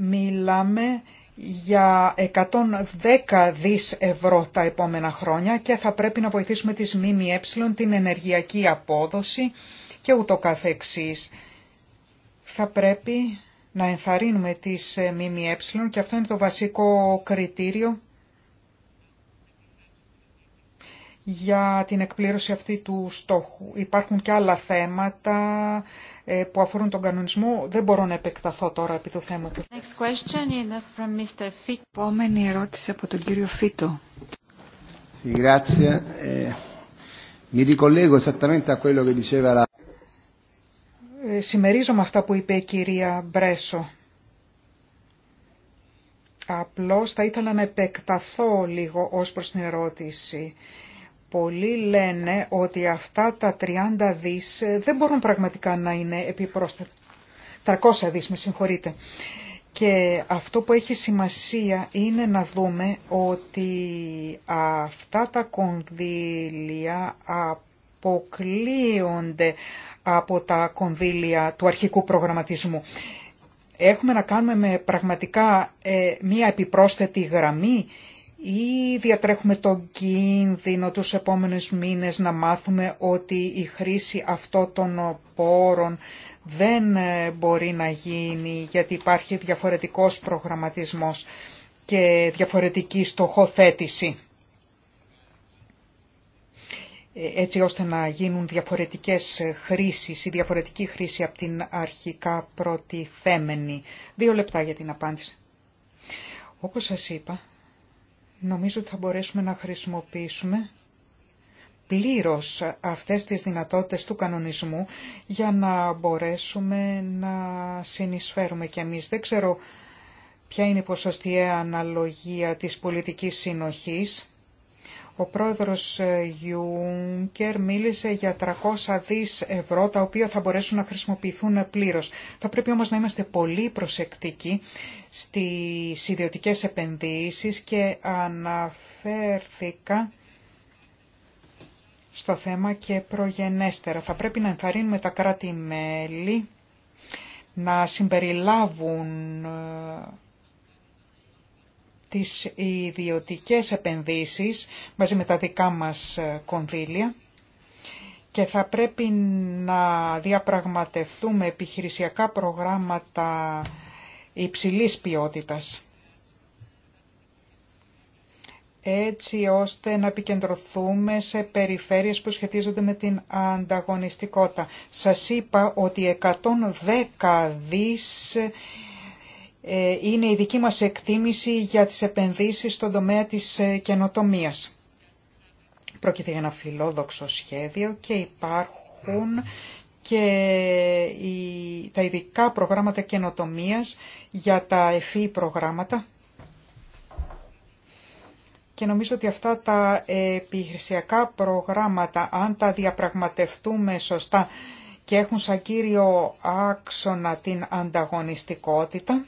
Μιλάμε για 110 δις ευρώ τα επόμενα χρόνια και θα πρέπει να βοηθήσουμε τις ΜΜΕ, την ενεργειακή απόδοση και ούτω καθεξής. Θα πρέπει να ενθαρρύνουμε τις ΜΜΕ και αυτό είναι το βασικό κριτήριο για την εκπλήρωση αυτή του στόχου. Υπάρχουν και άλλα θέματα ε, που αφορούν τον κανονισμό. Δεν μπορώ να επεκταθώ τώρα επί του θέματος. Next Επόμενη ερώτηση από τον κύριο Φίτο. Ε, ε, Σημερίζω με αυτά που είπε η κυρία Μπρέσο. Απλώς θα ήθελα να επεκταθώ λίγο ως προς την ερώτηση. Πολλοί λένε ότι αυτά τα 30 δις ε, δεν μπορούν πραγματικά να είναι επιπρόσθετα. 300 δις, με συγχωρείτε. Και αυτό που έχει σημασία είναι να δούμε ότι αυτά τα κονδύλια αποκλείονται από τα κονδύλια του αρχικού προγραμματισμού. Έχουμε να κάνουμε με πραγματικά ε, μία επιπρόσθετη γραμμή ή διατρέχουμε τον κίνδυνο τους επόμενους μήνες να μάθουμε ότι η χρήση αυτών των πόρων δεν ε, μπορεί να γίνει γιατί υπάρχει διαφορετικός προγραμματισμός και διαφορετική στοχοθέτηση ε, έτσι ώστε να γίνουν διαφορετικές χρήσεις ή διαφορετική χρήση από την αρχικά προτιθέμενη. Δύο λεπτά για την απάντηση. Όπως σας είπα, Νομίζω ότι θα μπορέσουμε να χρησιμοποιήσουμε πλήρως αυτές τις δυνατότητες του κανονισμού για να μπορέσουμε να συνεισφέρουμε κι εμείς. Δεν ξέρω ποια είναι η ποσοστιαία αναλογία της πολιτικής συνοχής ο πρόεδρος ε, Γιούνκερ μίλησε για 300 δις ευρώ, τα οποία θα μπορέσουν να χρησιμοποιηθούν πλήρως. Θα πρέπει όμως να είμαστε πολύ προσεκτικοί στις ιδιωτικές επενδύσεις και αναφέρθηκα στο θέμα και προγενέστερα. Θα πρέπει να ενθαρρύνουμε τα κράτη-μέλη να συμπεριλάβουν ε, τις ιδιωτικές επενδύσεις μαζί με τα δικά μας ε, κονδύλια και θα πρέπει να διαπραγματευτούμε επιχειρησιακά προγράμματα υψηλής ποιότητας έτσι ώστε να επικεντρωθούμε σε περιφέρειες που σχετίζονται με την ανταγωνιστικότητα. Σας είπα ότι 110 δις ε, είναι η δική μας εκτίμηση για τις επενδύσεις στον τομέα της ε, καινοτομίας. Πρόκειται για ένα φιλόδοξο σχέδιο και υπάρχουν και τα ειδικά προγράμματα καινοτομίας για τα ΕΦΗ e προγράμματα και νομίζω ότι αυτά τα επιχειρησιακά προγράμματα, αν τα διαπραγματευτούμε σωστά και έχουν σαν κύριο άξονα την ανταγωνιστικότητα,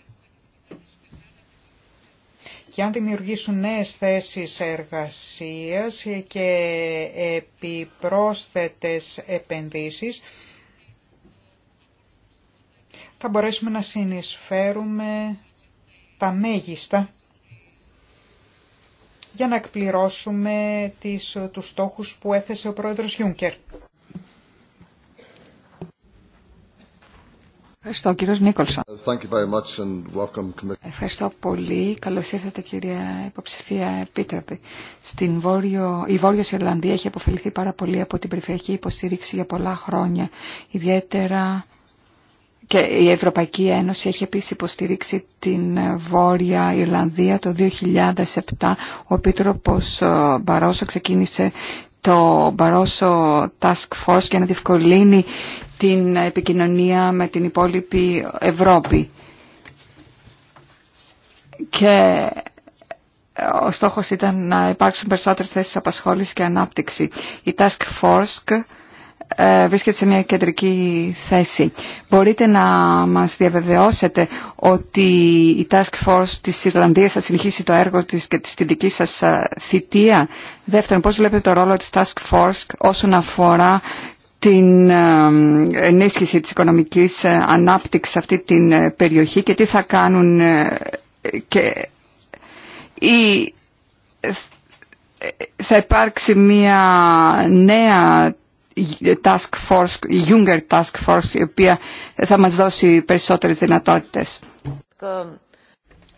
και αν δημιουργήσουν νέες θέσεις εργασίας και επιπρόσθετες επενδύσεις, θα μπορέσουμε να συνεισφέρουμε τα μέγιστα για να εκπληρώσουμε τις, τους στόχους που έθεσε ο πρόεδρος Γιούνκερ. Ευχαριστώ κύριος Νίκολσον. Ευχαριστώ πολύ. Καλώς ήρθατε κυρία υποψηφία επίτροπη. Στην Βόρειο... Η Βόρειος Ιρλανδία έχει αποφεληθεί πάρα πολύ από την περιφερειακή υποστήριξη για πολλά χρόνια. Ιδιαίτερα και η Ευρωπαϊκή Ένωση έχει επίσης υποστηρίξει την Βόρεια Ιρλανδία το 2007. Ο Επίτροπος ε, Μπαρόσο ξεκίνησε το παρόσο Task Force για να διευκολύνει την επικοινωνία με την υπόλοιπη Ευρώπη. Και ε, ο στόχος ήταν να υπάρξουν περισσότερες θέσεις απασχόλησης και ανάπτυξη. Η Task Force ε, βρίσκεται σε μια κεντρική θέση. Μπορείτε να μας διαβεβαιώσετε ότι η Task Force της Ιρλανδίας θα συνεχίσει το έργο της και τη δική σας ε, θητεία. Δεύτερον, πώς βλέπετε το ρόλο της Task Force όσον αφορά την ε, ενίσχυση της οικονομικής ανάπτυξης σε αυτή την περιοχή και τι θα κάνουν και θα υπάρξει μια νέα task force, η Younger Task Force, η οποία θα μας δώσει περισσότερες δυνατότητες.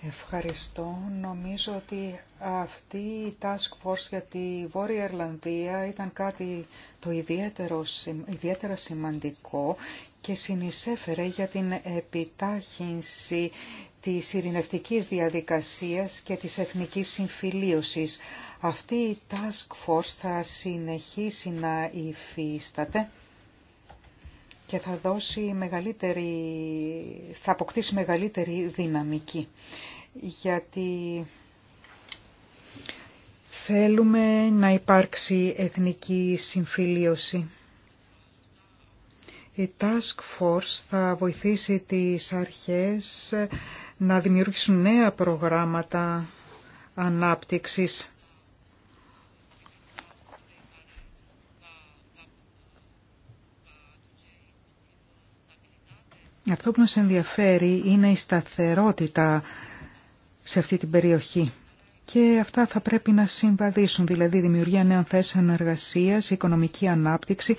Ευχαριστώ. Νομίζω ότι αυτή η Task Force για τη Βόρεια Ιρλανδία ήταν κάτι το ιδιαίτερο, ιδιαίτερα σημαντικό και συνεισέφερε για την επιτάχυνση της ειρηνευτικής διαδικασίας και της εθνικής συμφιλίωσης. Αυτή η task force θα συνεχίσει να υφίσταται και θα, δώσει μεγαλύτερη, θα αποκτήσει μεγαλύτερη δυναμική. Γιατί θέλουμε να υπάρξει εθνική συμφιλίωση. Η Task Force θα βοηθήσει τις αρχές να δημιουργήσουν νέα προγράμματα ανάπτυξης. Αυτό που μας ενδιαφέρει είναι η σταθερότητα σε αυτή την περιοχή. Και αυτά θα πρέπει να συμβαδίσουν, δηλαδή δημιουργία νέων θέσεων εργασίας, οικονομική ανάπτυξη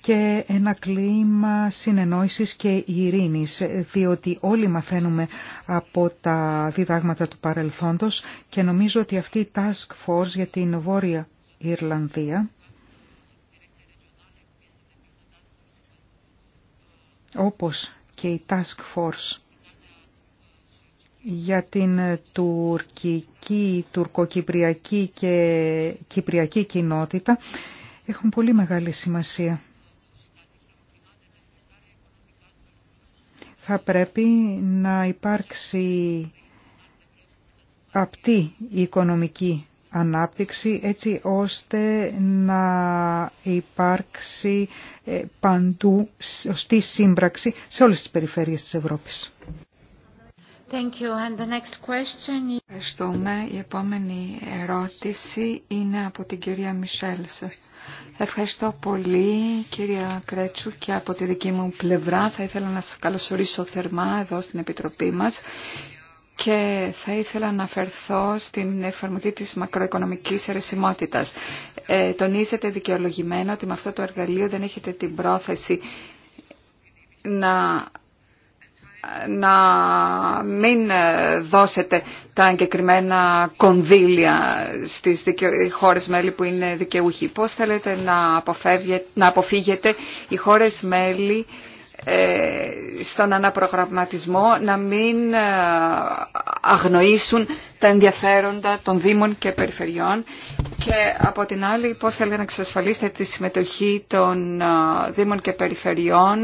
και ένα κλίμα συνεννόησης και ειρήνης, διότι όλοι μαθαίνουμε από τα διδάγματα του παρελθόντος και νομίζω ότι αυτή η Task Force για την Βόρεια Ιρλανδία όπως και η Task Force για την τουρκική, τουρκοκυπριακή και κυπριακή κοινότητα έχουν πολύ μεγάλη σημασία. θα πρέπει να υπάρξει απτή η οικονομική ανάπτυξη έτσι ώστε να υπάρξει ε, παντού σωστή σύμπραξη σε όλες τις περιφέρειες της Ευρώπης. Thank you. And the Ευχαριστούμε. Η επόμενη ερώτηση είναι από την κυρία Μισελσερ. Ευχαριστώ πολύ κυρία Κρέτσου και από τη δική μου πλευρά θα ήθελα να σας καλωσορίσω θερμά εδώ στην Επιτροπή μας και θα ήθελα να αφαιρθώ στην εφαρμογή της μακροοικονομικής αιρεσιμότητας. Ε, τονίζετε δικαιολογημένα ότι με αυτό το εργαλείο δεν έχετε την πρόθεση να να μην δώσετε τα εγκεκριμένα κονδύλια στις χώρες μέλη που είναι δικαιούχοι. Πώς θέλετε να, να αποφύγετε οι χώρες μέλη ε, στον αναπρογραμματισμό να μην ε, αγνοήσουν τα ενδιαφέροντα των Δήμων και Περιφερειών και από την άλλη πώς θέλετε να εξασφαλίσετε τη συμμετοχή των ε, Δήμων και Περιφερειών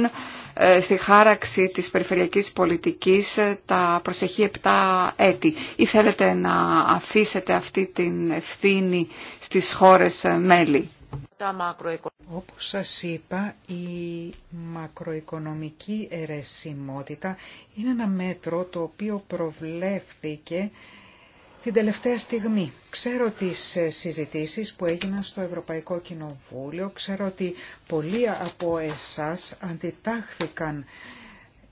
ε, στη χάραξη της περιφερειακής πολιτικής ε, τα προσεχή 7 έτη. Ή θέλετε να αφήσετε αυτή την ευθύνη στις χώρες ε, μέλη. Όπως σας είπα, η μακροοικονομική αιρεσιμότητα είναι ένα μέτρο το οποίο προβλέφθηκε την τελευταία στιγμή. Ξέρω τις ε, συζητήσεις που έγιναν στο Ευρωπαϊκό Κοινοβούλιο, ξέρω ότι πολλοί από εσάς αντιτάχθηκαν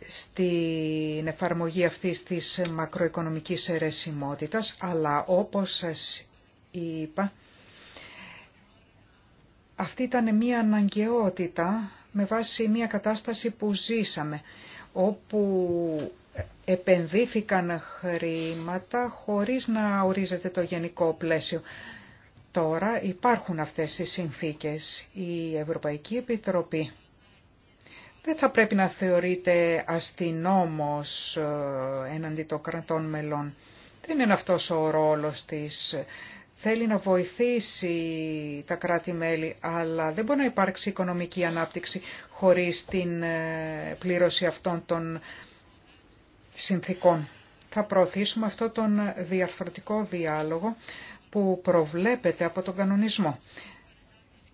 στην εφαρμογή αυτής της μακροοικονομικής αιρεσιμότητας, αλλά όπως σας είπα, αυτή ήταν μια αναγκαιότητα με βάση μια κατάσταση που ζήσαμε, όπου επενδύθηκαν χρήματα χωρίς να ορίζεται το γενικό πλαίσιο. Τώρα υπάρχουν αυτές οι συνθήκες. Η Ευρωπαϊκή Επιτροπή δεν θα πρέπει να θεωρείται αστυνόμος ε, εναντί των κρατών μελών. Δεν είναι αυτός ο ρόλος της. Θέλει να βοηθήσει τα κράτη-μέλη, αλλά δεν μπορεί να υπάρξει οικονομική ανάπτυξη χωρίς την ε, πλήρωση αυτών των συνθήκων. Θα προωθήσουμε αυτό τον διαφορετικό διάλογο που προβλέπεται από τον κανονισμό.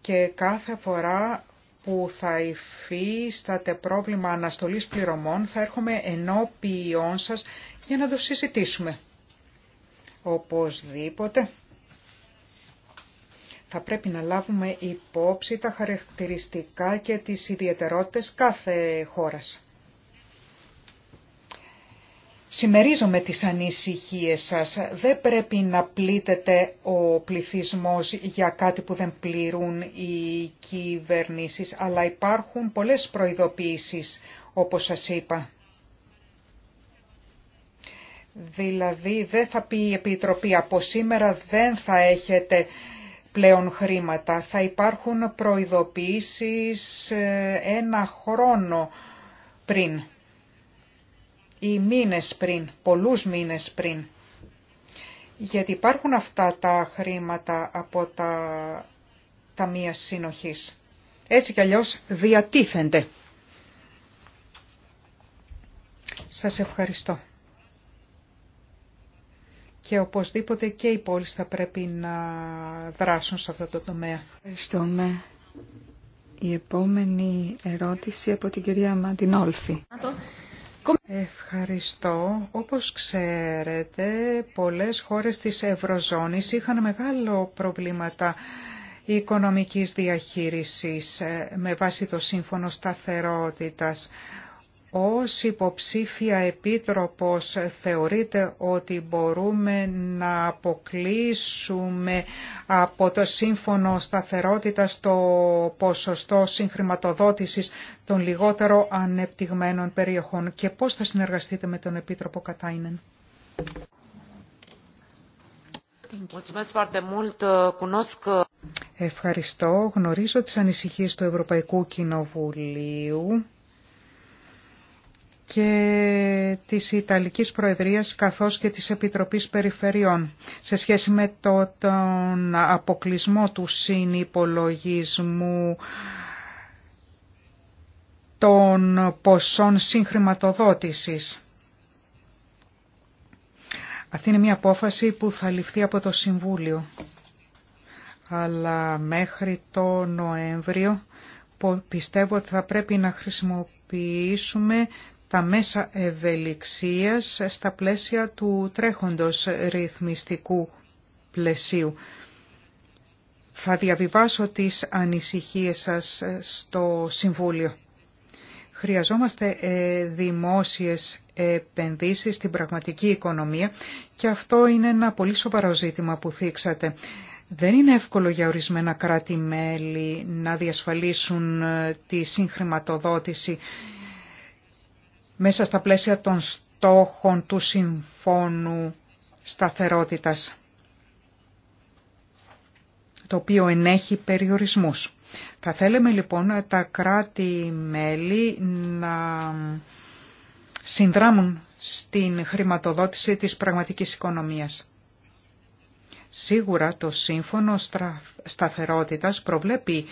Και κάθε φορά που θα υφίσταται πρόβλημα αναστολής πληρωμών θα έρχομαι ενώπιον σας για να το συζητήσουμε. Οπωσδήποτε θα πρέπει να λάβουμε υπόψη τα χαρακτηριστικά και τις ιδιαιτερότητες κάθε χώρας. Συμμερίζομαι τις ανησυχίες σας. Δεν πρέπει να πλήτεται ο πληθυσμός για κάτι που δεν πληρούν οι κυβερνήσεις, αλλά υπάρχουν πολλές προειδοποίησεις, όπως σας είπα. Δηλαδή, δεν θα πει η Επιτροπή, από σήμερα δεν θα έχετε πλέον χρήματα. Θα υπάρχουν προειδοποίησεις ε, ένα χρόνο πριν ή μήνες πριν, πολλούς μήνες πριν. Γιατί υπάρχουν αυτά τα χρήματα από τα ταμεία συνοχής. Έτσι κι αλλιώς διατίθενται. Σας ευχαριστώ. Και οπωσδήποτε και οι πόλεις θα πρέπει να δράσουν σε αυτό το τομέα. Ευχαριστούμε. Η επόμενη ερώτηση από την κυρία Μαντινόλφη. Ευχαριστώ. Όπως ξέρετε, πολλές χώρες της Ευρωζώνης είχαν μεγάλο προβλήματα οικονομικής διαχείρισης ε, με βάση το Σύμφωνο Σταθερότητας ως υποψήφια επίτροπος θεωρείτε ότι μπορούμε να αποκλείσουμε από το σύμφωνο σταθερότητας το ποσοστό συγχρηματοδότησης των λιγότερο ανεπτυγμένων περιοχών και πώς θα συνεργαστείτε με τον Επίτροπο Κατάινεν. Ευχαριστώ. Γνωρίζω τις ανησυχίες του Ευρωπαϊκού Κοινοβουλίου και της Ιταλικής Προεδρίας καθώς και της Επιτροπής Περιφερειών σε σχέση με τον αποκλεισμό του συνυπολογισμού των ποσών συγχρηματοδότησης. Αυτή είναι μια απόφαση που θα ληφθεί από το Συμβούλιο. Αλλά μέχρι το Νοέμβριο πιστεύω ότι θα πρέπει να χρησιμοποιήσουμε τα μέσα ευελιξίας στα πλαίσια του τρέχοντος ρυθμιστικού πλαισίου. Θα διαβιβάσω τις ανησυχίες σας στο Συμβούλιο. Χρειαζόμαστε ε, δημόσιες επενδύσεις στην πραγματική οικονομία και αυτό είναι ένα πολύ σοβαρό ζήτημα που θίξατε. Δεν είναι εύκολο για ορισμένα κράτη-μέλη να διασφαλίσουν ε, τη συγχρηματοδότηση μέσα στα πλαίσια των στόχων του Συμφώνου Σταθερότητας, το οποίο ενέχει περιορισμούς. Θα θέλαμε λοιπόν τα κράτη-μέλη να συνδράμουν στην χρηματοδότηση της πραγματικής οικονομίας. Σίγουρα το Σύμφωνο Σταθερότητας προβλέπει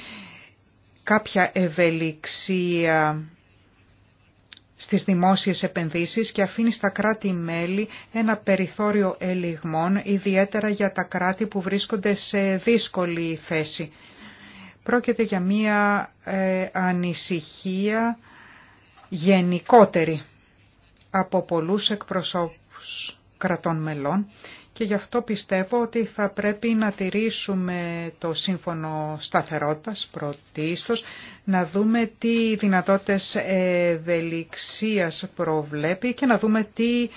κάποια ευελιξία στις δημόσιες επενδύσεις και αφήνει στα κράτη-μέλη ένα περιθώριο ελιγμών, ιδιαίτερα για τα κράτη που βρίσκονται σε δύσκολη θέση. Πρόκειται για μία ε, ανησυχία γενικότερη από πολλούς εκπροσώπους κρατών μελών και γι' αυτό πιστεύω ότι θα πρέπει να τηρήσουμε το σύμφωνο σταθερότητας πρωτίστως, να δούμε τι δυνατότητες ευελιξίας προβλέπει και να δούμε τι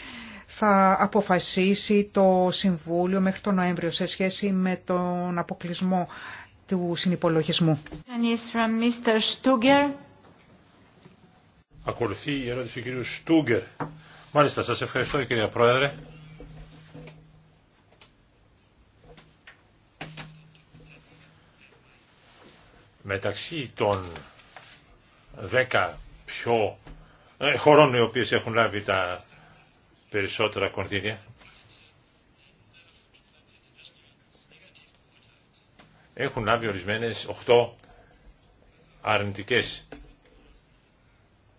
θα αποφασίσει το Συμβούλιο μέχρι τον Νοέμβριο σε σχέση με τον αποκλεισμό του συνυπολογισμού. Ακολουθεί η ερώτηση του κ. Στούγκερ. Μάλιστα, σας ευχαριστώ κ. Πρόεδρε. μεταξύ των δέκα πιο ε, χωρών οι οποίες έχουν λάβει τα περισσότερα κονδύλια έχουν λάβει ορισμένες 8 αρνητικές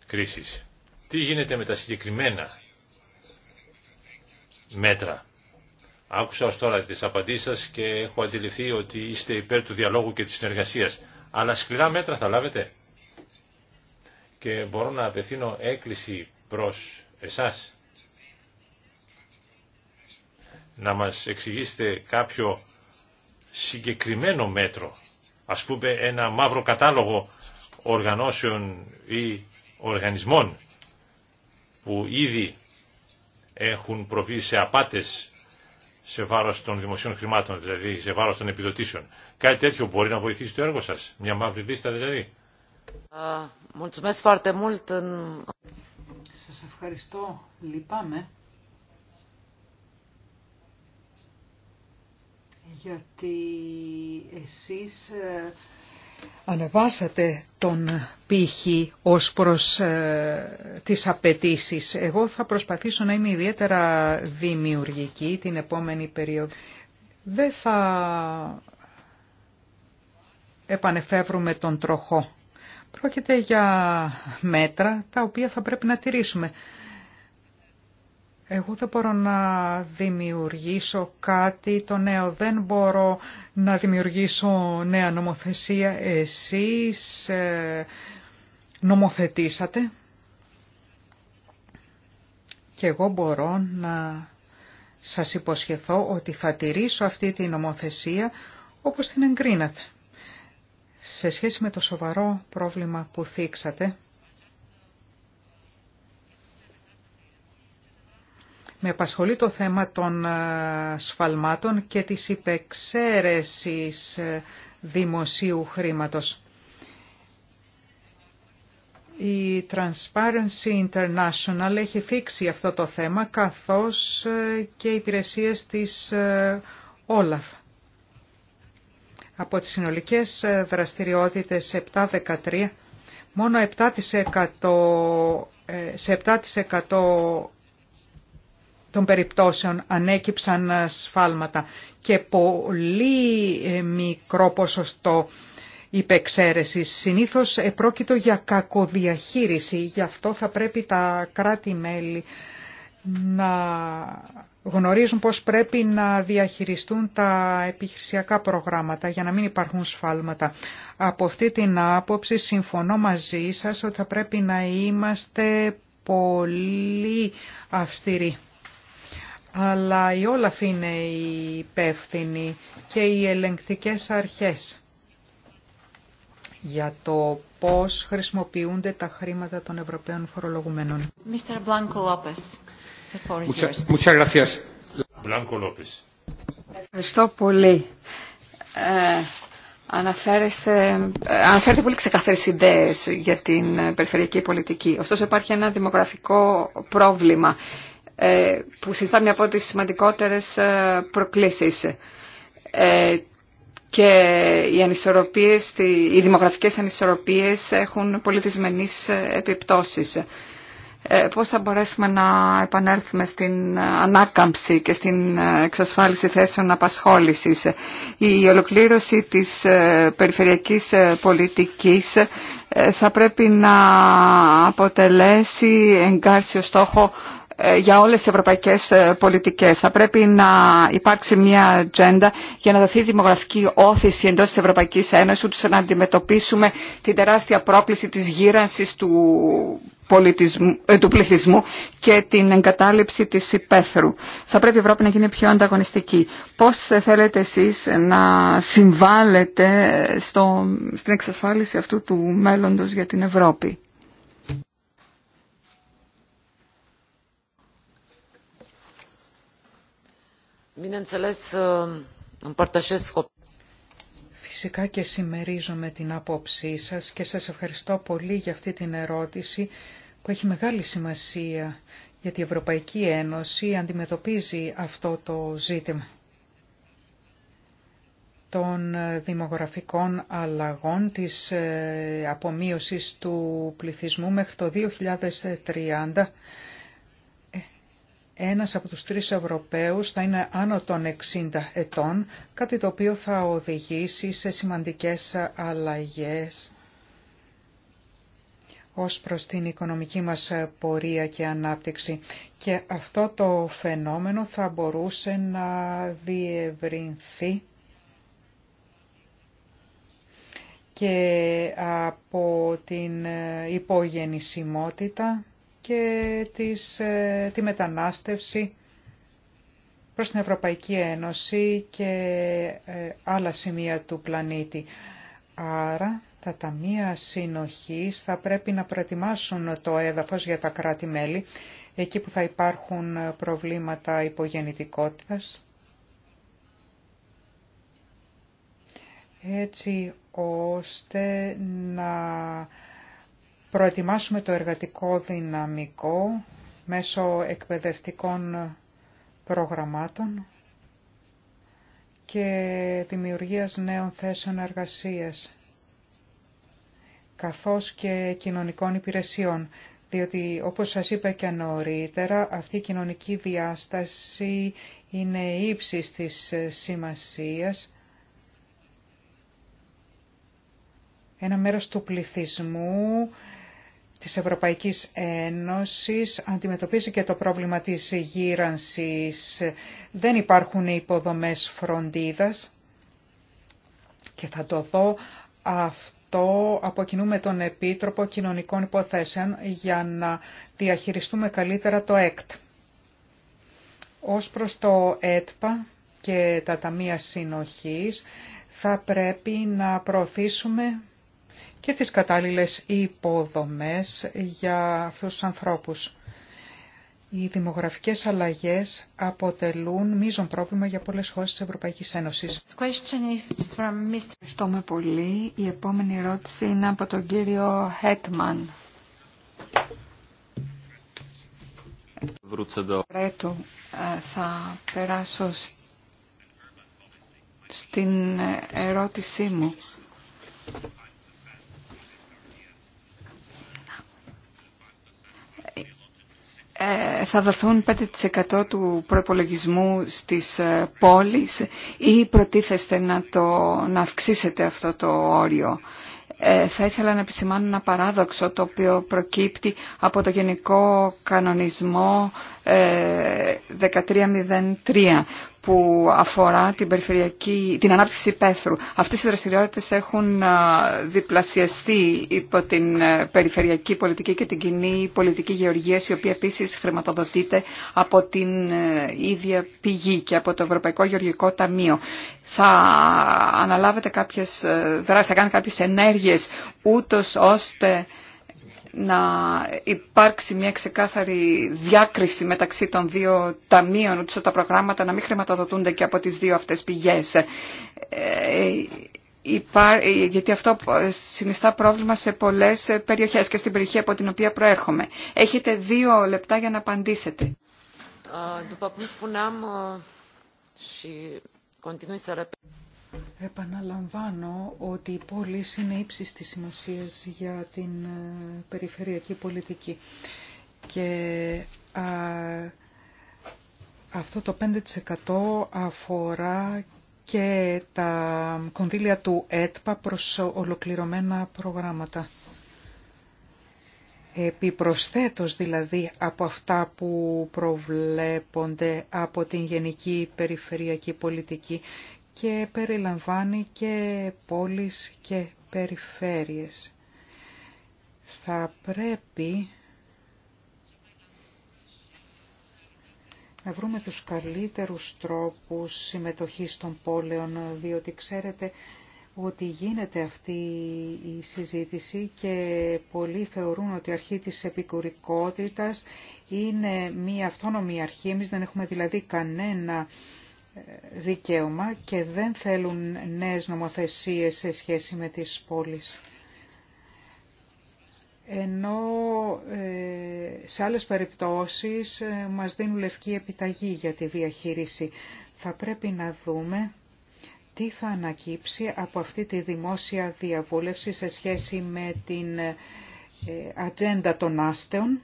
κρίσεις. Τι γίνεται με τα συγκεκριμένα μέτρα. Άκουσα ως τώρα τις απαντήσεις σας και έχω αντιληφθεί ότι είστε υπέρ του διαλόγου και της συνεργασίας αλλά σκληρά μέτρα θα λάβετε. Και μπορώ να απευθύνω έκκληση προς εσάς να μας εξηγήσετε κάποιο συγκεκριμένο μέτρο, ας πούμε ένα μαύρο κατάλογο οργανώσεων ή οργανισμών που ήδη έχουν προβεί σε απάτες σε βάρος των δημοσίων χρημάτων, δηλαδή σε βάρος των επιδοτήσεων. Κάτι τέτοιο μπορεί να βοηθήσει το έργο σας, μια μαύρη λίστα δηλαδή. Ε, σας ευχαριστώ, λυπάμαι. Γιατί εσείς ε, ανεβάσατε τον πύχη ως προς ε, τις απαιτήσει. Εγώ θα προσπαθήσω να είμαι ιδιαίτερα δημιουργική την επόμενη περίοδο. Δεν θα επανεφεύρουμε τον τροχό. Πρόκειται για μέτρα τα οποία θα πρέπει να τηρήσουμε. Εγώ δεν μπορώ να δημιουργήσω κάτι το νέο, δεν μπορώ να δημιουργήσω νέα νομοθεσία. Εσείς ε, νομοθετήσατε και εγώ μπορώ να σας υποσχεθώ ότι θα τηρήσω αυτή τη νομοθεσία όπως την εγκρίνατε. Σε σχέση με το σοβαρό πρόβλημα που θίξατε, Με απασχολεί το θέμα των ε, σφαλμάτων και της υπεξαίρεσης ε, δημοσίου χρήματος. Η Transparency International έχει θίξει αυτό το θέμα, καθώς ε, και οι υπηρεσίες της Όλαφ. Από τις συνολικές δραστηριότητες 7-13, μόνο 7% σε 7% των περιπτώσεων ανέκυψαν ε, σφάλματα και πολύ ε, μικρό ποσοστό υπεξαίρεσης. Συνήθως πρόκειται για κακοδιαχείριση, γι' αυτό θα πρέπει τα κράτη-μέλη να γνωρίζουν πώς πρέπει να διαχειριστούν τα επιχειρησιακά προγράμματα για να μην υπάρχουν σφάλματα. Από αυτή την άποψη συμφωνώ μαζί σας ότι θα πρέπει να είμαστε πολύ αυστηροί αλλά η Όλαφ είναι η υπεύθυνη και οι ελεγκτικές αρχές για το πώς χρησιμοποιούνται τα χρήματα των Ευρωπαίων φορολογουμένων. Mr. Blanco Lopez, the floor Blanco Lopez. Ευχαριστώ πολύ. Ε, αναφέρεστε, ε, αναφέρετε πολύ ξεκαθαρές ιδέες για την ε, περιφερειακή πολιτική. Ωστόσο υπάρχει ένα δημογραφικό πρόβλημα ε, που συζητά μια από τις σημαντικότερες ε, προκλήσεις. Ε, και οι, ανισορροπίες, οι δημογραφικές ανισορροπίες έχουν πολιτισμενείς επιπτώσεις. Πώς θα μπορέσουμε να επανέλθουμε στην ανάκαμψη και στην εξασφάλιση θέσεων απασχόλησης. Η ολοκλήρωση της περιφερειακής πολιτικής θα πρέπει να αποτελέσει εγκάρσιο στόχο ε, για όλες τις ευρωπαϊκές ε, πολιτικές. Θα πρέπει να υπάρξει μια ατζέντα για να δοθεί δημογραφική όθηση εντός της Ευρωπαϊκής Ένωσης, ώστε να αντιμετωπίσουμε την τεράστια πρόκληση της γύρανσης του, ε, του πληθυσμού και την εγκατάλειψη της υπαίθρου. Θα πρέπει η Ευρώπη να γίνει πιο ανταγωνιστική. Πώς θέλετε εσείς να συμβάλλετε στο, στην εξασφάλιση αυτού του μέλλοντος για την Ευρώπη. Uh, Φυσικά και συμμερίζομαι την άποψή σας και σας ευχαριστώ πολύ για αυτή την ερώτηση που έχει μεγάλη σημασία γιατί η Ευρωπαϊκή Ένωση αντιμετωπίζει αυτό το ζήτημα των δημογραφικών αλλαγών, της ε, απομείωσης του πληθυσμού μέχρι το 2030 ένας από τους τρεις Ευρωπαίους θα είναι άνω των 60 ετών, κάτι το οποίο θα οδηγήσει σε σημαντικές αλλαγές ως προς την οικονομική μας πορεία και ανάπτυξη. Και αυτό το φαινόμενο θα μπορούσε να διευρυνθεί και από την υπογεννησιμότητα και τις, ε, τη μετανάστευση προς την Ευρωπαϊκή Ένωση και ε, άλλα σημεία του πλανήτη. Άρα τα ταμεία συνοχής θα πρέπει να προετοιμάσουν το έδαφος για τα κράτη-μέλη εκεί που θα υπάρχουν προβλήματα υπογεννητικότητας. Έτσι ώστε να προετοιμάσουμε το εργατικό δυναμικό μέσω εκπαιδευτικών προγραμμάτων και δημιουργίας νέων θέσεων εργασίας, καθώς και κοινωνικών υπηρεσιών, διότι όπως σας είπα και νωρίτερα, αυτή η κοινωνική διάσταση είναι ύψης της σημασίας, ένα μέρος του πληθυσμού της Ευρωπαϊκής Ένωσης αντιμετωπίζει και το πρόβλημα της γύρανσης. Δεν υπάρχουν υποδομές φροντίδας και θα το δω αυτό από τον Επίτροπο Κοινωνικών Υποθέσεων για να διαχειριστούμε καλύτερα το ΕΚΤ. Ως προς το ΕΤΠΑ και τα Ταμεία Συνοχής θα πρέπει να προωθήσουμε και τις κατάλληλες υποδομές για αυτούς τους ανθρώπους. Οι δημογραφικές αλλαγές αποτελούν μείζον πρόβλημα για πολλές χώρες της Ευρωπαϊκής Ένωσης. Ευχαριστώ πολύ. Η επόμενη ερώτηση είναι από τον κύριο Χέτμαν. Ε, θα περάσω στην ε, ερώτησή μου. Ε, θα δοθούν 5% του προπολογισμού στις ε, πόλεις ή προτίθεστε να, το, να αυξήσετε αυτό το όριο. Ε, θα ήθελα να επισημάνω ένα παράδοξο το οποίο προκύπτει από το Γενικό Κανονισμό 1303 που αφορά την, περιφερειακή, την ανάπτυξη πέθρου. Αυτές οι δραστηριότητες έχουν διπλασιαστεί υπό την ε, περιφερειακή πολιτική και την κοινή πολιτική γεωργίας, η οποία επίσης χρηματοδοτείται από την ε, ίδια πηγή και από το Ευρωπαϊκό Γεωργικό Ταμείο. Θα αναλάβετε κάποιες ε, δράσεις, θα κάνετε κάποιες ενέργειες, ούτως ώστε να υπάρξει μια ξεκάθαρη διάκριση μεταξύ των δύο ταμείων, ούτως τα προγράμματα να μην χρηματοδοτούνται και από τις δύο αυτές πηγές. Ε, γιατί αυτό συνιστά πρόβλημα σε πολλές περιοχές και στην περιοχή από την οποία προέρχομαι. Έχετε δύο λεπτά για να απαντήσετε. Επαναλαμβάνω ότι οι πόλη είναι ύψη της σημασίας για την ε, περιφερειακή πολιτική και αυτό το 5% αφορά και τα κονδύλια του ΕΤΠΑ προς ολοκληρωμένα προγράμματα. Επιπροσθέτως δηλαδή από αυτά που προβλέπονται από την Γενική Περιφερειακή Πολιτική και περιλαμβάνει και πόλεις και περιφέρειες. Θα πρέπει να βρούμε τους καλύτερους τρόπους συμμετοχής των πόλεων, διότι ξέρετε ότι γίνεται αυτή η συζήτηση και πολλοί θεωρούν ότι η αρχή της επικουρικότητας είναι μία αυτόνομη αρχή. Εμείς δεν έχουμε δηλαδή κανένα δικαίωμα και δεν θέλουν νέες νομοθεσίες σε σχέση με τις πόλεις. Ενώ ε, σε άλλες περιπτώσεις ε, μας δίνουν λευκή επιταγή για τη διαχείριση. Θα πρέπει να δούμε τι θα ανακύψει από αυτή τη δημόσια διαβούλευση σε σχέση με την ε, ατζέντα των άστεων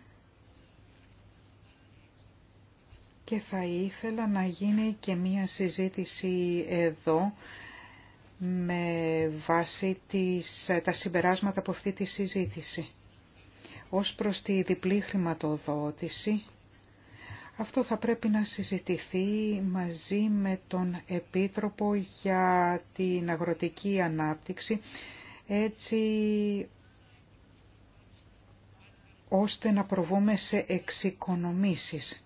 και θα ήθελα να γίνει και μία συζήτηση εδώ με βάση τις, τα συμπεράσματα από αυτή τη συζήτηση. Ως προς τη διπλή χρηματοδότηση, αυτό θα πρέπει να συζητηθεί μαζί με τον Επίτροπο για την Αγροτική Ανάπτυξη, έτσι ώστε να προβούμε σε εξοικονομήσεις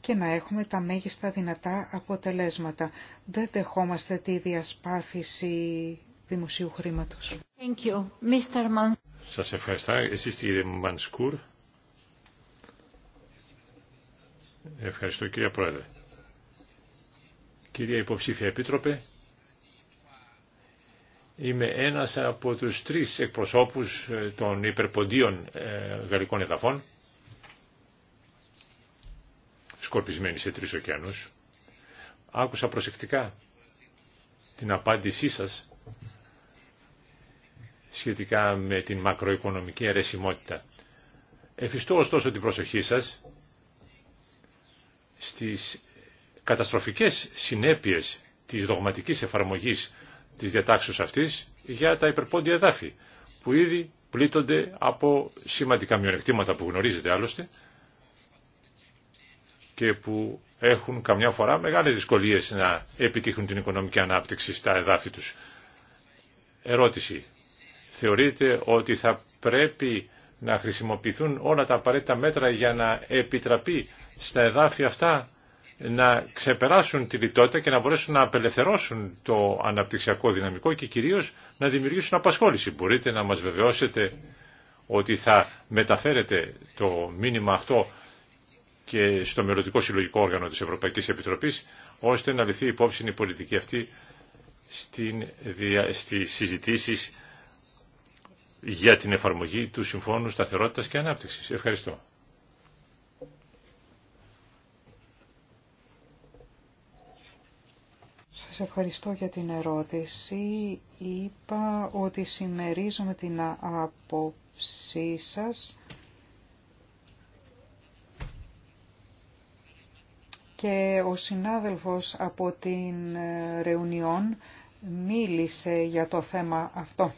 και να έχουμε τα μέγιστα δυνατά αποτελέσματα. Δεν δεχόμαστε τη διασπάθηση δημοσίου χρήματος. Thank Mr. Σας ευχαριστώ. Εσείς κύριε Μανσκούρ. Ευχαριστώ κύριε Πρόεδρε. Κυρία Υποψήφια Επίτροπε, είμαι ένας από τους τρεις εκπροσώπους ε, των υπερποντίων ε, γαλλικών εδαφών σκορπισμένη σε τρεις ωκεανούς. Άκουσα προσεκτικά την απάντησή σας σχετικά με την μακροοικονομική αρεσιμότητα. Εφιστώ ωστόσο την προσοχή σας στις καταστροφικές συνέπειες της δογματικής εφαρμογής της διατάξεως αυτής για τα υπερπόντια εδάφη, που ήδη πλήττονται από σημαντικά μειονεκτήματα που γνωρίζετε άλλωστε, και που έχουν καμιά φορά μεγάλες δυσκολίες να επιτύχουν την οικονομική ανάπτυξη στα εδάφη τους. Ερώτηση. Θεωρείτε ότι θα πρέπει να χρησιμοποιηθούν όλα τα απαραίτητα μέτρα για να επιτραπεί στα εδάφη αυτά να ξεπεράσουν τη λιτότητα και να μπορέσουν να απελευθερώσουν το αναπτυξιακό δυναμικό και κυρίως να δημιουργήσουν απασχόληση. Μπορείτε να μας βεβαιώσετε ότι θα μεταφέρετε το μήνυμα αυτό και στο μελλοντικό συλλογικό όργανο της Ευρωπαϊκής Επιτροπής, ώστε να ληφθεί υπόψη η πολιτική αυτή στην, στις συζητήσεις για την εφαρμογή του Συμφώνου Σταθερότητας και Ανάπτυξης. Ευχαριστώ. Σας ευχαριστώ για την ερώτηση. Είπα ότι συμμερίζομαι την άποψή σας και ο συνάδελφος από την ε, Ρεουνιόν μίλησε για το θέμα αυτό.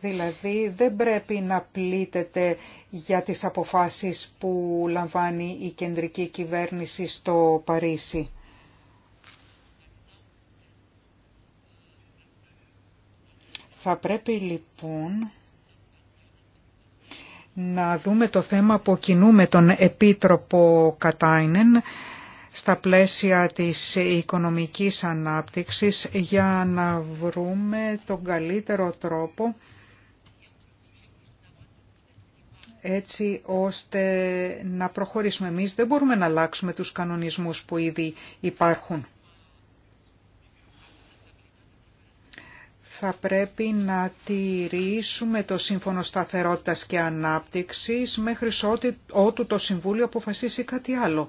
Δηλαδή δεν πρέπει να πλήτεται για τις αποφάσεις που λαμβάνει η κεντρική κυβέρνηση στο Παρίσι. Θα πρέπει λοιπόν να δούμε το θέμα που κινούμε τον Επίτροπο Κατάινεν στα πλαίσια της οικονομικής ανάπτυξης για να βρούμε τον καλύτερο τρόπο έτσι ώστε να προχωρήσουμε. Εμείς δεν μπορούμε να αλλάξουμε τους κανονισμούς που ήδη υπάρχουν. θα πρέπει να τηρήσουμε το Σύμφωνο Σταθερότητας και Ανάπτυξης μέχρι ότου το Συμβούλιο αποφασίσει κάτι άλλο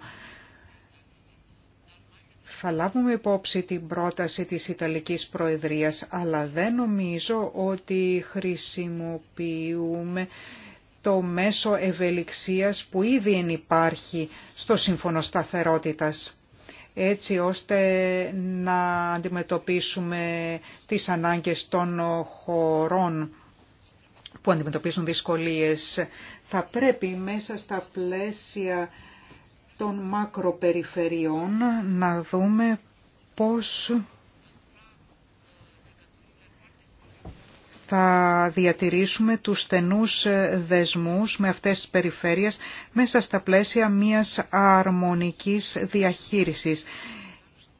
θα λάβουμε υπόψη την πρόταση της Ιταλικής Προεδρίας, αλλά δεν νομίζω ότι χρησιμοποιούμε το μέσο ευελιξίας που ήδη υπάρχει στο Σύμφωνο Σταθερότητας έτσι ώστε να αντιμετωπίσουμε τις ανάγκες των χωρών που αντιμετωπίζουν δυσκολίες. Θα πρέπει μέσα στα πλαίσια των μακροπεριφερειών να δούμε πώς θα διατηρήσουμε τους στενούς δεσμούς με αυτές τις περιφέρειες μέσα στα πλαίσια μιας αρμονικής διαχείρισης.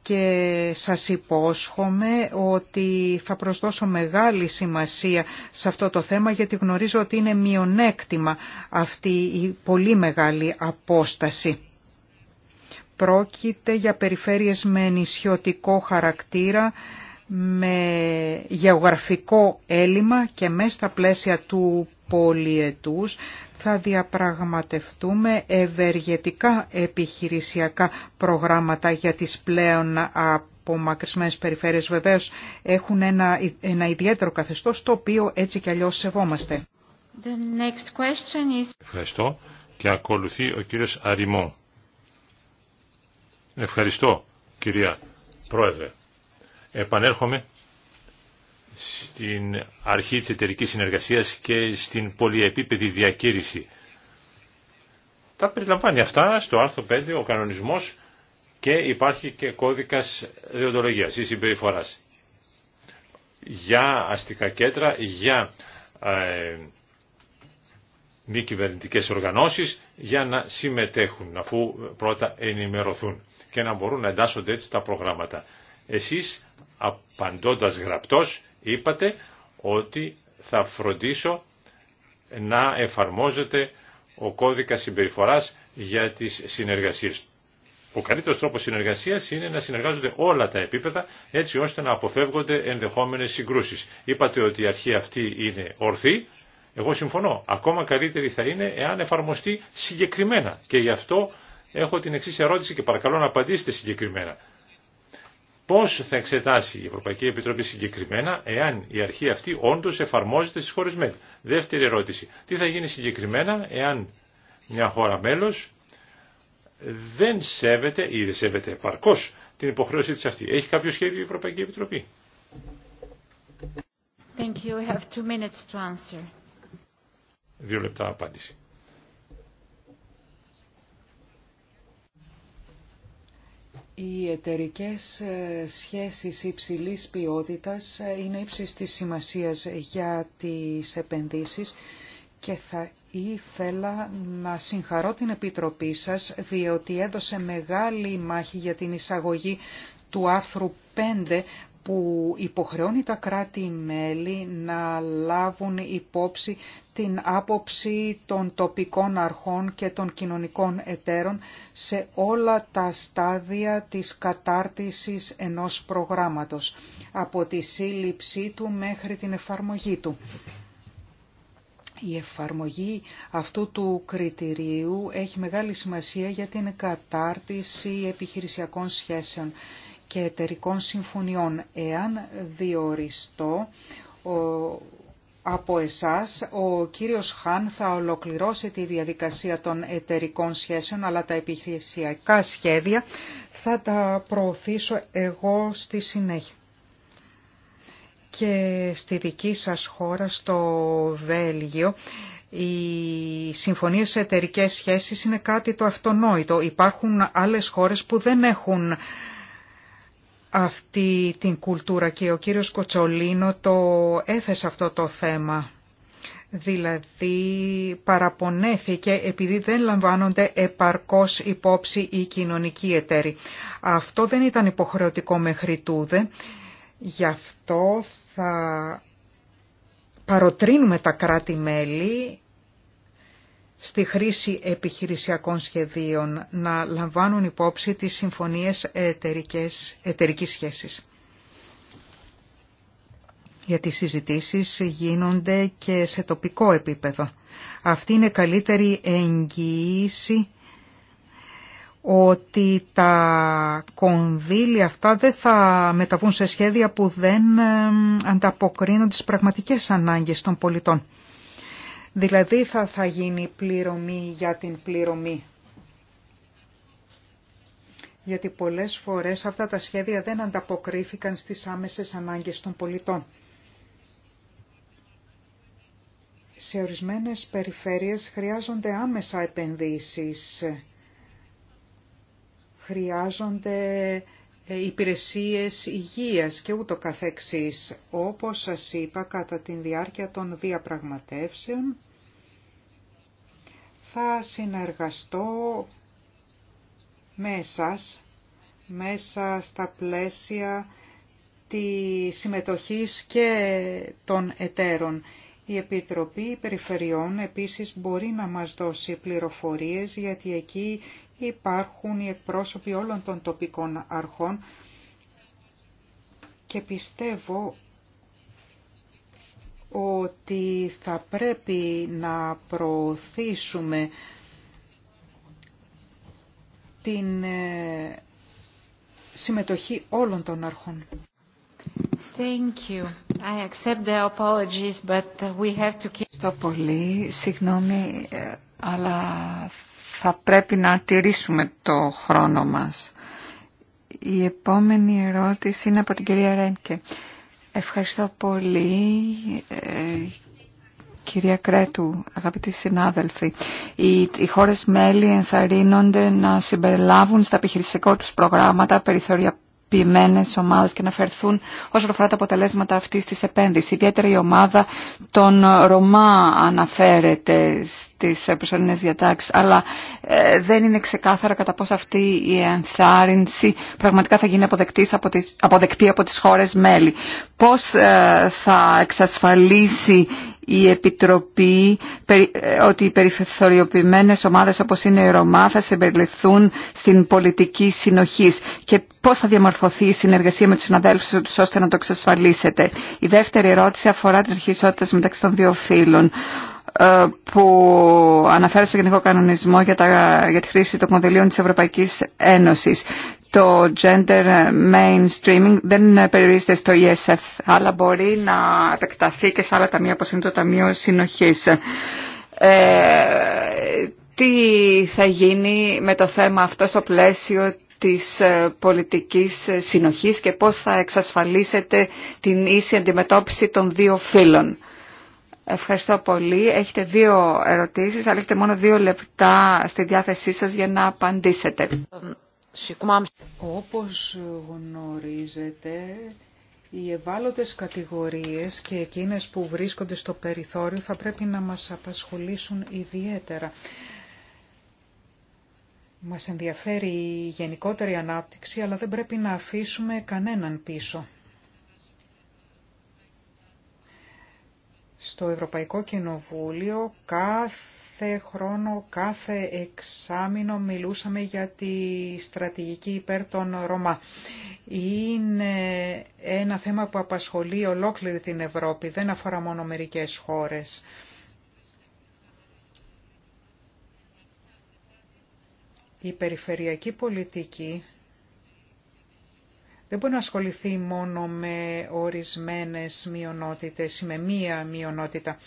Και σας υπόσχομαι ότι θα προσδώσω μεγάλη σημασία σε αυτό το θέμα γιατί γνωρίζω ότι είναι μειονέκτημα αυτή η πολύ μεγάλη απόσταση. Πρόκειται για περιφέρειες με νησιωτικό χαρακτήρα, με γεωγραφικό έλλειμμα και μέσα στα πλαίσια του πολιετούς θα διαπραγματευτούμε ευεργετικά επιχειρησιακά προγράμματα για τις πλέον απομακρυσμένες περιφέρειες. Βεβαίως έχουν ένα, ιδιαίτερο καθεστώς το οποίο έτσι κι αλλιώς σεβόμαστε. Ευχαριστώ και ακολουθεί ο κύριος Αριμό. Ευχαριστώ κυρία Πρόεδρε. Επανέρχομαι στην αρχή της εταιρικής συνεργασίας και στην πολυεπίπεδη διακήρυση. Τα περιλαμβάνει αυτά στο άρθρο 5 ο κανονισμός και υπάρχει και κώδικας διοντολογίας ή συμπεριφοράς. Για αστικά κέντρα, για ε, μη κυβερνητικές οργανώσεις για να συμμετέχουν αφού πρώτα ενημερωθούν και να μπορούν να εντάσσονται έτσι τα προγράμματα. Εσείς απαντώντας γραπτός είπατε ότι θα φροντίσω να εφαρμόζεται ο κώδικας συμπεριφοράς για τις συνεργασίες. Ο καλύτερος τρόπος συνεργασίας είναι να συνεργάζονται όλα τα επίπεδα έτσι ώστε να αποφεύγονται ενδεχόμενες συγκρούσεις. Είπατε ότι η αρχή αυτή είναι ορθή εγώ συμφωνώ. Ακόμα καλύτερη θα είναι εάν εφαρμοστεί συγκεκριμένα. Και γι' αυτό έχω την εξή ερώτηση και παρακαλώ να απαντήσετε συγκεκριμένα. Πώ θα εξετάσει η Ευρωπαϊκή Επιτροπή συγκεκριμένα εάν η αρχή αυτή όντω εφαρμόζεται στι χώρες μέλη. Δεύτερη ερώτηση. Τι θα γίνει συγκεκριμένα εάν μια χώρα μέλο δεν σέβεται ή δεν σέβεται επαρκώς την υποχρέωσή της αυτή. Έχει κάποιο σχέδιο η δεν σεβεται επαρκω την υποχρεωση τη αυτη Επιτροπή. Thank you. We have two minutes to answer. Δύο λεπτά απάντηση. Οι εταιρικές ε, σχέσεις υψηλής ποιότητας ε, είναι ύψης της σημασίας για τις επενδύσεις και θα ήθελα να συγχαρώ την Επιτροπή σας διότι έδωσε μεγάλη μάχη για την εισαγωγή του άρθρου 5 που υποχρεώνει τα κράτη-μέλη να λάβουν υπόψη την άποψη των τοπικών αρχών και των κοινωνικών εταίρων σε όλα τα στάδια της κατάρτισης ενός προγράμματος, από τη σύλληψή του μέχρι την εφαρμογή του. Η εφαρμογή αυτού του κριτηρίου έχει μεγάλη σημασία για την κατάρτιση επιχειρησιακών σχέσεων και εταιρικών συμφωνιών, εάν διοριστώ από εσάς ο κύριος Χάν θα ολοκληρώσει τη διαδικασία των εταιρικών σχέσεων, αλλά τα επιχειρησιακά σχέδια θα τα προωθήσω εγώ στη συνέχεια. Και στη δική σας χώρα, στο Βέλγιο, οι συμφωνίες σε εταιρικές σχέσεις είναι κάτι το αυτονόητο. Υπάρχουν άλλες χώρες που δεν έχουν αυτή την κουλτούρα και ο κύριος Κοτσολίνο το έθεσε αυτό το θέμα. Δηλαδή παραπονέθηκε επειδή δεν λαμβάνονται επαρκώς υπόψη οι κοινωνικοί εταίροι. Αυτό δεν ήταν υποχρεωτικό μέχρι τούδε, γι' αυτό θα παροτρύνουμε τα κράτη-μέλη στη χρήση επιχειρησιακών σχεδίων να λαμβάνουν υπόψη τις συμφωνίες εταιρικές, εταιρικής σχέσης. Γιατί οι συζητήσεις γίνονται και σε τοπικό επίπεδο. Αυτή είναι καλύτερη εγγυήση ότι τα κονδύλια αυτά δεν θα μεταβούν σε σχέδια που δεν ανταποκρίνονται στις πραγματικές ανάγκες των πολιτών. Δηλαδή θα, θα γίνει πληρωμή για την πληρωμή. Γιατί πολλές φορές αυτά τα σχέδια δεν ανταποκρίθηκαν στις άμεσες ανάγκες των πολιτών. Σε ορισμένες περιφέρειες χρειάζονται άμεσα επενδύσεις. Χρειάζονται ε, υπηρεσίες υγείας και ούτω καθεξής. Όπως σας είπα, κατά την διάρκεια των διαπραγματεύσεων θα συνεργαστώ με μέσα στα πλαίσια τη συμμετοχής και των εταίρων. Η Επιτροπή Περιφερειών επίσης μπορεί να μας δώσει πληροφορίες γιατί εκεί υπάρχουν οι εκπρόσωποι όλων των τοπικών αρχών και πιστεύω ότι θα πρέπει να προωθήσουμε την ε, συμμετοχή όλων των αρχών. Thank you. I accept the apologies, but we have to... keep... Στο πολύ, συγγνώμη, ε, αλλά θα πρέπει να τηρήσουμε το χρόνο μας. Η επόμενη ερώτηση είναι από την κυρία Ρένκε. Ευχαριστώ πολύ ε, κυρία Κρέτου, αγαπητοί συνάδελφοι. Οι, οι χώρες μέλη ενθαρρύνονται να συμπεριλάβουν στα επιχειρησικό τους προγράμματα περιθωριακά ποιημένε ομάδε και να φερθούν όσον αφορά τα αποτελέσματα αυτή τη επένδυση. Ιδιαίτερα η ομάδα των Ρωμά αναφέρεται στις προσωρινέ διατάξει, αλλά ε, δεν είναι ξεκάθαρα κατά πόσο αυτή η ενθάρρυνση πραγματικά θα γίνει αποδεκτή από τις χώρε μέλη. Πώς ε, θα εξασφαλίσει η Επιτροπή ε, ότι οι περιφερειοποιημένες ομάδες όπως είναι η Ρωμά θα συμπεριληφθούν στην πολιτική συνοχή και πώς θα διαμορφωθεί η συνεργασία με τους συναδέλφους τους ώστε να το εξασφαλίσετε. Η δεύτερη ερώτηση αφορά την αρχή μεταξύ των δύο φύλων ε, που αναφέρεται στο Γενικό Κανονισμό για, τα, για τη χρήση των κονδυλίων της Ευρωπαϊκής Ένωσης το gender mainstreaming δεν περιορίζεται στο ESF, αλλά μπορεί να επεκταθεί και σε άλλα ταμεία όπως είναι το Ταμείο Συνοχής. Ε, τι θα γίνει με το θέμα αυτό στο πλαίσιο της ε, πολιτικής συνοχής και πώς θα εξασφαλίσετε την ίση αντιμετώπιση των δύο φύλων. Ευχαριστώ πολύ. Έχετε δύο ερωτήσεις, αλλά έχετε μόνο δύο λεπτά στη διάθεσή σας για να απαντήσετε. Ε, όπως γνωρίζετε, οι ευάλωτες κατηγορίες και εκείνες που βρίσκονται στο περιθώριο θα πρέπει να μας απασχολήσουν ιδιαίτερα. Μας ενδιαφέρει η γενικότερη ανάπτυξη, αλλά δεν πρέπει να αφήσουμε κανέναν πίσω. Στο Ευρωπαϊκό Κοινοβούλιο κάθε κάθε χρόνο, κάθε εξάμηνο μιλούσαμε για τη στρατηγική υπέρ των Ρωμά. Είναι ένα θέμα που απασχολεί ολόκληρη την Ευρώπη, δεν αφορά μόνο μερικές χώρες. Η περιφερειακή πολιτική δεν μπορεί να ασχοληθεί μόνο με ορισμένες μειονότητες ή με μία μειονότητα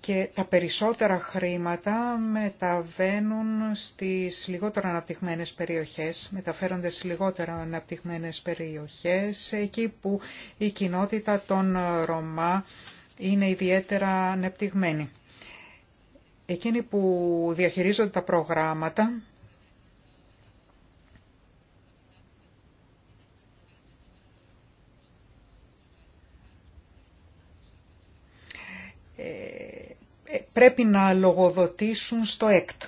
και τα περισσότερα χρήματα μεταβαίνουν στις λιγότερο αναπτυγμένες περιοχές, μεταφέρονται στις λιγότερο αναπτυγμένες περιοχές, εκεί που η κοινότητα των Ρωμά είναι ιδιαίτερα ανεπτυγμένη. Εκείνοι που διαχειρίζονται τα προγράμματα πρέπει να λογοδοτήσουν στο ΕΚΤ.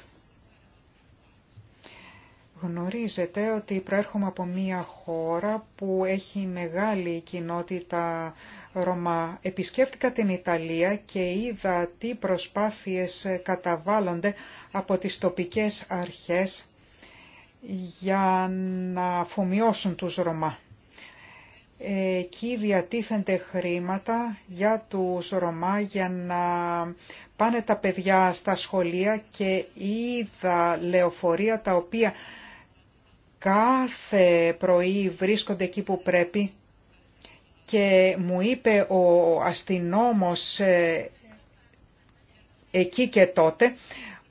Γνωρίζετε ότι προέρχομαι από μία χώρα που έχει μεγάλη κοινότητα Ρωμά. Επισκέφτηκα την Ιταλία και είδα τι προσπάθειες καταβάλλονται από τις τοπικές αρχές για να αφομοιώσουν τους Ρωμά. Εκεί διατίθενται χρήματα για τους Ρωμά για να πάνε τα παιδιά στα σχολεία και είδα λεωφορεία τα οποία κάθε πρωί βρίσκονται εκεί που πρέπει και μου είπε ο αστυνόμος ε, εκεί και τότε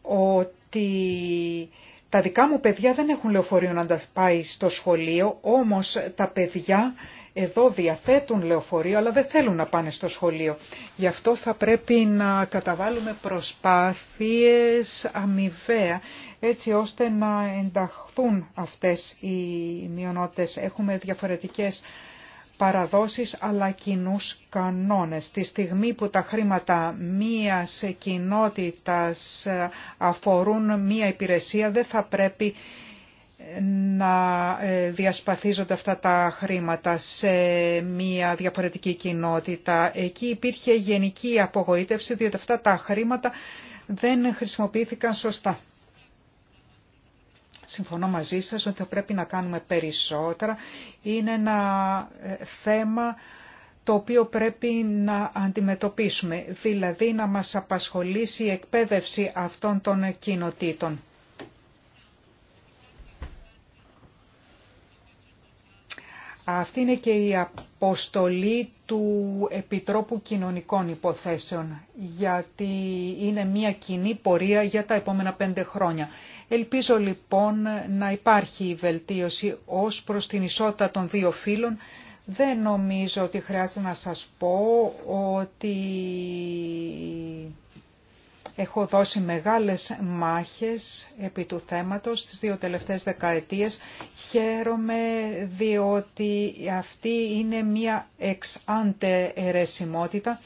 ότι τα δικά μου παιδιά δεν έχουν λεωφορείο να τα πάει στο σχολείο, όμως τα παιδιά εδώ διαθέτουν λεωφορείο αλλά δεν θέλουν να πάνε στο σχολείο. Γι' αυτό θα πρέπει να καταβάλουμε προσπάθειες αμοιβαία έτσι ώστε να ενταχθούν αυτές οι μειονότητες. Έχουμε διαφορετικές παραδόσεις αλλά κοινού κανόνες. Τη στιγμή που τα χρήματα μίας κοινότητας αφορούν μία υπηρεσία δεν θα πρέπει να ε, διασπαθίζονται αυτά τα χρήματα σε μια διαφορετική κοινότητα. Εκεί υπήρχε γενική απογοήτευση διότι αυτά τα χρήματα δεν χρησιμοποιήθηκαν σωστά. Συμφωνώ μαζί σας ότι θα πρέπει να κάνουμε περισσότερα. Είναι ένα ε, θέμα το οποίο πρέπει να αντιμετωπίσουμε, δηλαδή να μας απασχολήσει η εκπαίδευση αυτών των κοινοτήτων. Αυτή είναι και η αποστολή του Επιτρόπου Κοινωνικών Υποθέσεων, γιατί είναι μια κοινή πορεία για τα επόμενα πέντε χρόνια. Ελπίζω λοιπόν να υπάρχει η βελτίωση ως προς την ισότητα των δύο φύλων. Δεν νομίζω ότι χρειάζεται να σας πω ότι Έχω δώσει μεγάλες μάχες επί του θέματος τις δύο τελευταίες δεκαετίες. Χαίρομαι διότι αυτή είναι μια εξάντε αιρεσιμότητα.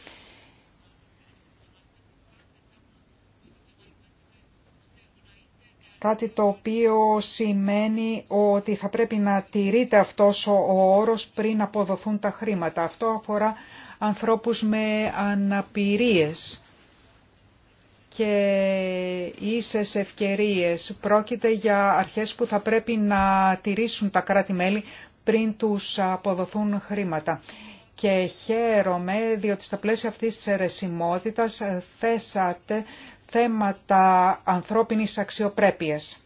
κάτι το οποίο σημαίνει ότι θα πρέπει να τηρείται αυτός ο όρος πριν αποδοθούν τα χρήματα. Αυτό αφορά ανθρώπους με αναπηρίες και ίσες ευκαιρίες. Πρόκειται για αρχές που θα πρέπει να τηρήσουν τα κράτη-μέλη πριν τους αποδοθούν χρήματα. Και χαίρομαι διότι στα πλαίσια αυτής της αιρεσιμότητας θέσατε θέματα ανθρώπινης αξιοπρέπειας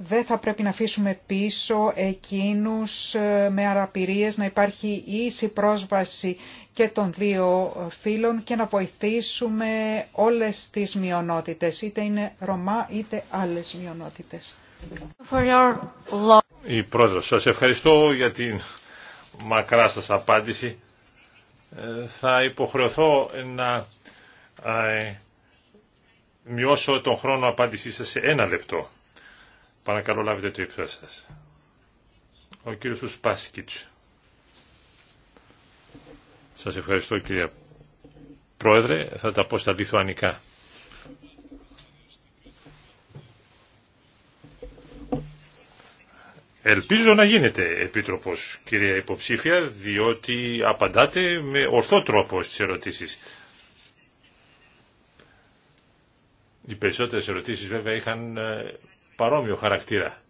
δεν θα πρέπει να αφήσουμε πίσω εκείνους ε, με αραπηρίες, να υπάρχει ίση πρόσβαση και των δύο φίλων και να βοηθήσουμε όλες τις μειονότητες, είτε είναι Ρωμά είτε άλλες μειονότητες. Η πρόεδρος, σας ευχαριστώ για την μακρά σας απάντηση. Ε, θα υποχρεωθώ να ε, μειώσω τον χρόνο απάντησής σας σε ένα λεπτό. Παρακαλώ λάβετε το ύψος σας. Ο κύριος Σπάσκιτς. Σας ευχαριστώ κύριε Πρόεδρε. Θα τα πω στα λιθουανικά. Ελπίζω να γίνετε επίτροπος κυρία υποψήφια διότι απαντάτε με ορθό τρόπο στις ερωτήσεις. Οι περισσότερες ερωτήσεις βέβαια είχαν ε, παρόμοιο χαρακτήρα.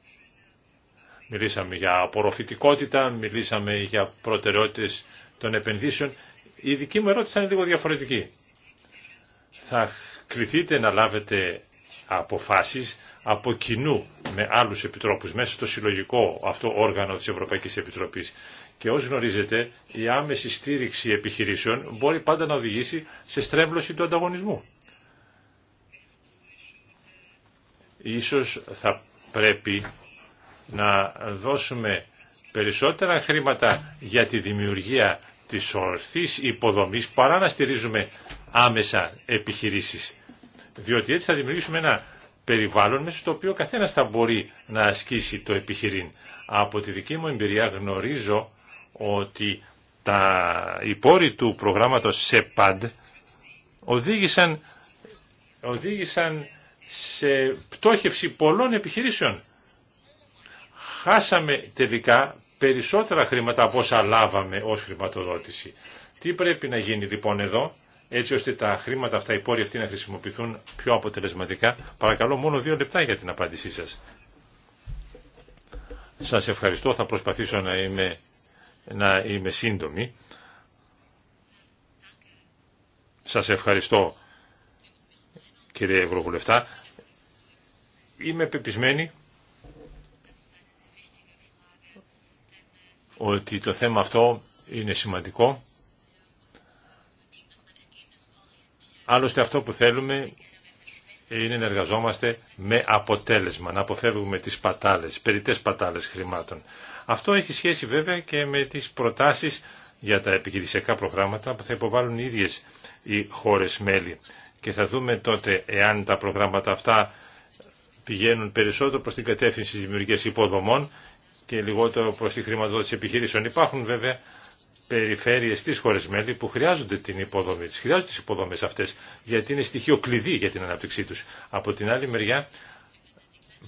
Μιλήσαμε για απορροφητικότητα, μιλήσαμε για προτεραιότητες των επενδύσεων. Η δική μου ερώτηση είναι λίγο διαφορετική. Θα κληθείτε να λάβετε αποφάσεις από κοινού με άλλους επιτρόπους μέσα στο συλλογικό αυτό όργανο της Ευρωπαϊκής Επιτροπής. Και όσοι γνωρίζετε η άμεση στήριξη επιχειρήσεων μπορεί πάντα να οδηγήσει σε στρέβλωση του ανταγωνισμού. Ίσως θα πρέπει να δώσουμε περισσότερα χρήματα για τη δημιουργία της ορθής υποδομής παρά να στηρίζουμε άμεσα επιχειρήσεις. Διότι έτσι θα δημιουργήσουμε ένα περιβάλλον μέσα στο οποίο καθένας θα μπορεί να ασκήσει το επιχειρήν. Από τη δική μου εμπειρία γνωρίζω ότι τα υπόρη του προγράμματος SEPAD οδήγησαν, οδήγησαν σε πτώχευση πολλών επιχειρήσεων. Χάσαμε τελικά περισσότερα χρήματα από όσα λάβαμε ως χρηματοδότηση. Τι πρέπει να γίνει λοιπόν εδώ, έτσι ώστε τα χρήματα αυτά, οι πόροι αυτοί να χρησιμοποιηθούν πιο αποτελεσματικά. Παρακαλώ μόνο δύο λεπτά για την απάντησή σας. Σας ευχαριστώ, θα προσπαθήσω να είμαι, να είμαι σύντομη. Σας ευχαριστώ κύριε Ευρωβουλευτά. Είμαι πεπισμένη ότι το θέμα αυτό είναι σημαντικό. Άλλωστε αυτό που θέλουμε είναι να εργαζόμαστε με αποτέλεσμα, να αποφεύγουμε τις πατάλες, περιττές πατάλες χρημάτων. Αυτό έχει σχέση βέβαια και με τις προτάσεις για τα επιχειρησιακά προγράμματα που θα υποβάλουν οι ίδιες οι χώρες μέλη και θα δούμε τότε εάν τα προγράμματα αυτά πηγαίνουν περισσότερο προς την κατεύθυνση της δημιουργίας υποδομών και λιγότερο προς τη χρηματοδότηση επιχειρήσεων. Υπάρχουν βέβαια περιφέρειες στις χώρες μέλη που χρειάζονται την υποδομή, της. χρειάζονται τις υποδομές αυτές γιατί είναι στοιχείο κλειδί για την ανάπτυξή τους. Από την άλλη μεριά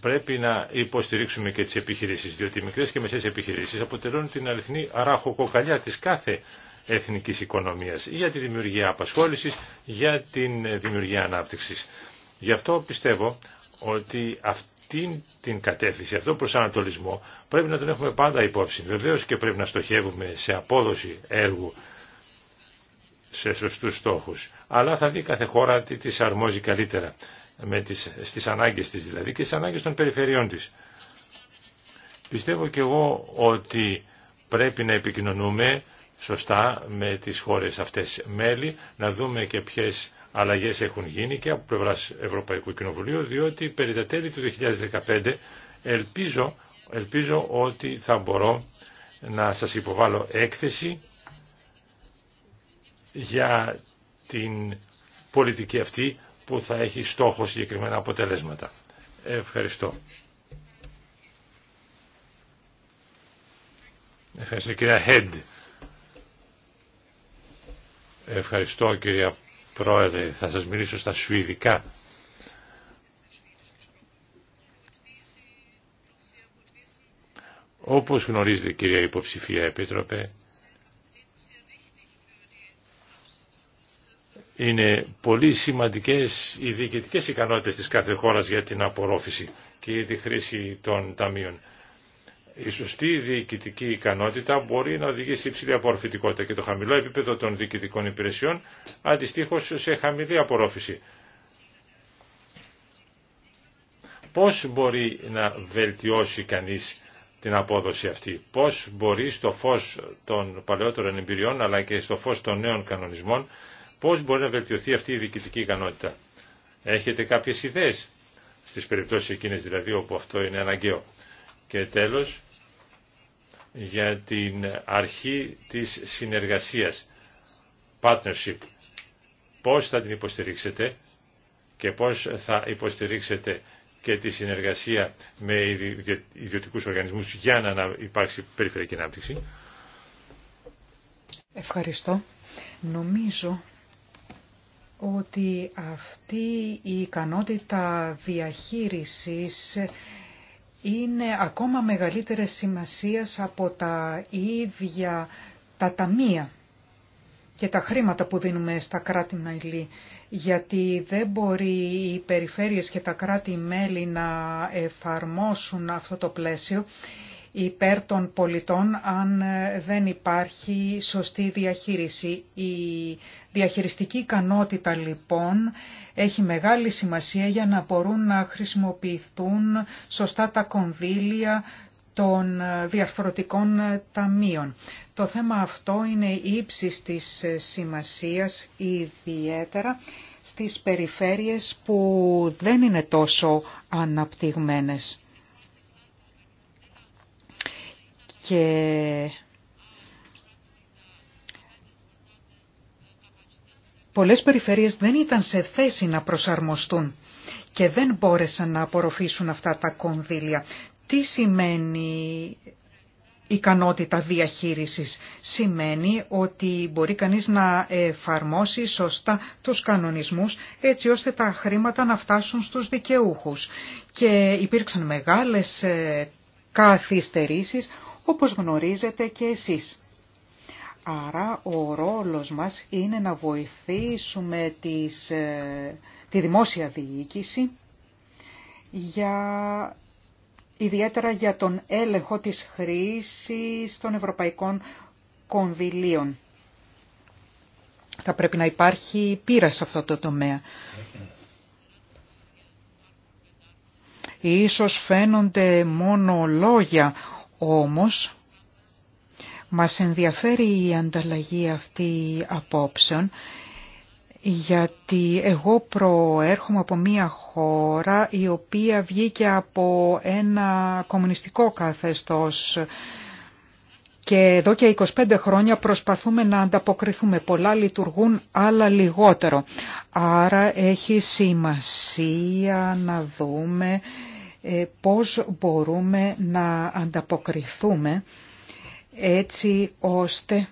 πρέπει να υποστηρίξουμε και τις επιχειρήσεις διότι οι μικρές και μεσαίες επιχειρήσεις αποτελούν την αληθινή ράχο κοκαλιά της κάθε εθνικής οικονομίας, για τη δημιουργία απασχόλησης, για την δημιουργία ανάπτυξης. Γι' αυτό πιστεύω ότι αυτή την κατεύθυνση, αυτό προς ανατολισμό πρέπει να τον έχουμε πάντα υπόψη. Βεβαίως και πρέπει να στοχεύουμε σε απόδοση έργου, σε σωστούς στόχους. Αλλά θα δει κάθε χώρα τι της αρμόζει καλύτερα, με τις, στις ανάγκες της δηλαδή και στις ανάγκες των περιφερειών της. Πιστεύω και εγώ ότι πρέπει να επικοινωνούμε σωστά με τις χώρες αυτές μέλη, να δούμε και ποιες αλλαγές έχουν γίνει και από πλευρά Ευρωπαϊκού Κοινοβουλίου, διότι περί τα τέλη του 2015 ελπίζω, ελπίζω ότι θα μπορώ να σας υποβάλω έκθεση για την πολιτική αυτή που θα έχει στόχο συγκεκριμένα αποτελέσματα. Ευχαριστώ. Ευχαριστώ κυρία Χέντ. Ευχαριστώ κυρία Πρόεδρε. Θα σας μιλήσω στα σουηδικά. Όπως γνωρίζετε κυρία Υποψηφία Επίτροπε, είναι πολύ σημαντικές οι διοικητικές ικανότητες της κάθε χώρας για την απορρόφηση και τη χρήση των ταμείων. Η σωστή διοικητική ικανότητα μπορεί να οδηγήσει σε υψηλή απορροφητικότητα και το χαμηλό επίπεδο των διοικητικών υπηρεσιών αντιστοίχω σε χαμηλή απορρόφηση. Πώς μπορεί να βελτιώσει κανείς την απόδοση αυτή, πώς μπορεί στο φως των παλαιότερων εμπειριών αλλά και στο φως των νέων κανονισμών, πώς μπορεί να βελτιωθεί αυτή η διοικητική ικανότητα. Έχετε κάποιες ιδέες, στις περιπτώσεις εκείνες δηλαδή όπου αυτό είναι αναγκαίο. Και τέλος, για την αρχή της συνεργασίας, partnership. Πώς θα την υποστηρίξετε και πώς θα υποστηρίξετε και τη συνεργασία με ιδιωτικούς οργανισμούς για να υπάρξει περιφερειακή ανάπτυξη. Ευχαριστώ. Νομίζω ότι αυτή η ικανότητα διαχείρισης είναι ακόμα μεγαλύτερη σημασία από τα ίδια τα ταμεία και τα χρήματα που δίνουμε στα κράτη-μέλη, γιατί δεν μπορεί οι περιφέρειες και τα κράτη-μέλη να εφαρμόσουν αυτό το πλαίσιο υπέρ των πολιτών αν ε, δεν υπάρχει σωστή διαχείριση. Η διαχειριστική ικανότητα λοιπόν έχει μεγάλη σημασία για να μπορούν να χρησιμοποιηθούν σωστά τα κονδύλια των ε, διαφορετικών ε, ταμείων. Το θέμα αυτό είναι ύψης της σημασίας ιδιαίτερα στις περιφέρειες που δεν είναι τόσο αναπτυγμένες. και πολλές περιφερειές δεν ήταν σε θέση να προσαρμοστούν και δεν μπόρεσαν να απορροφήσουν αυτά τα κονδύλια. Τι σημαίνει ικανότητα διαχείρισης. Σημαίνει ότι μπορεί κανείς να εφαρμόσει σωστά τους κανονισμούς έτσι ώστε τα χρήματα να φτάσουν στους δικαιούχους. Και υπήρξαν μεγάλες ε, καθυστερήσεις όπως γνωρίζετε και εσείς. Άρα ο ρόλος μας είναι να βοηθήσουμε ε, τη δημόσια διοίκηση για, ιδιαίτερα για τον έλεγχο της χρήσης των ευρωπαϊκών κονδυλίων. Θα πρέπει να υπάρχει πείρα σε αυτό το τομέα. Ίσως φαίνονται μόνο λόγια όμως, μας ενδιαφέρει η ανταλλαγή αυτή απόψεων, γιατί εγώ προέρχομαι από μία χώρα η οποία βγήκε από ένα κομμουνιστικό καθεστώς και εδώ και 25 χρόνια προσπαθούμε να ανταποκριθούμε. Πολλά λειτουργούν, άλλα λιγότερο. Άρα έχει σημασία να δούμε ε, πώς μπορούμε να ανταποκριθούμε έτσι ώστε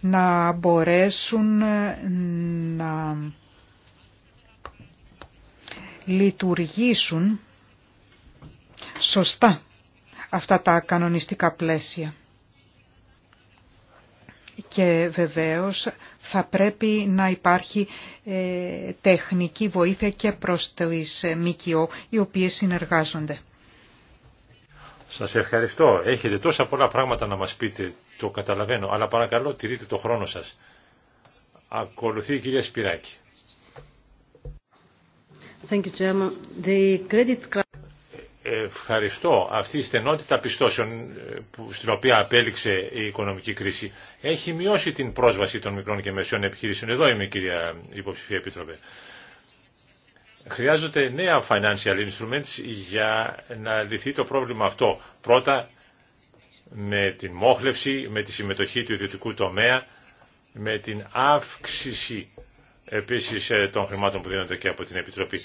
να μπορέσουν να λειτουργήσουν σωστά αυτά τα κανονιστικά πλαίσια. Και βεβαίως θα πρέπει να υπάρχει ε, τεχνική βοήθεια και προς το ε, ΜΚΟ οι οποίες συνεργάζονται. Σας ευχαριστώ. Έχετε τόσα πολλά πράγματα να μας πείτε, το καταλαβαίνω, αλλά παρακαλώ τηρείτε το χρόνο σας. Ακολουθεί η κυρία Σπυράκη. Thank you, ευχαριστώ. Αυτή η στενότητα πιστώσεων ε, στην οποία απέληξε η οικονομική κρίση έχει μειώσει την πρόσβαση των μικρών και μεσαίων επιχειρήσεων. Εδώ είμαι κυρία υποψηφία επίτροπε. Χρειάζονται νέα financial instruments για να λυθεί το πρόβλημα αυτό. Πρώτα με την μόχλευση, με τη συμμετοχή του ιδιωτικού τομέα, με την αύξηση επίσης ε, των χρημάτων που δίνονται και από την Επιτροπή.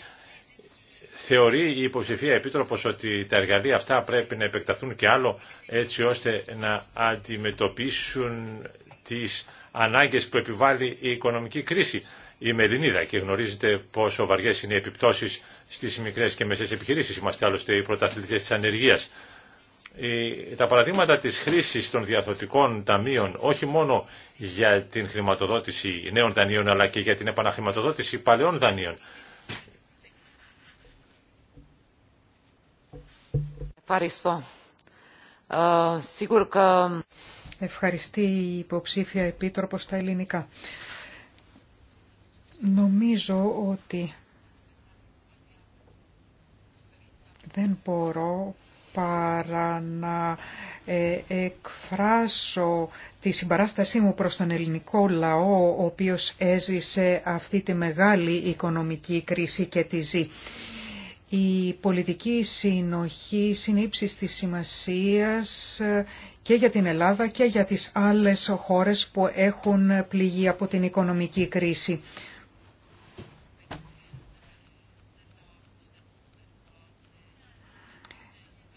Θεωρεί η υποψηφία επίτροπος ότι τα εργαλεία αυτά πρέπει να επεκταθούν και άλλο έτσι ώστε να αντιμετωπίσουν τις ανάγκες που επιβάλλει η οικονομική κρίση. Η Μελινίδα και γνωρίζετε πόσο βαριές είναι οι επιπτώσεις στις μικρές και μεσές επιχειρήσεις. Είμαστε άλλωστε οι πρωταθλητές της ανεργίας. Τα παραδείγματα της χρήσης των διαθωτικών ταμείων όχι μόνο για την χρηματοδότηση νέων δανείων αλλά και για την επαναχρηματοδότηση παλαιών δανείων Ευχαριστώ. Ε, Ευχαριστεί η υποψήφια επίτροπο στα ελληνικά. Νομίζω ότι δεν μπορώ παρά να ε, εκφράσω τη συμπαράστασή μου προς τον ελληνικό λαό, ο οποίος έζησε αυτή τη μεγάλη οικονομική κρίση και τη ζει. Η πολιτική συνοχή είναι της σημασίας ε, και για την Ελλάδα και για τις άλλες χώρες που έχουν πληγεί από την οικονομική κρίση.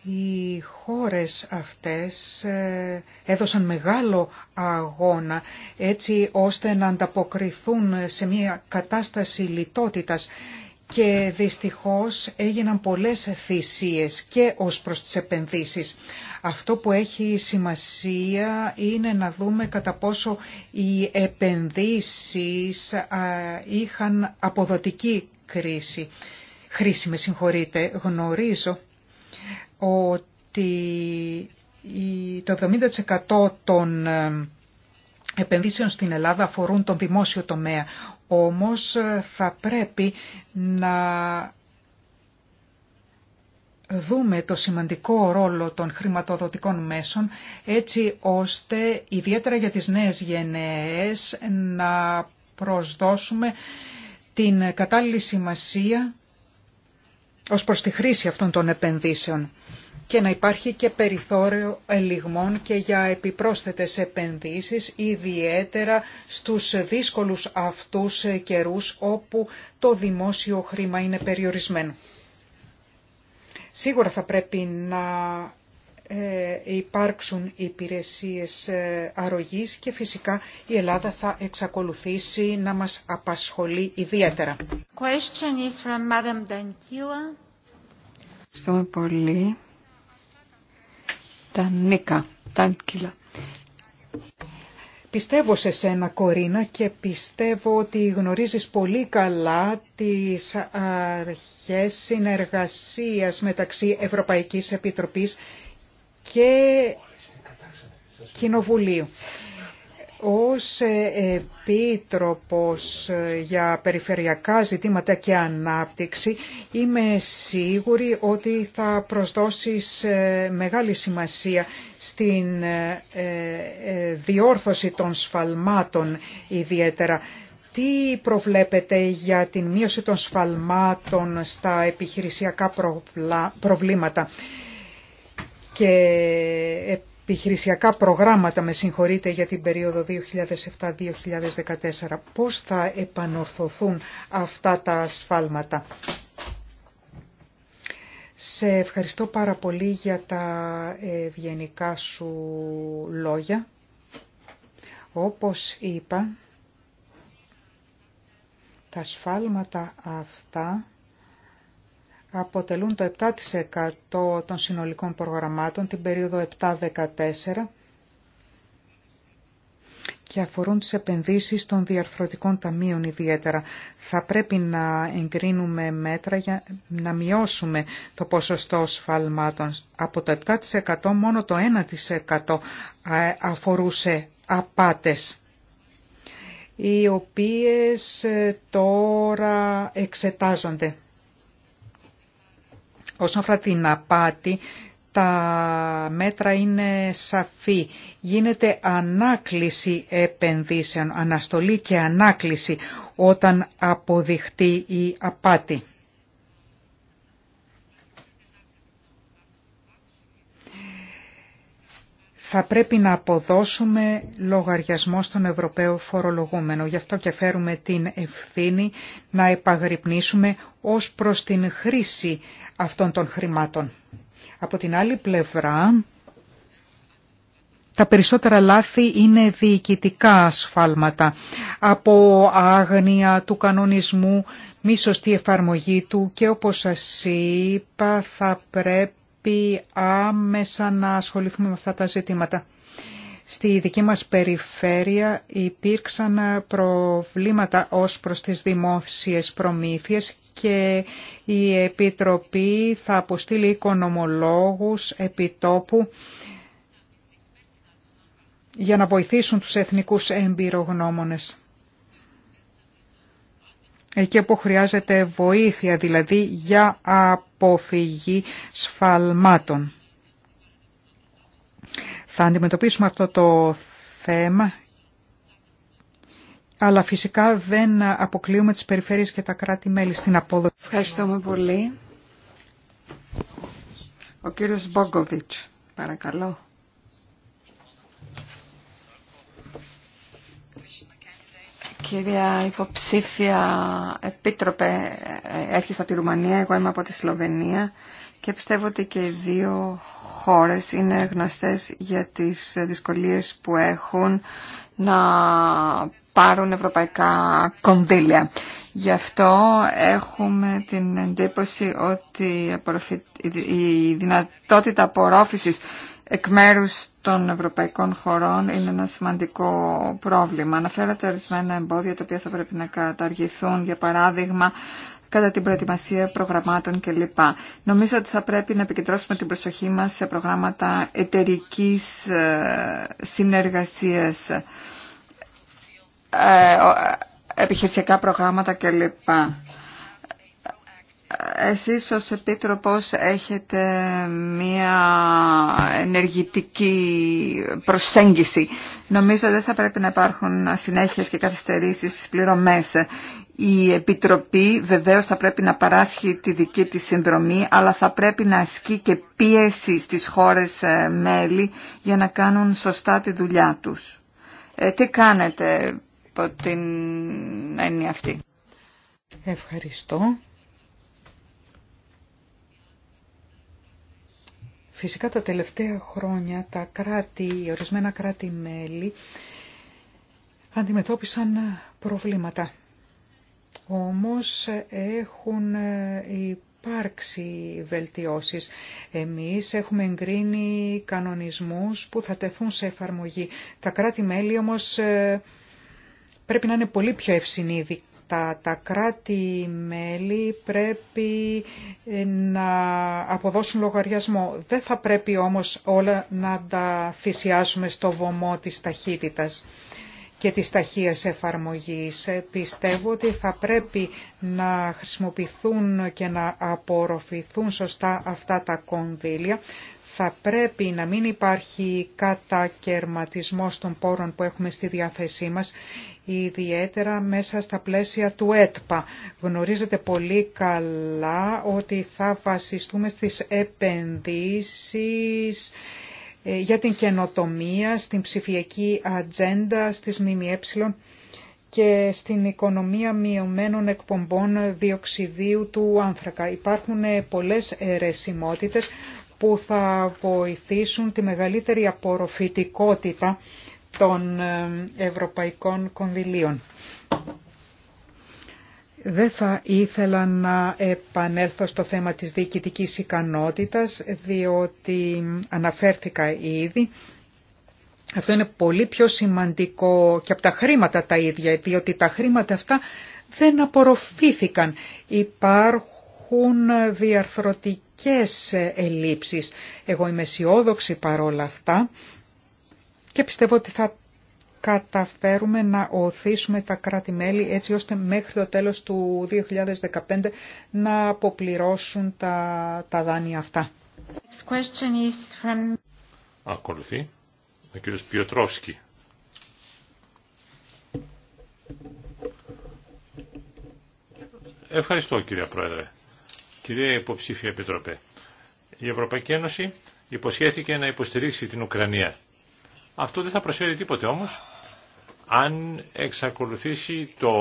Οι χώρες αυτές ε, έδωσαν μεγάλο αγώνα έτσι ώστε να ανταποκριθούν σε μια κατάσταση λιτότητας και δυστυχώς έγιναν πολλές θυσίες και ως προς τις επενδύσεις. Αυτό που έχει σημασία είναι να δούμε κατά πόσο οι επενδύσεις είχαν αποδοτική κρίση. Χρήση, με συγχωρείτε, γνωρίζω ότι το 70% των ε, επενδύσεων στην Ελλάδα αφορούν τον δημόσιο τομέα. Όμως ε, θα πρέπει να δούμε το σημαντικό ρόλο των χρηματοδοτικών μέσων έτσι ώστε ιδιαίτερα για τις νέες γενναίες να προσδώσουμε την κατάλληλη σημασία ως προς τη χρήση αυτών των επενδύσεων και να υπάρχει και περιθώριο ελιγμών και για επιπρόσθετες επενδύσεις, ιδιαίτερα στους δύσκολους αυτούς καιρούς όπου το δημόσιο χρήμα είναι περιορισμένο. Σίγουρα θα πρέπει να ε, υπάρξουν υπηρεσίες ε, αρρωγής και φυσικά η Ελλάδα θα εξακολουθήσει να μας απασχολεί ιδιαίτερα. Question πολύ. Πιστεύω σε σένα Κορίνα και πιστεύω ότι γνωρίζεις πολύ καλά τις αρχές συνεργασίας μεταξύ Ευρωπαϊκής Επιτροπής και Κοινοβουλίου. Ως Επίτροπος για Περιφερειακά Ζητήματα και Ανάπτυξη είμαι σίγουρη ότι θα προσδώσεις μεγάλη σημασία στην ε, ε, διόρθωση των σφαλμάτων ιδιαίτερα. Τι προβλέπετε για την μείωση των σφαλμάτων στα επιχειρησιακά προβλήματα και επιχειρησιακά προγράμματα, με συγχωρείτε, για την περίοδο 2007-2014. Πώς θα επανορθωθούν αυτά τα ασφάλματα. Σε ευχαριστώ πάρα πολύ για τα ευγενικά σου λόγια. Όπως είπα, τα σφάλματα αυτά αποτελούν το 7% των συνολικών προγραμμάτων την περίοδο 7-14 και αφορούν τις επενδύσεις των διαρθρωτικών ταμείων ιδιαίτερα. Θα πρέπει να εγκρίνουμε μέτρα για να μειώσουμε το ποσοστό σφαλμάτων. Από το 7% μόνο το 1% αφορούσε απάτες οι οποίες ε, τώρα εξετάζονται. Όσον αφορά την απάτη, τα μέτρα είναι σαφή. Γίνεται ανάκληση επενδύσεων, αναστολή και ανάκληση όταν αποδειχτεί η απάτη. θα πρέπει να αποδώσουμε λογαριασμό στον Ευρωπαίο φορολογούμενο. Γι' αυτό και φέρουμε την ευθύνη να επαγρυπνήσουμε ως προς την χρήση αυτών των χρημάτων. Από την άλλη πλευρά, τα περισσότερα λάθη είναι διοικητικά ασφάλματα από άγνοια του κανονισμού, μη σωστή εφαρμογή του και όπως σας είπα θα πρέπει πρέπει να ασχοληθούμε με αυτά τα ζητήματα. Στη δική μας περιφέρεια υπήρξαν προβλήματα ως προς τις δημόσιες προμήθειες και η Επιτροπή θα αποστείλει οικονομολόγους επιτόπου για να βοηθήσουν τους εθνικούς εμπειρογνώμονες εκεί όπου χρειάζεται βοήθεια, δηλαδή για αποφυγή σφαλμάτων. Θα αντιμετωπίσουμε αυτό το θέμα, αλλά φυσικά δεν αποκλείουμε τις περιφέρειες και τα κράτη-μέλη στην απόδοση. Ευχαριστούμε πολύ. Ο κύριος Μπόγκοβιτς, παρακαλώ. Κυρία υποψήφια επίτροπε, έρχεσαι από τη Ρουμανία, εγώ είμαι από τη Σλοβενία και πιστεύω ότι και οι δύο χώρες είναι γνωστές για τις δυσκολίες που έχουν να πάρουν ευρωπαϊκά κονδύλια. Γι' αυτό έχουμε την εντύπωση ότι η δυνατότητα απορρόφησης εκ μέρους των ευρωπαϊκών χωρών είναι ένα σημαντικό πρόβλημα. Αναφέρατε ορισμένα εμπόδια τα οποία θα πρέπει να καταργηθούν, για παράδειγμα, κατά την προετοιμασία προγραμμάτων κλπ. Νομίζω ότι θα πρέπει να επικεντρώσουμε την προσοχή μας σε προγράμματα εταιρική ε, συνεργασίας, ε, ε, επιχειρησιακά προγράμματα κλπ. Εσείς ως Επίτροπος έχετε μία ενεργητική προσέγγιση. Νομίζω δεν θα πρέπει να υπάρχουν συνέχειες και καθυστερήσεις στις πληρωμές. Η Επιτροπή βεβαίως θα πρέπει να παράσχει τη δική της συνδρομή, αλλά θα πρέπει να ασκεί και πίεση στις χώρες ε, μέλη για να κάνουν σωστά τη δουλειά τους. Ε, τι κάνετε από την έννοια αυτή. Ευχαριστώ. Φυσικά τα τελευταία χρόνια τα κράτη, ορισμένα κράτη-μέλη αντιμετώπισαν προβλήματα. Όμως έχουν υπάρξει βελτιώσεις. Εμείς έχουμε εγκρίνει κανονισμούς που θα τεθούν σε εφαρμογή. Τα κράτη-μέλη όμως ε, πρέπει να είναι πολύ πιο ευσυνείδη τα Τα κράτη-μέλη πρέπει ε, να αποδώσουν λογαριασμό. Δεν θα πρέπει όμως όλα να τα θυσιάσουμε στο βωμό της ταχύτητας και της ταχείας εφαρμογής. Ε, πιστεύω ότι θα πρέπει να χρησιμοποιηθούν και να απορροφηθούν σωστά αυτά τα κονδύλια θα πρέπει να μην υπάρχει κατακαιρματισμός των πόρων που έχουμε στη διάθεσή μας, ιδιαίτερα μέσα στα πλαίσια του ΕΤΠΑ. Γνωρίζετε πολύ καλά ότι θα βασιστούμε στις επενδύσεις ε, για την καινοτομία, στην ψηφιακή ατζέντα, στις ΜΜΕ και στην οικονομία μειωμένων εκπομπών διοξιδίου του άνθρακα. Υπάρχουν πολλές αιρεσιμότητες που θα βοηθήσουν τη μεγαλύτερη απορροφητικότητα των ε, ευρωπαϊκών κονδυλίων. Δεν θα ήθελα να επανέλθω στο θέμα της διοικητικής ικανότητας, διότι αναφέρθηκα ήδη. Αυτό είναι πολύ πιο σημαντικό και από τα χρήματα τα ίδια, διότι τα χρήματα αυτά δεν απορροφήθηκαν. Υπάρχουν διαρθρωτικές ελλείψεις. Εγώ είμαι αισιόδοξη παρόλα αυτά και πιστεύω ότι θα καταφέρουμε να οθήσουμε τα κράτη-μέλη έτσι ώστε μέχρι το τέλος του 2015 να αποπληρώσουν τα, τα δάνεια αυτά. ο κ. Ευχαριστώ κύριε Πρόεδρε. Κυρία Υποψήφια Επιτροπέ, η Ευρωπαϊκή Ένωση υποσχέθηκε να υποστηρίξει την Ουκρανία. Αυτό δεν θα προσφέρει τίποτε όμως αν εξακολουθήσει το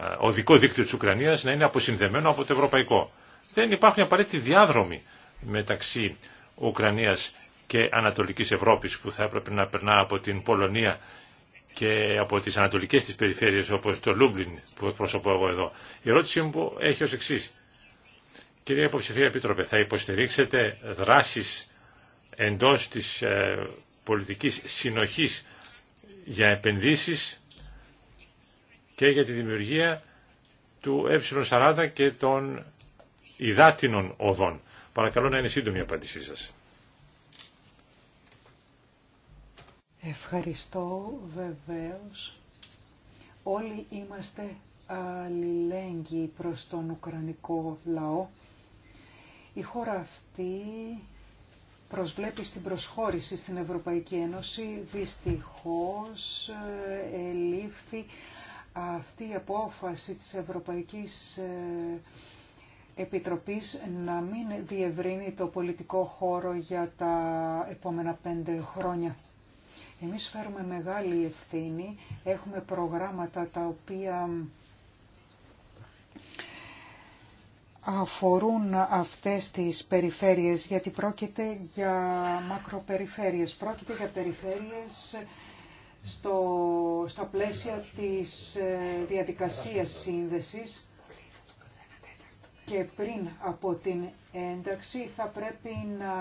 ε, οδικό δίκτυο της Ουκρανίας να είναι αποσυνδεμένο από το ευρωπαϊκό. Δεν υπάρχουν απαραίτητοι διάδρομοι μεταξύ Ουκρανίας και Ανατολικής Ευρώπης που θα έπρεπε να περνά από την Πολωνία και από τις ανατολικές της περιφέρειες όπως το Λούμπλιν που εκπροσωπώ εγώ εδώ. Η ερώτησή μου έχει ως εξής. Κυρία Υποψηφία Επίτροπε, θα υποστηρίξετε δράσεις εντός της ε, πολιτικής συνοχής για επενδύσεις και για τη δημιουργία του ε40 και των υδάτινων οδών. Παρακαλώ να είναι σύντομη η απάντησή σας. Ευχαριστώ βεβαίως. Όλοι είμαστε αλληλέγγυοι προς τον Ουκρανικό λαό η χώρα αυτή προσβλέπει στην προσχώρηση στην Ευρωπαϊκή Ένωση. Δυστυχώς ε, ελήφθη αυτή η απόφαση της Ευρωπαϊκής ε, Επιτροπής να μην διευρύνει το πολιτικό χώρο για τα επόμενα πέντε χρόνια. Εμείς φέρουμε μεγάλη ευθύνη, έχουμε προγράμματα τα οποία αφορούν αυτές τις περιφέρειες, γιατί πρόκειται για μακροπεριφέρειες, πρόκειται για περιφέρειες στο, στα πλαίσια της ε, διαδικασίας σύνδεσης και πριν από την ένταξη θα πρέπει να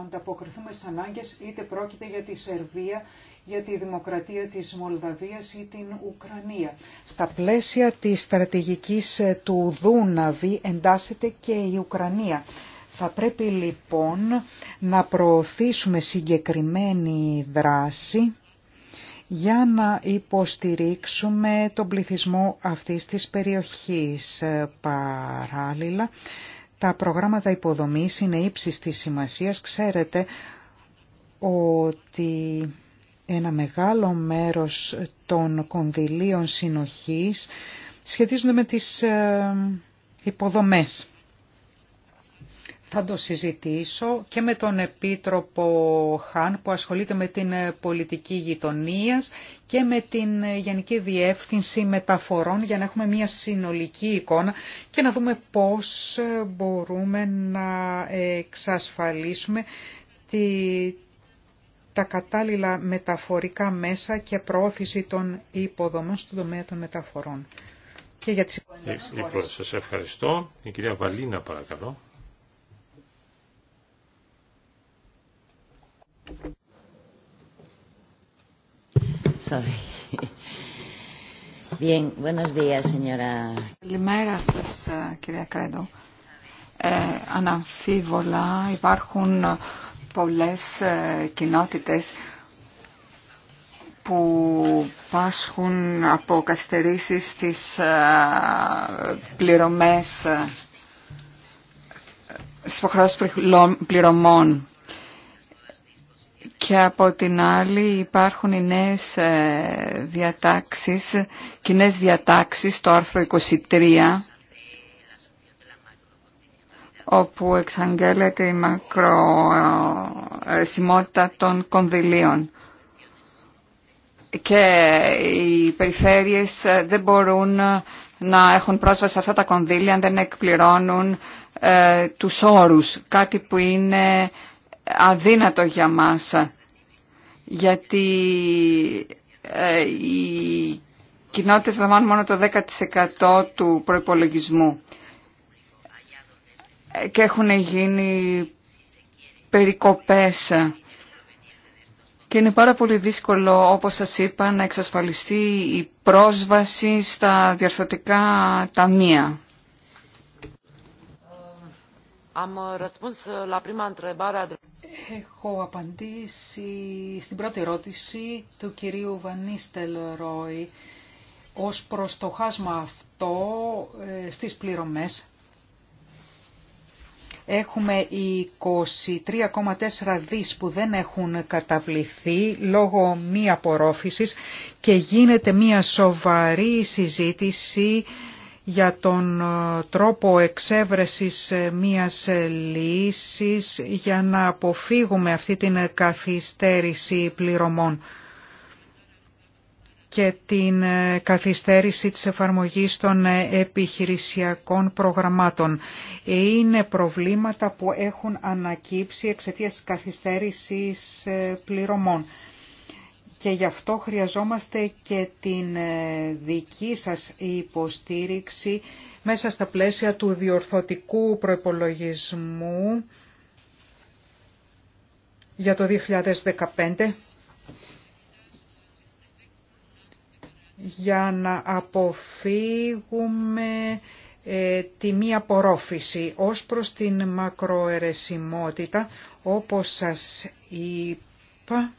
ανταποκριθούμε στις ανάγκες, είτε πρόκειται για τη Σερβία, για τη δημοκρατία της Μολδαβίας ή την Ουκρανία. Στα πλαίσια της στρατηγικής ε, του Δούναβη εντάσσεται και η Ουκρανία. Θα πρέπει λοιπόν να προωθήσουμε συγκεκριμένη δράση για να υποστηρίξουμε τον πληθυσμό αυτής της περιοχής. Ε, παράλληλα, τα προγράμματα υποδομής είναι ύψης της σημασίας. Ξέρετε ότι ένα μεγάλο μέρος των κονδυλίων συνοχής σχετίζονται με τις ε, υποδομές. Θα το συζητήσω και με τον Επίτροπο Χάν που ασχολείται με την πολιτική γειτονία και με την Γενική Διεύθυνση Μεταφορών για να έχουμε μια συνολική εικόνα και να δούμε πώς μπορούμε να εξασφαλίσουμε τα κατάλληλα μεταφορικά μέσα και προώθηση των υποδομών στον τομέα των μεταφορών. Και για τις ε, Λοιπόν, σας ευχαριστώ. Η κυρία Βαλίνα παρακαλώ. Sorry. Bien, buenos días, señora. Καλημέρα σας, ε, κυρία Κρέντο. Ε, αναμφίβολα υπάρχουν πολλές ε, κοινότητες που πάσχουν από καθυστερήσεις στις ε, πληρωμές, ε, στις υποχρεώσεις πληρωμών. Και από την άλλη υπάρχουν οι νέες διατάξεις, κοινές διατάξεις, το άρθρο 23, όπου εξαγγέλλεται η μακροαιρεσιμότητα των κονδυλίων και οι περιφέρειες δεν μπορούν να έχουν πρόσβαση σε αυτά τα κονδύλια αν δεν εκπληρώνουν ε, τους όρους, κάτι που είναι αδύνατο για μας, γιατί ε, οι κοινότητες λαμβάνουν μόνο το 10% του προϋπολογισμού και έχουν γίνει περικοπές και είναι πάρα πολύ δύσκολο, όπως σας είπα, να εξασφαλιστεί η πρόσβαση στα διαρθωτικά ταμεία. Uh, uh, Έχω απαντήσει στην πρώτη ερώτηση του κυρίου Βανίστελ Ρόι ως προς το χάσμα αυτό ε, στις πληρωμές Έχουμε 23,4 δις που δεν έχουν καταβληθεί λόγω μη απορρόφησης και γίνεται μια σοβαρή συζήτηση για τον ε, τρόπο εξέβρεσης ε, μιας ε, λύσης για να αποφύγουμε αυτή την καθυστέρηση πληρωμών και την ε, καθυστέρηση της εφαρμογής των ε, επιχειρησιακών προγραμμάτων. Είναι προβλήματα που έχουν ανακύψει εξαιτίας της καθυστέρησης ε, πληρωμών. Και γι' αυτό χρειαζόμαστε και την δική σας υποστήριξη μέσα στα πλαίσια του διορθωτικού προϋπολογισμού για το 2015 για να αποφύγουμε ε, τη μία απορρόφηση ως προς την μακροαιρεσιμότητα όπως σας είπα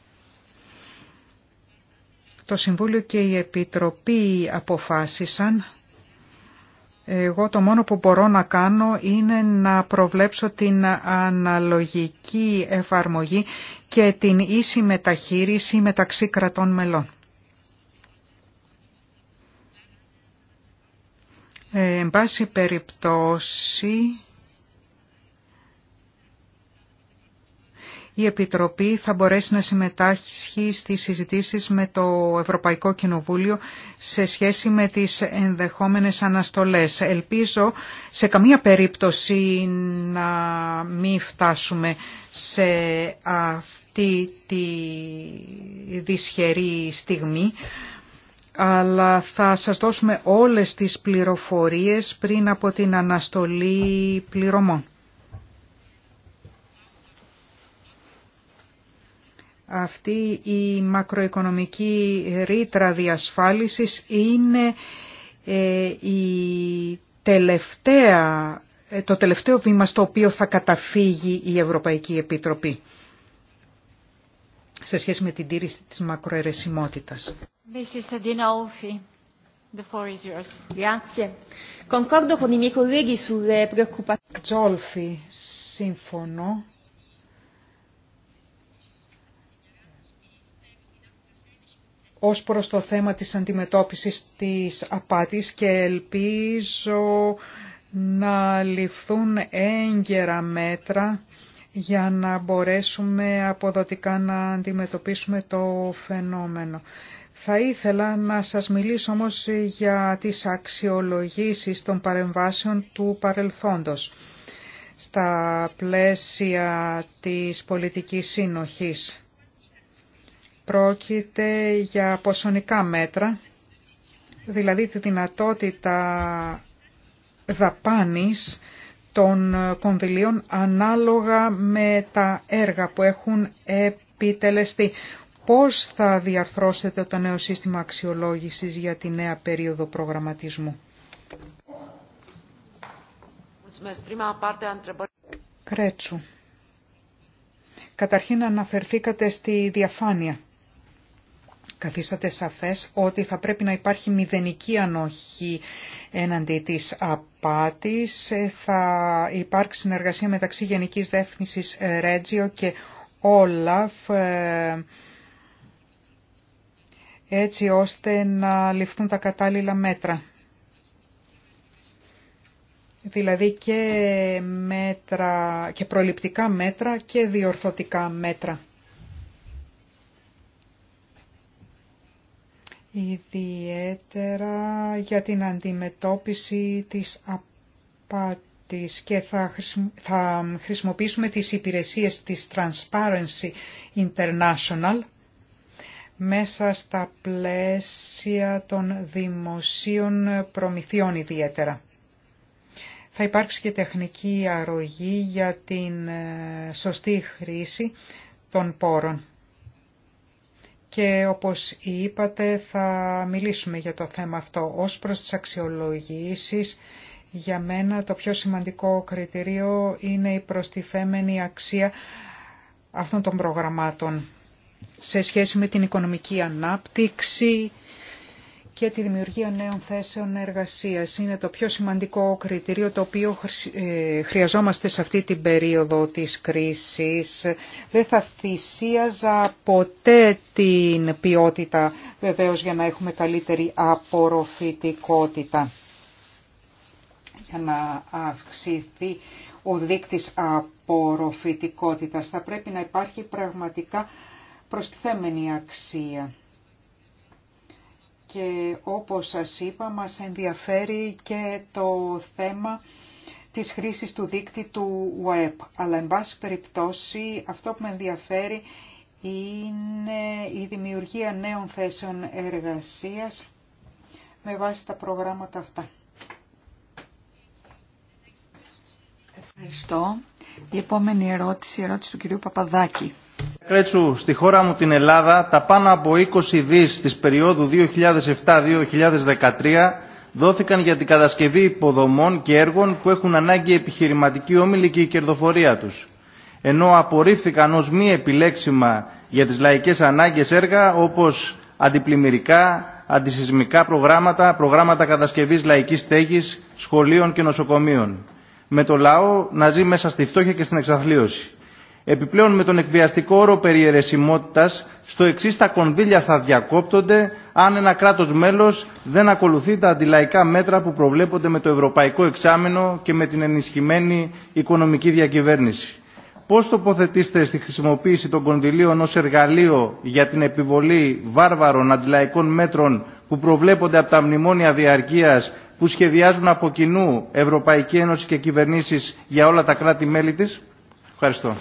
το Συμβούλιο και η Επιτροπή αποφάσισαν εγώ το μόνο που μπορώ να κάνω είναι να προβλέψω την αναλογική εφαρμογή και την ίση μεταχείριση μεταξύ κρατών μελών. Ε, εν πάση περιπτώσει, η Επιτροπή θα μπορέσει να συμμετάσχει στις συζητήσεις με το Ευρωπαϊκό Κοινοβούλιο σε σχέση με τις ενδεχόμενες αναστολές. Ελπίζω σε καμία περίπτωση να μην φτάσουμε σε αυτή τη δυσχερή στιγμή αλλά θα σας δώσουμε όλες τις πληροφορίες πριν από την αναστολή πληρωμών. Αυτή η μακροοικονομική ρήτρα διασφάλισης είναι ε, η τελευταία, ε, το τελευταίο βήμα στο οποίο θα καταφύγει η Ευρωπαϊκή Επιτροπή σε σχέση με την τήρηση της μακροαιρεσιμότητας. Τζόλφι, σύμφωνο ως προς το θέμα της αντιμετώπισης της απάτης και ελπίζω να ληφθούν έγκαιρα μέτρα για να μπορέσουμε αποδοτικά να αντιμετωπίσουμε το φαινόμενο. Θα ήθελα να σας μιλήσω όμως για τις αξιολογήσεις των παρεμβάσεων του παρελθόντος στα πλαίσια της πολιτικής σύνοχης. Πρόκειται για ποσονικά μέτρα, δηλαδή τη δυνατότητα δαπάνης των κονδυλίων ανάλογα με τα έργα που έχουν επιτελεστεί. Πώς θα διαρθρώσετε το νέο σύστημα αξιολόγησης για τη νέα περίοδο προγραμματισμού. Κρέτσου. Καταρχήν αναφερθήκατε στη διαφάνεια καθίσατε σαφές ότι θα πρέπει να υπάρχει μηδενική ανοχή έναντι της απάτης. Θα υπάρξει συνεργασία μεταξύ Γενικής Δεύθυνσης Ρέτζιο και Όλαφ ε, έτσι ώστε να ληφθούν τα κατάλληλα μέτρα. Δηλαδή και, μέτρα, και προληπτικά μέτρα και διορθωτικά μέτρα. ιδιαίτερα για την αντιμετώπιση της απάτης και θα, χρησιμοποιήσουμε τις υπηρεσίες της Transparency International μέσα στα πλαίσια των δημοσίων προμηθειών ιδιαίτερα. Θα υπάρξει και τεχνική αρρωγή για την ε, σωστή χρήση των πόρων και όπως είπατε θα μιλήσουμε για το θέμα αυτό. Ως προς τις αξιολογήσεις, για μένα το πιο σημαντικό κριτηρίο είναι η προστιθέμενη αξία αυτών των προγραμμάτων σε σχέση με την οικονομική ανάπτυξη και τη δημιουργία νέων θέσεων εργασίας. Είναι το πιο σημαντικό κριτήριο το οποίο ε, χρειαζόμαστε σε αυτή την περίοδο της κρίσης. Δεν θα θυσίαζα ποτέ την ποιότητα βεβαίως για να έχουμε καλύτερη απορροφητικότητα για να αυξηθεί ο δείκτης απορροφητικότητας. Θα πρέπει να υπάρχει πραγματικά προστιθέμενη αξία και όπως σας είπα μας ενδιαφέρει και το θέμα της χρήσης του δίκτυ του web. Αλλά εν πάση περιπτώσει αυτό που με ενδιαφέρει είναι η δημιουργία νέων θέσεων εργασίας με βάση τα προγράμματα αυτά. Ευχαριστώ. Η επόμενη ερώτηση, η ερώτηση του κυρίου Παπαδάκη. Κρέτσου, στη χώρα μου την Ελλάδα, τα πάνω από 20 δις της περίοδου 2007-2013 δόθηκαν για την κατασκευή υποδομών και έργων που έχουν ανάγκη επιχειρηματική όμιλη και η κερδοφορία τους. Ενώ απορρίφθηκαν ως μη επιλέξιμα για τις λαϊκές ανάγκες έργα όπως αντιπλημμυρικά, αντισυσμικά προγράμματα, προγράμματα κατασκευής λαϊκής στέγης, σχολείων και νοσοκομείων. Με το λαό να ζει μέσα στη φτώχεια και στην εξαθλίωση. Επιπλέον με τον εκβιαστικό όρο περί στο εξή τα κονδύλια θα διακόπτονται αν ένα κράτος μέλος δεν ακολουθεί τα αντιλαϊκά μέτρα που προβλέπονται με το ευρωπαϊκό εξάμεινο και με την ενισχυμένη οικονομική διακυβέρνηση. Πώς τοποθετήστε στη χρησιμοποίηση των κονδυλίων ως εργαλείο για την επιβολή βάρβαρων αντιλαϊκών μέτρων που προβλέπονται από τα μνημόνια διαρκείας που σχεδιάζουν από κοινού Ευρωπαϊκή Ένωση και κυβερνήσεις για όλα τα κράτη-μέλη της. Ευχαριστώ.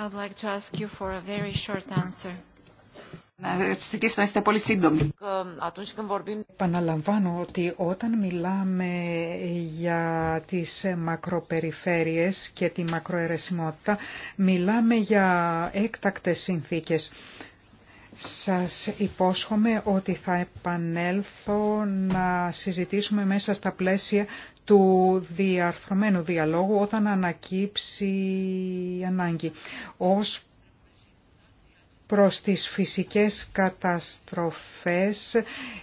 I would like to ask you for a very short answer. Να ζητήσω να είστε πολύ σύντομοι. Επαναλαμβάνω ότι όταν μιλάμε για τις μακροπεριφέρειες και τη μακροαιρεσιμότητα, μιλάμε για έκτακτες συνθήκες. Σας υπόσχομαι ότι θα επανέλθω να συζητήσουμε μέσα στα πλαίσια του διαρθρωμένου διαλόγου όταν ανακύψει η ανάγκη. Ως προς τις φυσικές καταστροφές.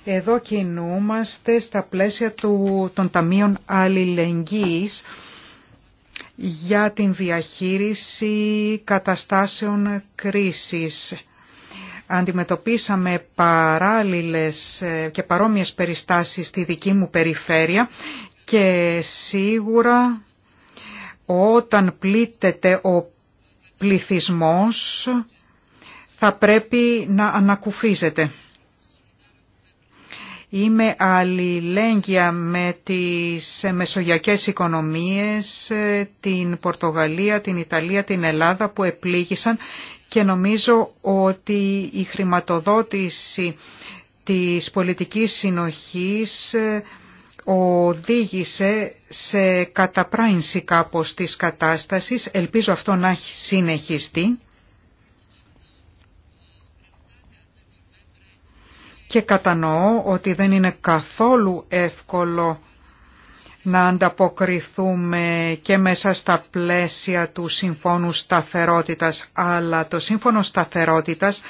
Εδώ κινούμαστε στα πλαίσια του, των Ταμείων Αλληλεγγύης για την διαχείριση καταστάσεων κρίσης αντιμετωπίσαμε παράλληλες ε, και παρόμοιες περιστάσεις στη δική μου περιφέρεια και σίγουρα όταν πλήττεται ο πληθυσμός θα πρέπει να ανακουφίζεται. Είμαι αλληλέγγυα με τις μεσογειακές οικονομίες, ε, την Πορτογαλία, την Ιταλία, την Ελλάδα που επλήγησαν και νομίζω ότι η χρηματοδότηση της πολιτικής συνοχής ε, οδήγησε σε καταπράνηση κάπως της κατάστασης. Ελπίζω αυτό να έχει συνεχιστεί. Και κατανοώ ότι δεν είναι καθόλου εύκολο να ανταποκριθούμε και μέσα στα πλαίσια του Συμφώνου Σταθερότητας, αλλά το Σύμφωνο Σταθερότητας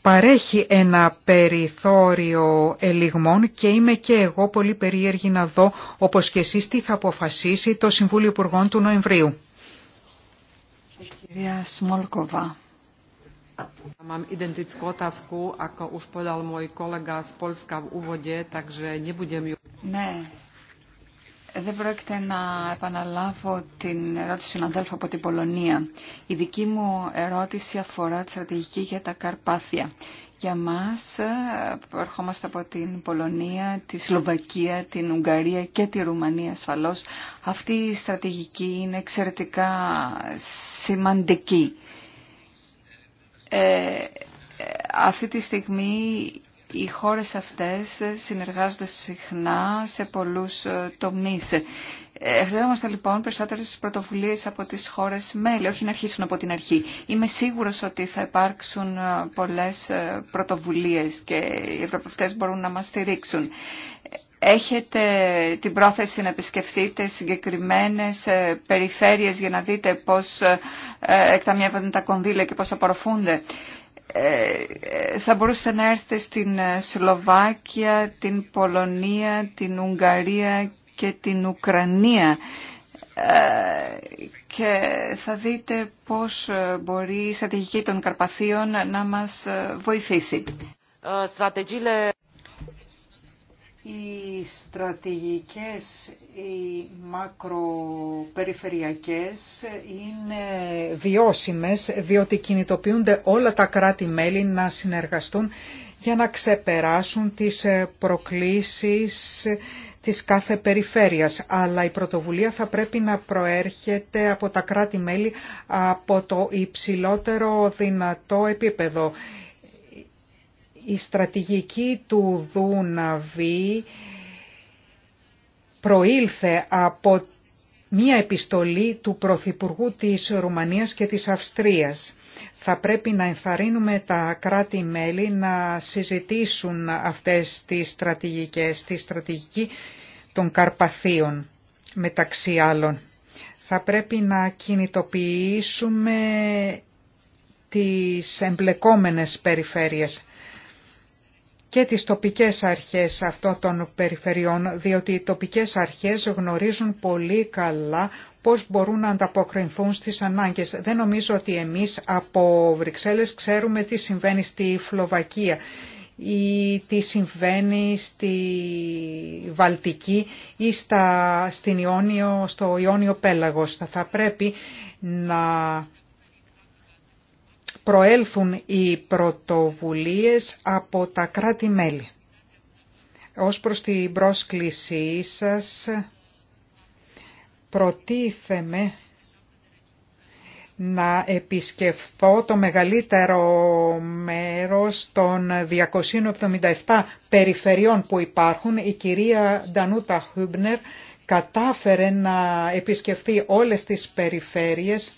παρέχει ένα περιθώριο ελιγμών και είμαι και εγώ πολύ περίεργη να δω, όπως και εσείς, τι θα αποφασίσει το Συμβούλιο Υπουργών του Νοεμβρίου. κυρία Σμόλκοβα. Δεν πρόκειται να επαναλάβω την ερώτηση του συναδέλφου από την Πολωνία. Η δική μου ερώτηση αφορά τη στρατηγική για τα Καρπάθια. Για μας, ε, ερχόμαστε από την Πολωνία, τη Σλοβακία, την Ουγγαρία και τη Ρουμανία ασφαλώς. Αυτή η στρατηγική είναι εξαιρετικά σημαντική. Ε, ε, αυτή τη στιγμή οι χώρες αυτές συνεργάζονται συχνά σε πολλούς ε, τομείς. Ε, χρειαζόμαστε λοιπόν περισσότερες πρωτοβουλίες από τις χώρες μέλη, όχι να αρχίσουν από την αρχή. Είμαι σίγουρος ότι θα υπάρξουν ε, πολλές πρωτοβουλίες και οι ευρωπαϊκές μπορούν να μας στηρίξουν. Έχετε την πρόθεση να επισκεφθείτε συγκεκριμένες περιφέρειες για να δείτε πώς εκταμιεύονται τα κονδύλια και πώς απορροφούνται. Ε, ε, θα μπορούσατε να έρθει στην ε, Σλοβάκια, την Πολωνία, την Ουγγαρία και την Ουκρανία και θα δείτε πώς μπορεί η στρατηγική των Καρπαθίων να μας βοηθήσει οι στρατηγικές, οι μακροπεριφερειακές είναι βιώσιμες διότι κινητοποιούνται όλα τα κράτη-μέλη να συνεργαστούν για να ξεπεράσουν τις προκλήσεις της κάθε περιφέρειας. Αλλά η πρωτοβουλία θα πρέπει να προέρχεται από τα κράτη-μέλη από το υψηλότερο δυνατό επίπεδο η στρατηγική του Δούναβη προήλθε από μία επιστολή του Πρωθυπουργού της Ρουμανίας και της Αυστρίας. Θα πρέπει να ενθαρρύνουμε τα κράτη-μέλη να συζητήσουν αυτές τις στρατηγικές, τη στρατηγική των Καρπαθίων μεταξύ άλλων. Θα πρέπει να κινητοποιήσουμε τις εμπλεκόμενες περιφέρειες και τις τοπικές αρχές αυτών των περιφερειών, διότι οι τοπικές αρχές γνωρίζουν πολύ καλά πώς μπορούν να ανταποκρινθούν στις ανάγκες. Δεν νομίζω ότι εμείς από Βρυξέλλες ξέρουμε τι συμβαίνει στη Φλοβακία ή τι συμβαίνει στη Βαλτική ή στα, στην Ιόνιο, στο Ιόνιο Πέλαγος. Θα πρέπει να προέλθουν οι πρωτοβουλίες από τα κράτη-μέλη. Ως προς την πρόσκλησή σας, προτίθεμε να επισκεφθώ το μεγαλύτερο μέρος των 277 περιφερειών που υπάρχουν. Η κυρία Ντανούτα Χούμπνερ κατάφερε να επισκεφθεί όλες τις περιφέρειες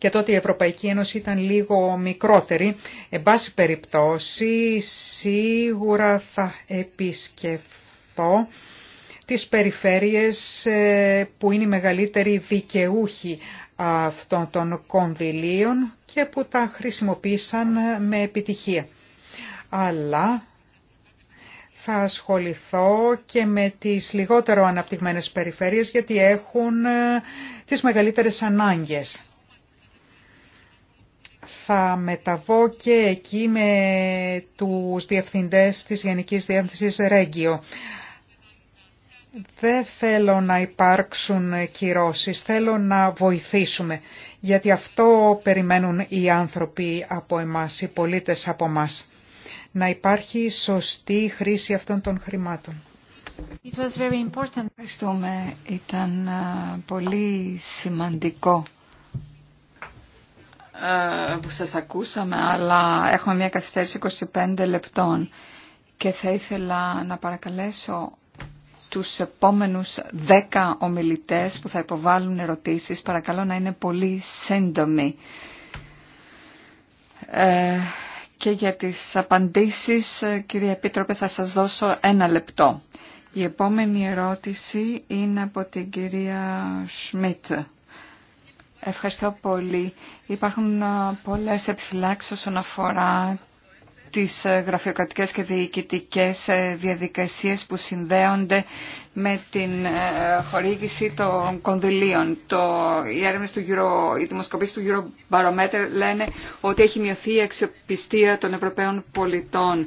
και τότε η Ευρωπαϊκή Ένωση ήταν λίγο μικρότερη. Εν πάση περιπτώσει, σίγουρα θα επισκεφθώ τις περιφέρειες ε, που είναι οι μεγαλύτεροι δικαιούχοι αυτών των κονδυλίων και που τα χρησιμοποίησαν ε, με επιτυχία. Αλλά θα ασχοληθώ και με τις λιγότερο αναπτυγμένες περιφέρειες γιατί έχουν ε, τις μεγαλύτερες ανάγκες θα μεταβώ και εκεί με τους διευθυντές της Γενικής Διεύθυνσης Ρέγγιο. Δεν θέλω να υπάρξουν κυρώσεις, θέλω να βοηθήσουμε, γιατί αυτό περιμένουν οι άνθρωποι από εμάς, οι πολίτες από εμάς. Να υπάρχει σωστή χρήση αυτών των χρημάτων. Ευχαριστούμε. Ήταν πολύ σημαντικό ε, που σας ακούσαμε, αλλά έχουμε μια καθυστέρηση 25 λεπτών και θα ήθελα να παρακαλέσω τους επόμενους 10 ομιλητές που θα υποβάλουν ερωτήσεις, παρακαλώ να είναι πολύ σύντομοι. Ε, και για τις απαντήσεις, κυρία Επίτροπε, θα σας δώσω ένα λεπτό. Η επόμενη ερώτηση είναι από την κυρία Σμιτ. Ευχαριστώ πολύ. Υπάρχουν ε, πολλές επιφυλάξεις όσον αφορά τις ε, γραφειοκρατικές και διοικητικές ε, διαδικασίες που συνδέονται με την χορήγηση των κονδυλίων. Το, οι έρευνες του Euro, οι δημοσκοπήσεις του Eurobarometer λένε ότι έχει μειωθεί η αξιοπιστία των Ευρωπαίων πολιτών.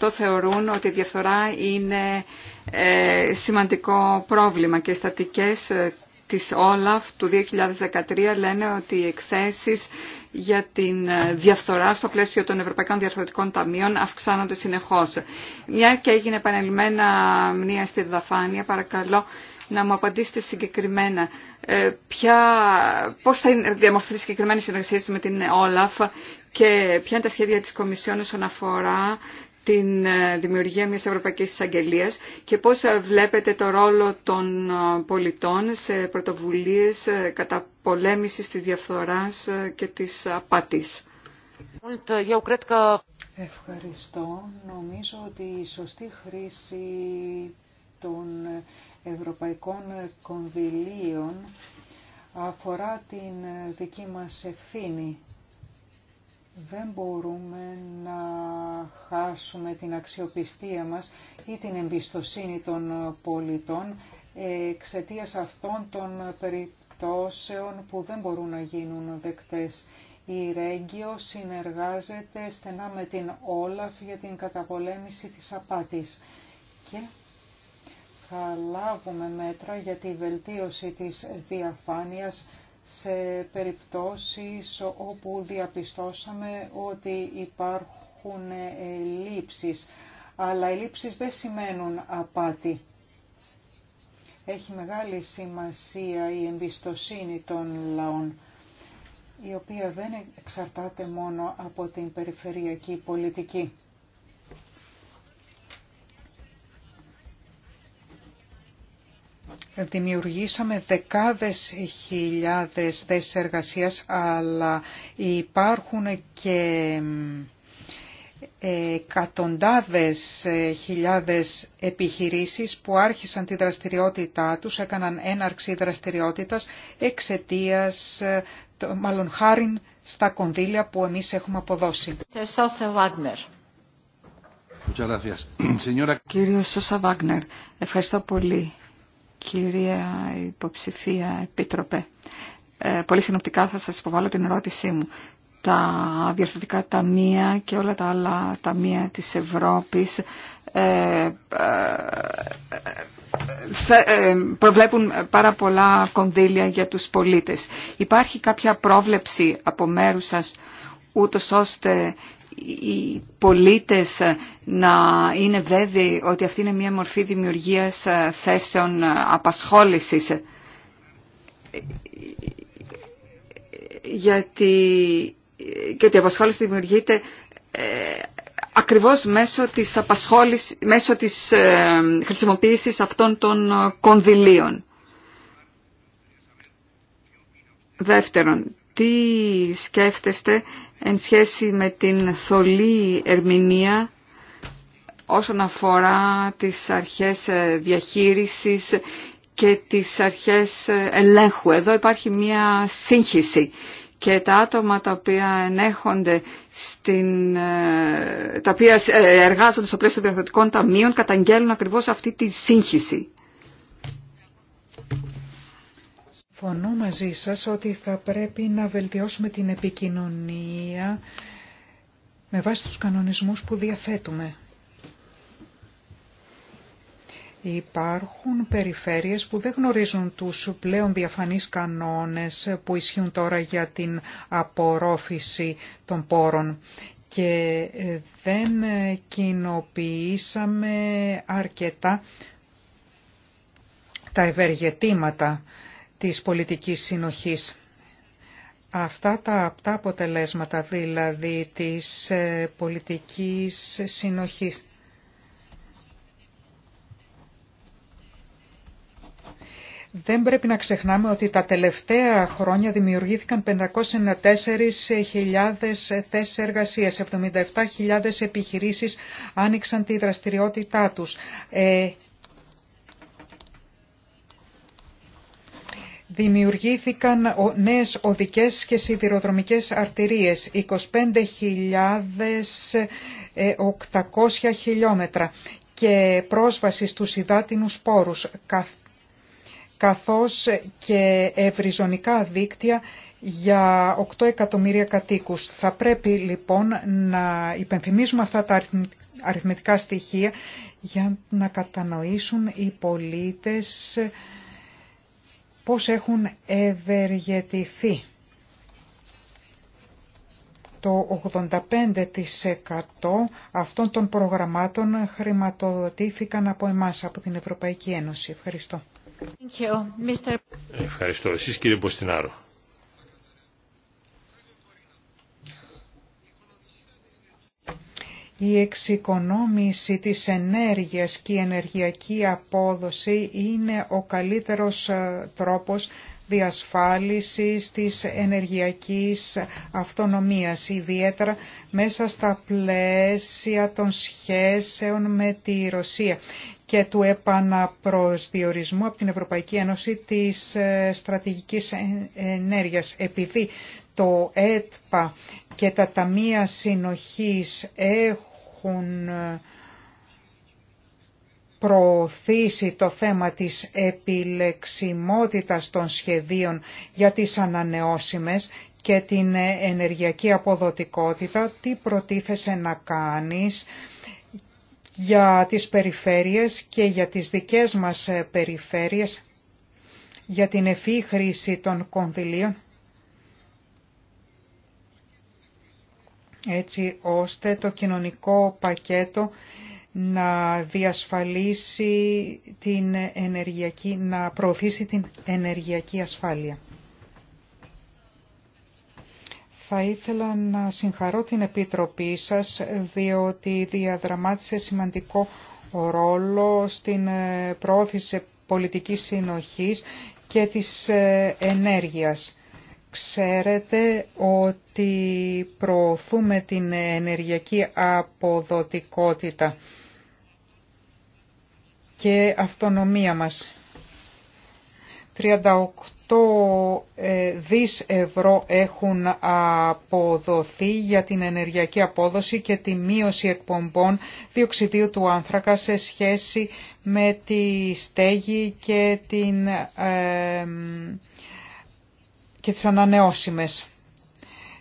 50% θεωρούν ότι η διαφθορά είναι σημαντικό πρόβλημα και οι στατικές της Όλαφ του 2013 λένε ότι οι εκθέσεις για την ε, διαφθορά στο πλαίσιο των Ευρωπαϊκών Διαρθρωτικών Ταμείων αυξάνονται συνεχώς. Μια και έγινε επανελειμμένα μνήμα στη δαφάνεια, παρακαλώ να μου απαντήσετε συγκεκριμένα ε, ποια, πώς θα διαμορφωθεί η συγκεκριμένη συνεργασία με την Όλαφ και ποια είναι τα σχέδια της Κομισιόν όσον αφορά την ε, δημιουργία μιας Ευρωπαϊκής Εισαγγελίας και πώς ε, βλέπετε το ρόλο των ε, πολιτών σε πρωτοβουλίες κατά πολέμησης της διαφθοράς και της απάτης. Ευχαριστώ. Νομίζω ότι η σωστή χρήση των ευρωπαϊκών κονδυλίων αφορά την δική μας ευθύνη δεν μπορούμε να χάσουμε την αξιοπιστία μας ή την εμπιστοσύνη των πολιτών εξαιτία αυτών των περιπτώσεων που δεν μπορούν να γίνουν δεκτές. Η Ρέγγιο συνεργάζεται στενά με την Όλαφ για την καταπολέμηση της απάτης και θα λάβουμε μέτρα για τη βελτίωση της διαφάνειας σε περιπτώσεις όπου διαπιστώσαμε ότι υπάρχουν λήψεις. Αλλά οι λήψεις δεν σημαίνουν απάτη. Έχει μεγάλη σημασία η εμπιστοσύνη των λαών, η οποία δεν εξαρτάται μόνο από την περιφερειακή πολιτική. Δημιουργήσαμε δεκάδες χιλιάδες θέσεις εργασίας, αλλά υπάρχουν και ε, εκατοντάδες ε, χιλιάδες επιχειρήσεις που άρχισαν τη δραστηριότητά τους, έκαναν έναρξη δραστηριότητας εξαιτίας, ε, μάλλον χάριν στα κονδύλια που εμείς έχουμε αποδώσει. Κύριος Σώσα Βάγνερ, ευχαριστώ πολύ. Κυρία Υποψηφία Επίτροπε, ε, πολύ συνοπτικά θα σας υποβάλω την ερώτησή μου. Τα διαρθρωτικά ταμεία και όλα τα άλλα ταμεία της Ευρώπης ε, ε, προβλέπουν πάρα πολλά κονδύλια για τους πολίτες. Υπάρχει κάποια πρόβλεψη από μέρους σας ούτως ώστε οι πολίτες να είναι βέβαιοι ότι αυτή είναι μια μορφή δημιουργίας θέσεων απασχόλησης. Γιατί και η απασχόληση δημιουργείται ε, ακριβώς μέσω της, απασχόλησης, μέσω της ε, χρησιμοποίησης αυτών των κονδυλίων. Δεύτερον, τι σκέφτεστε εν σχέση με την θολή ερμηνεία όσον αφορά τις αρχές διαχείρισης και τις αρχές ελέγχου. Εδώ υπάρχει μία σύγχυση και τα άτομα τα οποία ενέχονται στην, ε, τα οποία ε, εργάζονται στο πλαίσιο των ταμείων καταγγέλνουν ακριβώς αυτή τη σύγχυση. Συμφωνώ μαζί σας ότι θα πρέπει να βελτιώσουμε την επικοινωνία με βάση τους κανονισμούς που διαθέτουμε. Υπάρχουν περιφέρειες που δεν γνωρίζουν τους πλέον διαφανείς κανόνες που ισχύουν τώρα για την απορρόφηση των πόρων και δεν κοινοποιήσαμε αρκετά τα ευεργετήματα της πολιτικής συνοχής. Αυτά τα απτά αποτελέσματα δηλαδή της ε, πολιτικής συνοχής. Δεν πρέπει να ξεχνάμε ότι τα τελευταία χρόνια δημιουργήθηκαν 594.000 θέσεις εργασίας, 77.000 επιχειρήσεις άνοιξαν τη δραστηριότητά τους, ε, δημιουργήθηκαν νέες οδικές και σιδηροδρομικές αρτηρίες, 25.800 ε, χιλιόμετρα και πρόσβαση στους υδάτινους πόρους, καθώς και ευρυζωνικά δίκτυα για 8 εκατομμύρια κατοίκους. Θα πρέπει λοιπόν να υπενθυμίσουμε αυτά τα αριθμητικά στοιχεία για να κατανοήσουν οι πολίτες πώς έχουν ευεργετηθεί. Το 85% αυτών των προγραμμάτων χρηματοδοτήθηκαν από εμάς, από την Ευρωπαϊκή Ένωση. Ευχαριστώ. Ευχαριστώ. Εσείς κύριε Η εξοικονόμηση της ενέργειας και η ενεργειακή απόδοση είναι ο καλύτερος ε, τρόπος διασφάλισης της ενεργειακής αυτονομίας, ιδιαίτερα μέσα στα πλαίσια των σχέσεων με τη Ρωσία και του επαναπροσδιορισμού από την Ευρωπαϊκή Ένωση της ε, στρατηγικής ενέργειας. Επειδή το ΕΤΠΑ και τα Ταμεία Συνοχής έχουν έχουν ε, προωθήσει το θέμα της επιλεξιμότητας των σχεδίων για τις ανανεώσιμες και την ε, ενεργειακή αποδοτικότητα, τι προτίθεσαι να κάνεις για τις περιφέρειες και για τις δικές μας ε, περιφέρειες, για την εφή χρήση των κονδυλίων έτσι ώστε το κοινωνικό πακέτο να διασφαλίσει την ενεργειακή, να προωθήσει την ενεργειακή ασφάλεια. Θα ήθελα να συγχαρώ την Επιτροπή σας, διότι διαδραμάτισε σημαντικό ρόλο στην ε, προώθηση πολιτικής συνοχής και της ε, ενέργειας. Ξέρετε ότι προωθούμε την ενεργειακή αποδοτικότητα και αυτονομία μας. 38 ε, δις ευρώ έχουν αποδοθεί για την ενεργειακή απόδοση και τη μείωση εκπομπών διοξιδίου του άνθρακα σε σχέση με τη στέγη και την ε, και τις ανανεώσιμες.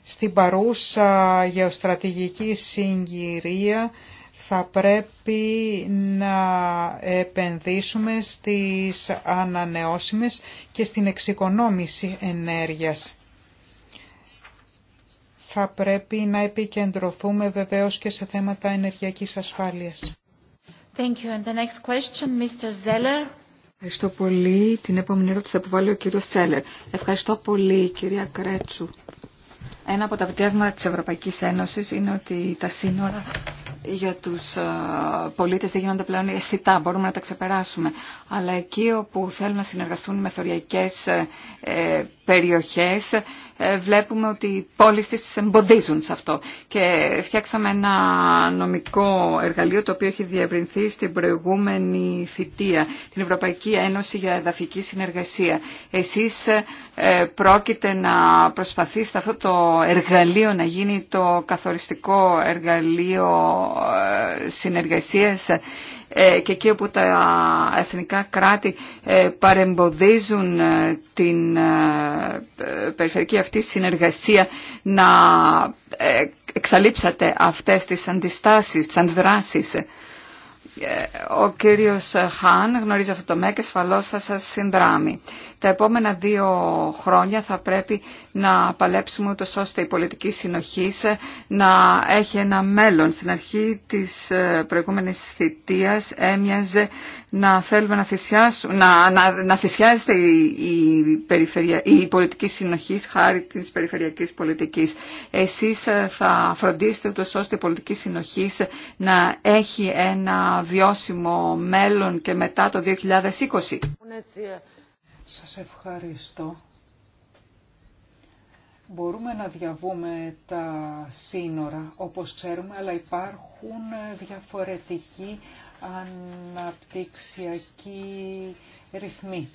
Στην παρούσα γεωστρατηγική συγκυρία θα πρέπει να επενδύσουμε στις ανανεώσιμες και στην εξοικονόμηση ενέργειας. Θα πρέπει να επικεντρωθούμε βεβαίως και σε θέματα ενεργειακής ασφάλειας. Thank you. And the next question, Mr. Zeller. Ευχαριστώ πολύ. Την επόμενη ερώτηση θα αποβάλει ο κύριος Τσέλερ. Ευχαριστώ πολύ κυρία Κρέτσου. Ένα από τα πτεύματα της Ευρωπαϊκής Ένωσης είναι ότι τα σύνορα για τους ε, πολίτες δεν γίνονται πλέον αισθητά, μπορούμε να τα ξεπεράσουμε. Αλλά εκεί όπου θέλουν να συνεργαστούν με ε, ε, περιοχές ε, βλέπουμε ότι οι πόλεις τις εμποδίζουν σε αυτό. Και φτιάξαμε ένα νομικό εργαλείο το οποίο έχει διευρυνθεί στην προηγούμενη θητεία, την Ευρωπαϊκή Ένωση για Εδαφική Συνεργασία. Εσείς ε, πρόκειται να προσπαθήσετε αυτό το εργαλείο να γίνει το καθοριστικό εργαλείο ε, συνεργασίας ε, και εκεί όπου τα εθνικά κράτη ε, παρεμποδίζουν ε, την περιφερική αυτή συνεργασία να εξαλείψατε αυτές τις αντιστάσεις, τις αντιδράσεις. Ο κύριος Χάν γνωρίζει αυτό το ΜΕΚ, και ασφαλώς θα σας συνδράμει. Τα επόμενα δύο χρόνια θα πρέπει να παλέψουμε ούτως ώστε η πολιτική συνοχή να έχει ένα μέλλον. Στην αρχή της ε, προηγούμενης θητείας έμοιαζε να θέλουμε να, θυσιάσουμε, να, να, θυσιάζεται η, η πολιτική συνοχή χάρη της περιφερειακής πολιτικής. Εσείς ε, θα φροντίσετε ούτως ώστε η πολιτική συνοχή να έχει ένα βιώσιμο μέλλον και μετά το 2020. Σας ευχαριστώ. Μπορούμε να διαβούμε τα σύνορα, όπως ξέρουμε, αλλά υπάρχουν διαφορετικοί ανάπτυξιακή ρυθμή.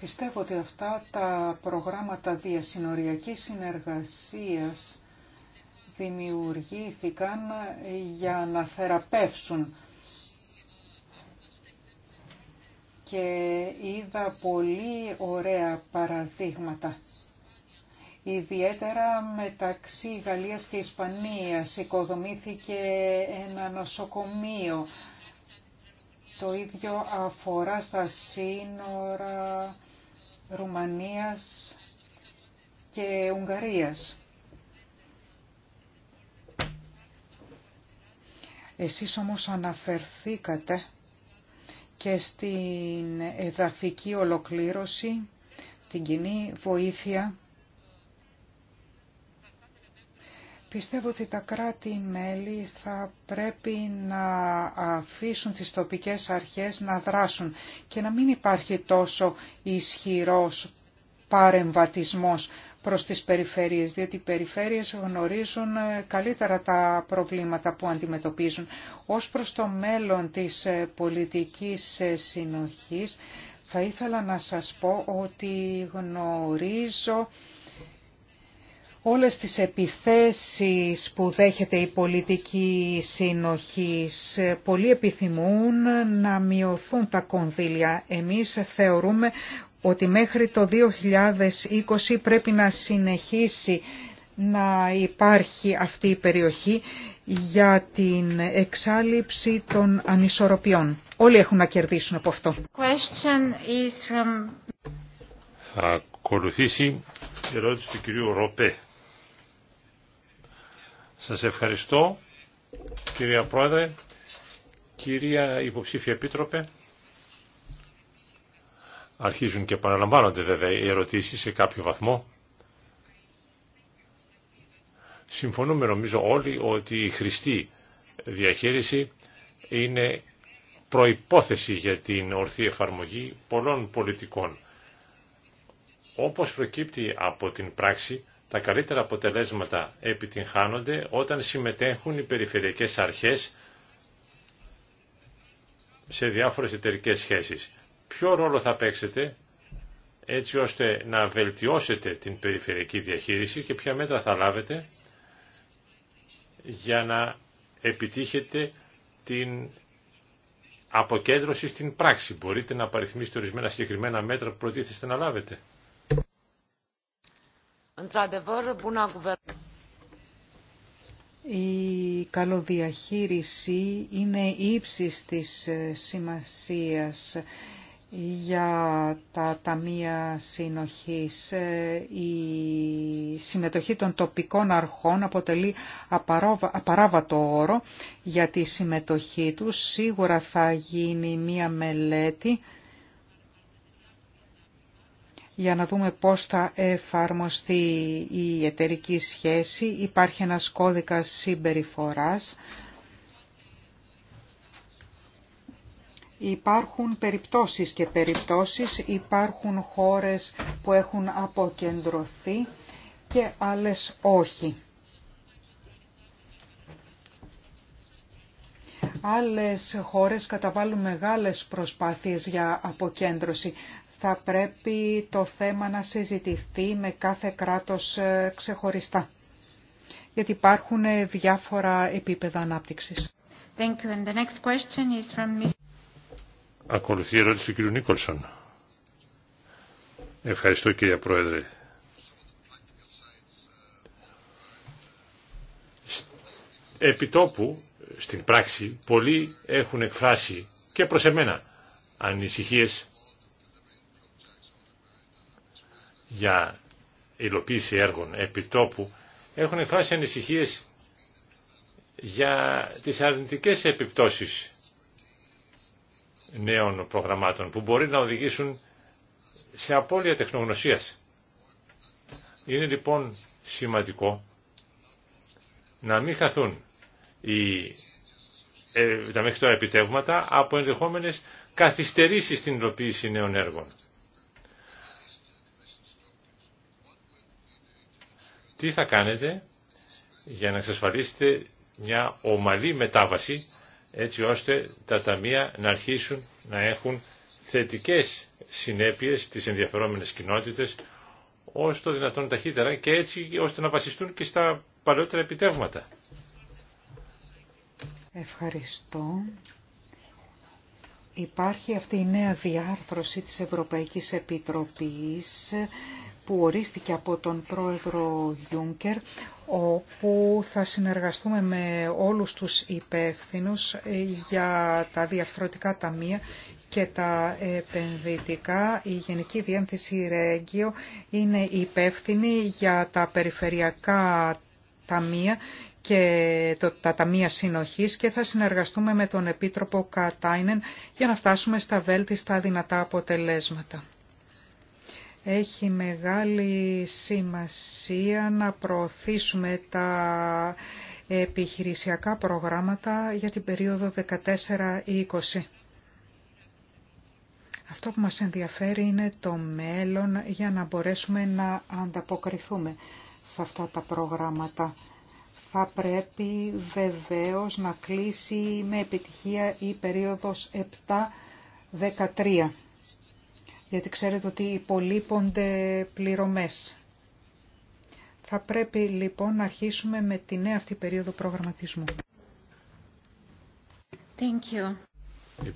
Πιστεύω ότι αυτά τα προγράμματα διασυνοριακής συνεργασίας δημιουργήθηκαν για να θεραπεύσουν και είδα πολύ ωραία παραδείγματα Ιδιαίτερα μεταξύ Γαλλίας και Ισπανίας οικοδομήθηκε ένα νοσοκομείο. Το ίδιο αφορά στα σύνορα Ρουμανίας και Ουγγαρίας. Εσείς όμως αναφερθήκατε και στην εδαφική ολοκλήρωση, την κοινή βοήθεια Πιστεύω ότι τα κράτη-μέλη θα πρέπει να αφήσουν τις τοπικές αρχές να δράσουν και να μην υπάρχει τόσο ισχυρός παρεμβατισμός προς τις περιφέρειες, διότι οι περιφέρειες γνωρίζουν ε, καλύτερα τα προβλήματα που αντιμετωπίζουν. Ως προς το μέλλον της ε, πολιτικής ε, συνοχής, θα ήθελα να σας πω ότι γνωρίζω όλες τις επιθέσεις που δέχεται η πολιτική συνοχή ε, πολλοί επιθυμούν να μειωθούν τα κονδύλια. Εμείς θεωρούμε ότι μέχρι το 2020 πρέπει να συνεχίσει να υπάρχει αυτή η περιοχή για την εξάλληψη των ανισορροπιών. Όλοι έχουν να κερδίσουν από αυτό. Θα ακολουθήσει η ερώτηση του κυρίου Ροπέ. Σας ευχαριστώ, κυρία Πρόεδρε, κυρία Υποψήφια Επίτροπε. Αρχίζουν και παραλαμβάνονται βέβαια οι ερωτήσεις σε κάποιο βαθμό. Συμφωνούμε νομίζω όλοι ότι η χρηστή διαχείριση είναι προϋπόθεση για την ορθή εφαρμογή πολλών πολιτικών. Όπως προκύπτει από την πράξη, τα καλύτερα αποτελέσματα επιτυγχάνονται όταν συμμετέχουν οι περιφερειακές αρχές σε διάφορες εταιρικέ σχέσεις. Ποιο ρόλο θα παίξετε έτσι ώστε να βελτιώσετε την περιφερειακή διαχείριση και ποια μέτρα θα λάβετε για να επιτύχετε την αποκέντρωση στην πράξη. Μπορείτε να παριθμίσετε ορισμένα συγκεκριμένα μέτρα που προτίθεστε να λάβετε. Η καλοδιαχείριση είναι ύψης της ε, σημασίας για τα ταμεία συνοχής. Ε, η συμμετοχή των τοπικών αρχών αποτελεί απαράβατο όρο για τη συμμετοχή τους. Σίγουρα θα γίνει μία μελέτη για να δούμε πώς θα εφαρμοστεί η εταιρική σχέση. Υπάρχει ένας κώδικας συμπεριφοράς. Υπάρχουν περιπτώσεις και περιπτώσεις, υπάρχουν χώρες που έχουν αποκεντρωθεί και άλλες όχι. Άλλες χώρες καταβάλουν μεγάλες προσπάθειες για αποκέντρωση θα πρέπει το θέμα να συζητηθεί με κάθε κράτος ε, ξεχωριστά, γιατί υπάρχουν ε, διάφορα επίπεδα ανάπτυξης. Thank you. the next question is from... Ακολουθεί η ερώτηση του κ. Νίκολσον. Ευχαριστώ κ. Πρόεδρε. Επιτόπου, στην πράξη, πολλοί έχουν εκφράσει και προς εμένα ανησυχίες για υλοποίηση έργων επιτόπου έχουν εκφράσει ανησυχίες για τις αρνητικές επιπτώσεις νέων προγραμμάτων που μπορεί να οδηγήσουν σε απώλεια τεχνογνωσίας. Είναι λοιπόν σημαντικό να μην χαθούν οι, ε, τα μέχρι τώρα επιτεύγματα από ενδεχόμενες καθυστερήσεις στην υλοποίηση νέων έργων. Τι θα κάνετε για να εξασφαλίσετε μια ομαλή μετάβαση έτσι ώστε τα ταμεία να αρχίσουν να έχουν θετικές συνέπειες στις ενδιαφερόμενες κοινότητες όσο το δυνατόν ταχύτερα και έτσι ώστε να βασιστούν και στα παλαιότερα επιτεύγματα. Ευχαριστώ. Υπάρχει αυτή η νέα διάρθρωση της Ευρωπαϊκής Επιτροπής που ορίστηκε από τον πρόεδρο Γιούνκερ, όπου θα συνεργαστούμε με όλους τους υπεύθυνους ε, για τα διαρθρωτικά ταμεία και τα επενδυτικά. Η Γενική Διεύθυνση Ρέγγιο είναι υπεύθυνη για τα περιφερειακά ταμεία και το, τα Ταμεία Συνοχής και θα συνεργαστούμε με τον Επίτροπο Κατάινεν για να φτάσουμε στα βέλτιστα δυνατά αποτελέσματα. Έχει μεγάλη σημασία να προωθήσουμε τα επιχειρησιακά προγράμματα για την περίοδο 14-20. Αυτό που μας ενδιαφέρει είναι το μέλλον για να μπορέσουμε να ανταποκριθούμε σε αυτά τα προγράμματα. Θα πρέπει βεβαίως να κλείσει με επιτυχία η περίοδος 7-13 γιατί ξέρετε ότι υπολείπονται πληρωμές. Θα πρέπει λοιπόν να αρχίσουμε με τη νέα αυτή περίοδο προγραμματισμού. Thank you. Η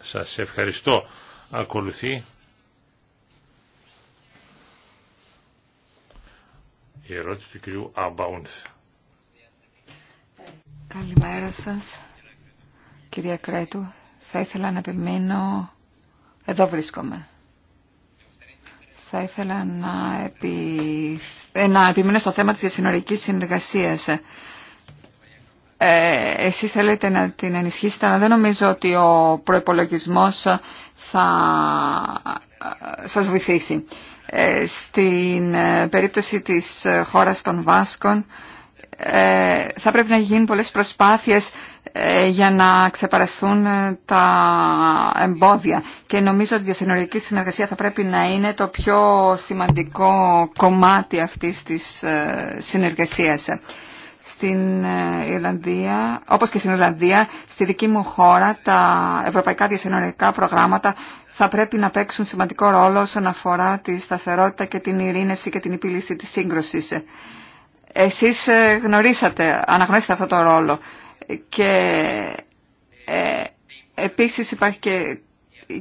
Σας ευχαριστώ. Ακολουθεί η ερώτηση του κυρίου Αμπαούνθ. Καλημέρα σας, κυρία Κρέτου. Θα ήθελα να επιμείνω εδώ βρίσκομαι. Θα ήθελα να, ε, επιμείνω στο θέμα της συνορικής συνεργασίας. Ε, εσείς θέλετε να την ενισχύσετε, αλλά δεν νομίζω ότι ο προϋπολογισμός θα ε, σας βοηθήσει. Ε, στην περίπτωση της χώρας των Βάσκων, ε, θα πρέπει να γίνουν πολλές προσπάθειες ε, για να ξεπαραστούν ε, τα εμπόδια και νομίζω ότι η διασυνοριακή συνεργασία θα πρέπει να είναι το πιο σημαντικό κομμάτι αυτής της συνεργασίας. Στην Ιρλανδία, όπως και στην Ιρλανδία, στη δική μου χώρα τα ευρωπαϊκά διασυνοριακά προγράμματα θα πρέπει να παίξουν σημαντικό ρόλο όσον αφορά τη σταθερότητα και την ειρήνευση και την επίλυση της σύγκρουσης. Εσείς ε, γνωρίσατε, αναγνωρίσατε αυτό το ρόλο και ε, επίσης υπάρχει και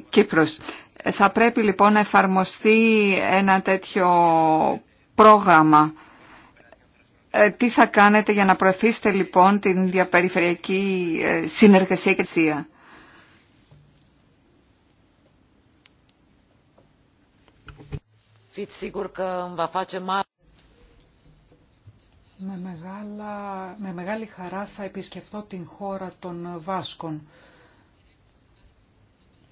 Κύπρος. Θα πρέπει λοιπόν να εφαρμοστεί ένα τέτοιο πρόγραμμα. Ε, τι θα κάνετε για να προωθήσετε λοιπόν την διαπεριφερειακή ε, συνεργασία και αισία. Με, μεγάλα, με μεγάλη χαρά θα επισκεφθώ την χώρα των Βάσκων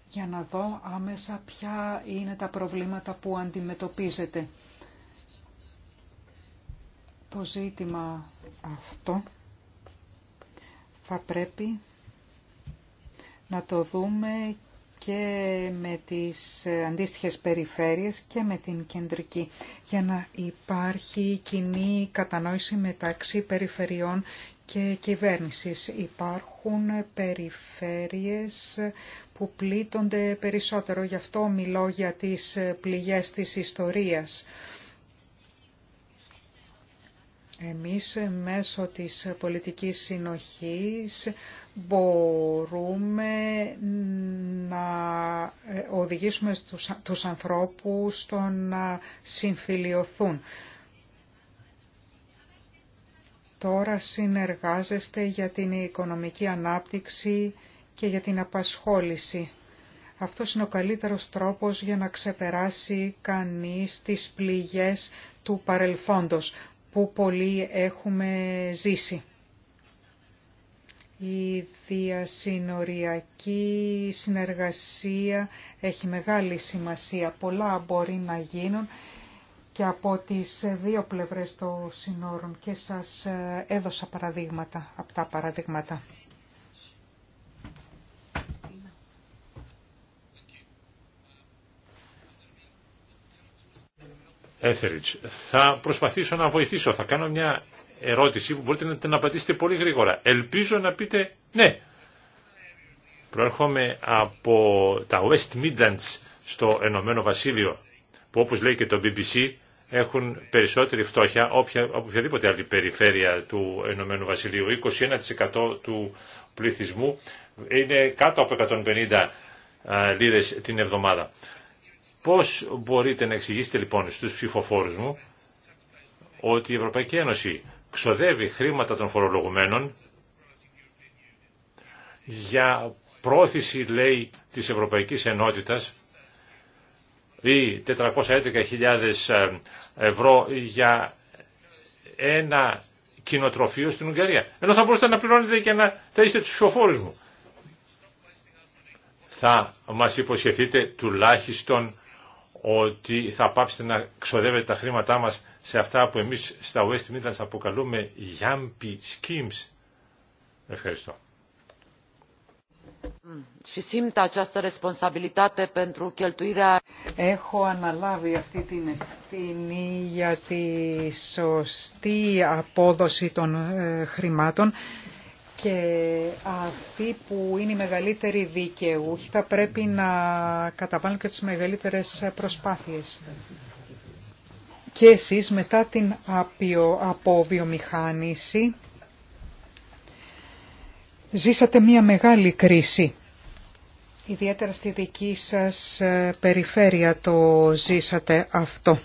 για να δω άμεσα ποια είναι τα προβλήματα που αντιμετωπίζετε. Το ζήτημα αυτό θα πρέπει να το δούμε και με τις αντίστοιχες περιφέρειες και με την κεντρική για να υπάρχει κοινή κατανόηση μεταξύ περιφερειών και κυβέρνησης. Υπάρχουν περιφέρειες που πλήττονται περισσότερο. Γι' αυτό μιλώ για τις πληγές της ιστορίας. Εμείς μέσω της πολιτικής συνοχής μπορούμε να ε, οδηγήσουμε τους, τους ανθρώπους στο να συμφιλιωθούν. Τώρα συνεργάζεστε για την οικονομική ανάπτυξη και για την απασχόληση. Αυτό είναι ο καλύτερος τρόπος για να ξεπεράσει κανείς τις πληγές του παρελθόντος που πολλοί έχουμε ζήσει. Η διασυνοριακή συνεργασία έχει μεγάλη σημασία. Πολλά μπορεί να γίνουν και από τις δύο πλευρές των συνόρων και σας ε, έδωσα παραδείγματα, αυτά παραδείγματα. Έθεριτς, θα προσπαθήσω να βοηθήσω, θα κάνω μια ερώτηση που μπορείτε να την απαντήσετε πολύ γρήγορα. Ελπίζω να πείτε ναι. Προέρχομαι από τα West Midlands στο Ενωμένο Βασίλειο που όπως λέει και το BBC έχουν περισσότερη φτώχεια από οποιαδήποτε άλλη περιφέρεια του Ενωμένου Βασιλείου. 21% του πληθυσμού είναι κάτω από 150 λίρες την εβδομάδα. Πώς μπορείτε να εξηγήσετε λοιπόν στους ψηφοφόρους μου ότι η Ευρωπαϊκή Ένωση ξοδεύει χρήματα των φορολογουμένων για πρόθεση, λέει, της Ευρωπαϊκής Ενότητας ή 411.000 ε, ευρώ για ένα κοινοτροφείο στην Ουγγαρία. Ενώ θα μπορούσατε να πληρώνετε και να θα είστε τους ψηφοφόρους μου. Θα μας υποσχεθείτε τουλάχιστον ότι θα πάψετε να ξοδεύετε τα χρήματά μας σε αυτά που εμείς στα West Midlands αποκαλούμε Yampi Schemes. Ευχαριστώ. Mm. Έχω αναλάβει αυτή την ευθύνη για τη σωστή απόδοση των ε, χρημάτων και αυτοί που είναι οι μεγαλύτεροι δικαιούχοι θα πρέπει να καταβάλουν και τις μεγαλύτερες προσπάθειες. Και εσείς μετά την αποβιομηχάνηση ζήσατε μία μεγάλη κρίση. Ιδιαίτερα στη δική σας ε, περιφέρεια το ζήσατε αυτό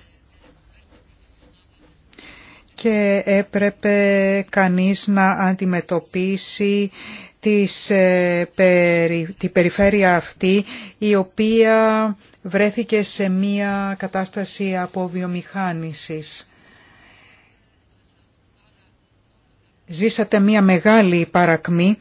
και έπρεπε κανείς να αντιμετωπίσει της, ε, την περιφέρεια αυτή η οποία βρέθηκε σε μία κατάσταση αποβιομηχάνησης. Ζήσατε μία μεγάλη παρακμή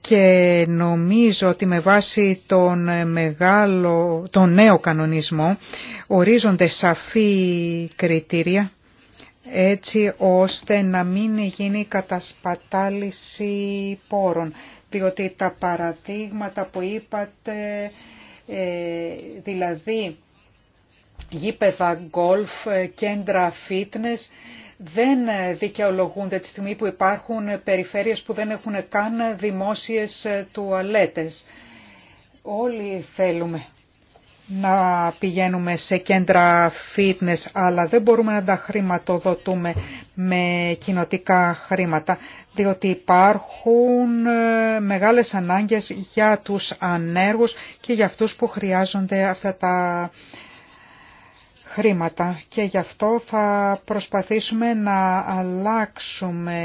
και νομίζω ότι με βάση τον, μεγάλο, τον νέο κανονισμό ορίζονται σαφή κριτήρια έτσι ώστε να μην γίνει κατασπατάληση πόρων. Διότι τα παραδείγματα που είπατε, ε, δηλαδή γήπεδα γκολφ, ε, κέντρα fitness, δεν δικαιολογούνται τη στιγμή που υπάρχουν περιφέρειες που δεν έχουν καν δημόσιες ε, τουαλέτες. Όλοι θέλουμε να πηγαίνουμε σε κέντρα fitness, αλλά δεν μπορούμε να τα χρηματοδοτούμε με κοινοτικά χρήματα, διότι υπάρχουν ε, μεγάλες ανάγκες για τους ανέργους και για αυτούς που χρειάζονται αυτά τα χρήματα. Και γι' αυτό θα προσπαθήσουμε να αλλάξουμε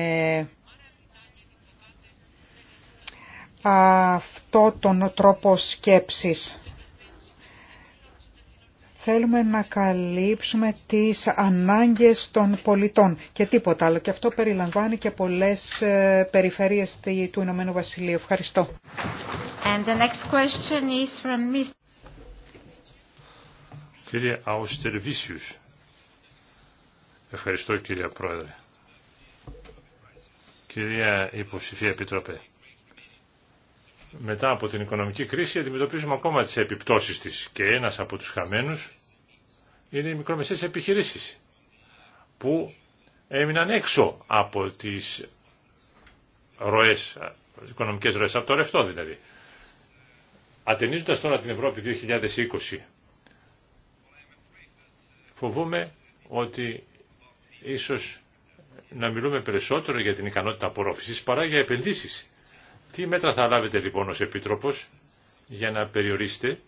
αυτό τον τρόπο σκέψης θέλουμε να καλύψουμε τις ανάγκες των πολιτών και τίποτα άλλο. Και αυτό περιλαμβάνει και πολλές ε, περιφέρειες του Ηνωμένου Βασιλείου. Ευχαριστώ. And the next question is from... Κύριε Αουστερβίσιους. Ευχαριστώ κύριε Πρόεδρε. Κυρία Υποψηφία Επιτροπέ. Μετά από την οικονομική κρίση αντιμετωπίζουμε ακόμα τις επιπτώσεις της και ένας από τους χαμένους είναι οι μικρομεσαίες επιχειρήσεις που έμειναν έξω από τις ροές, οικονομικές ροές, από το ρευτό δηλαδή. Ατενίζοντας τώρα την Ευρώπη 2020, φοβούμε ότι ίσως να μιλούμε περισσότερο για την ικανότητα απορρόφησης παρά για επενδύσεις. Τι μέτρα θα λάβετε λοιπόν ως Επίτροπος για να περιορίσετε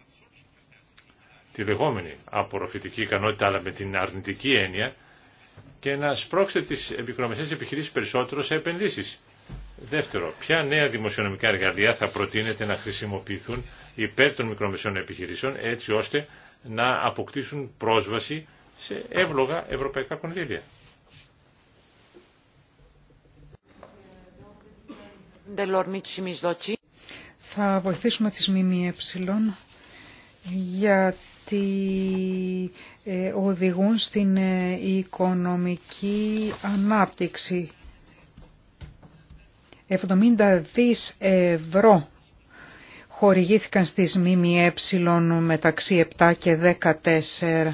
τη λεγόμενη απορροφητική ικανότητα αλλά με την αρνητική έννοια και να σπρώξετε τις επικονομικές επιχειρήσεις περισσότερο σε επενδύσεις. Δεύτερο, ποια νέα δημοσιονομικά εργαλεία θα προτείνετε να χρησιμοποιηθούν υπέρ των μικρομεσαίων επιχειρήσεων έτσι ώστε να αποκτήσουν πρόσβαση σε εύλογα ευρωπαϊκά κονδύλια. Θα βοηθήσουμε τις ΜΜΕ για ότι ε, οδηγούν στην ε, οικονομική ανάπτυξη. 70 δις ευρώ χορηγήθηκαν στις ΜΜΕ μεταξύ 7 και 14.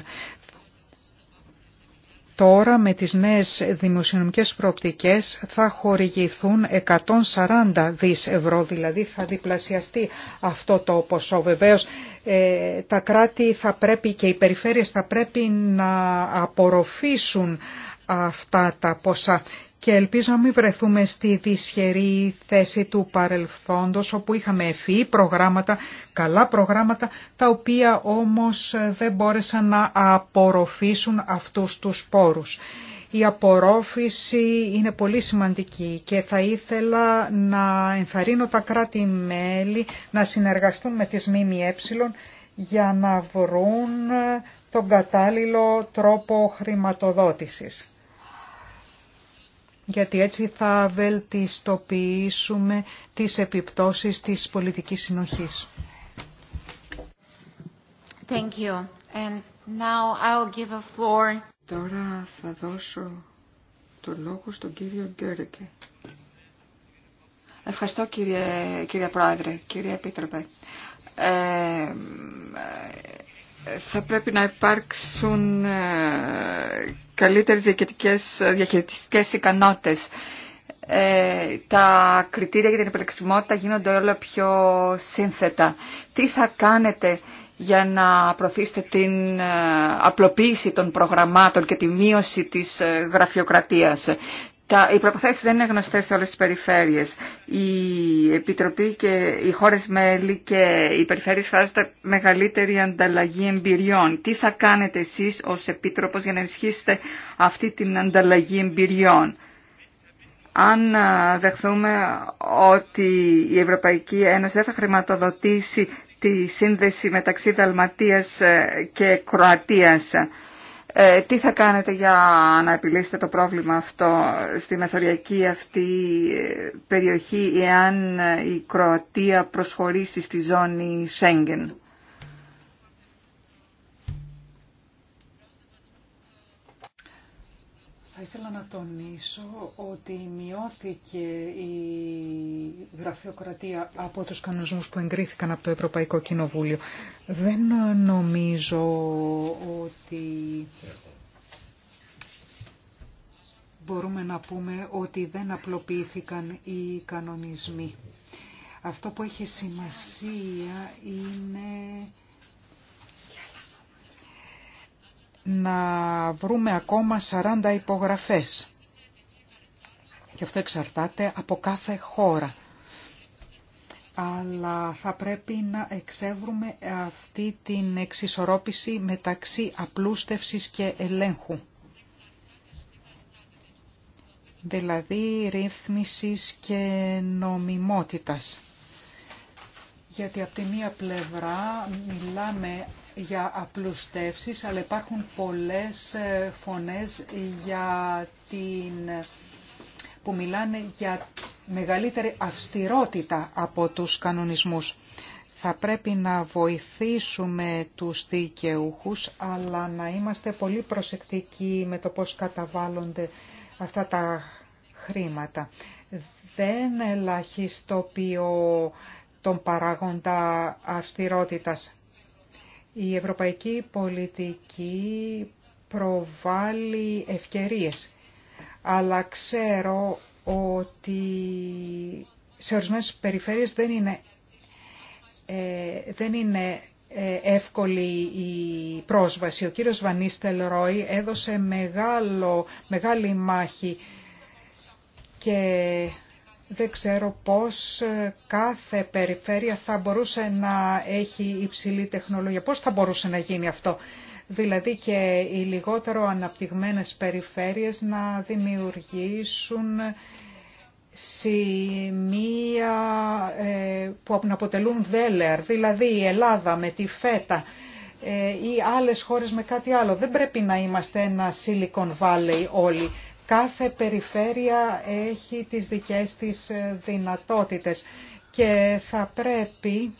Τώρα με τις νέες δημοσιονομικές προοπτικές θα χορηγηθούν 140 δις ευρώ, δηλαδή θα διπλασιαστεί αυτό το ποσό. Βεβαίως ε, τα κράτη θα πρέπει και οι περιφέρειες θα πρέπει να απορροφήσουν αυτά τα ποσά και ελπίζω να μην βρεθούμε στη δυσχερή θέση του παρελθόντος όπου είχαμε ευφυή e προγράμματα, καλά προγράμματα τα οποία όμως δεν μπόρεσαν να απορροφήσουν αυτούς τους πόρους η απορρόφηση είναι πολύ σημαντική και θα ήθελα να ενθαρρύνω τα κράτη-μέλη να συνεργαστούν με τις ΜΜΕ για να βρουν τον κατάλληλο τρόπο χρηματοδότησης. Γιατί έτσι θα βελτιστοποιήσουμε τις επιπτώσεις της πολιτικής συνοχής. Thank And now give Τώρα θα δώσω το λόγο στον κύριο Γκέρεκε. Ευχαριστώ κύριε, κύριε Πρόεδρε, κύριε Επίτροπε. Ε, θα πρέπει να υπάρξουν ε, καλύτερες διαχειριστικές, διαχειριστικές ικανότητες. Ε, τα κριτήρια για την επιλεξιμότητα γίνονται όλο πιο σύνθετα. Τι θα κάνετε για να προωθήσετε την ε, απλοποίηση των προγραμμάτων και τη μείωση της ε, γραφειοκρατίας. Τα, οι προποθέσει δεν είναι γνωστέ σε όλε τι περιφέρειε. Η Επιτροπή και οι χώρε μέλη και οι περιφέρειε χρειάζονται μεγαλύτερη ανταλλαγή εμπειριών. Τι θα κάνετε εσεί ως Επίτροπος... για να ενισχύσετε αυτή την ανταλλαγή εμπειριών. Αν ε, δεχθούμε ότι η Ευρωπαϊκή Ένωση δεν θα χρηματοδοτήσει τη σύνδεση μεταξύ Δαλματίας ε, και Κροατίας. Ε, τι θα κάνετε για να επιλύσετε το πρόβλημα αυτό στη μεθοριακή αυτή ε, περιοχή εάν η Κροατία προσχωρήσει στη ζώνη Σέγγεν. Θα ήθελα να τονίσω ότι μειώθηκε η γραφειοκρατία από τους κανονισμούς που εγκρίθηκαν από το Ευρωπαϊκό Κοινοβούλιο. Δεν νομίζω ότι μπορούμε να πούμε ότι δεν απλοποιήθηκαν οι κανονισμοί. Αυτό που έχει σημασία είναι να βρούμε ακόμα 40 υπογραφές. Και αυτό εξαρτάται από κάθε χώρα. Αλλά θα πρέπει να εξεύρουμε αυτή την εξισορρόπηση μεταξύ απλούστευσης και ελέγχου. Δηλαδή ρύθμισης και νομιμότητας γιατί από τη μία πλευρά μιλάμε για απλουστεύσεις, αλλά υπάρχουν πολλές ε, φωνές για την... που μιλάνε για μεγαλύτερη αυστηρότητα από τους κανονισμούς. Θα πρέπει να βοηθήσουμε τους δικαιούχους, αλλά να είμαστε πολύ προσεκτικοί με το πώς καταβάλλονται αυτά τα χρήματα. Δεν ελαχιστοποιώ τον παράγοντα αυστηρότητας. Η ευρωπαϊκή πολιτική προβάλλει ευκαιρίες, αλλά ξέρω ότι σε ορισμένες περιφέρειες δεν είναι, ε, δεν είναι ε, εύκολη η πρόσβαση. Ο κύριος Βανίστελ Ρόι έδωσε μεγάλο, μεγάλη μάχη και δεν ξέρω πώς ε, κάθε περιφέρεια θα μπορούσε να έχει υψηλή τεχνολογία. Πώς θα μπορούσε να γίνει αυτό. Δηλαδή και οι λιγότερο αναπτυγμένες περιφέρειες να δημιουργήσουν σημεία ε, που να αποτελούν δέλεαρ. Δηλαδή η Ελλάδα με τη ΦΕΤΑ ε, ή άλλες χώρες με κάτι άλλο. Δεν πρέπει να είμαστε ένα Silicon Valley όλοι. Κάθε περιφέρεια έχει τις δικές της ε, δυνατότητες και θα πρέπει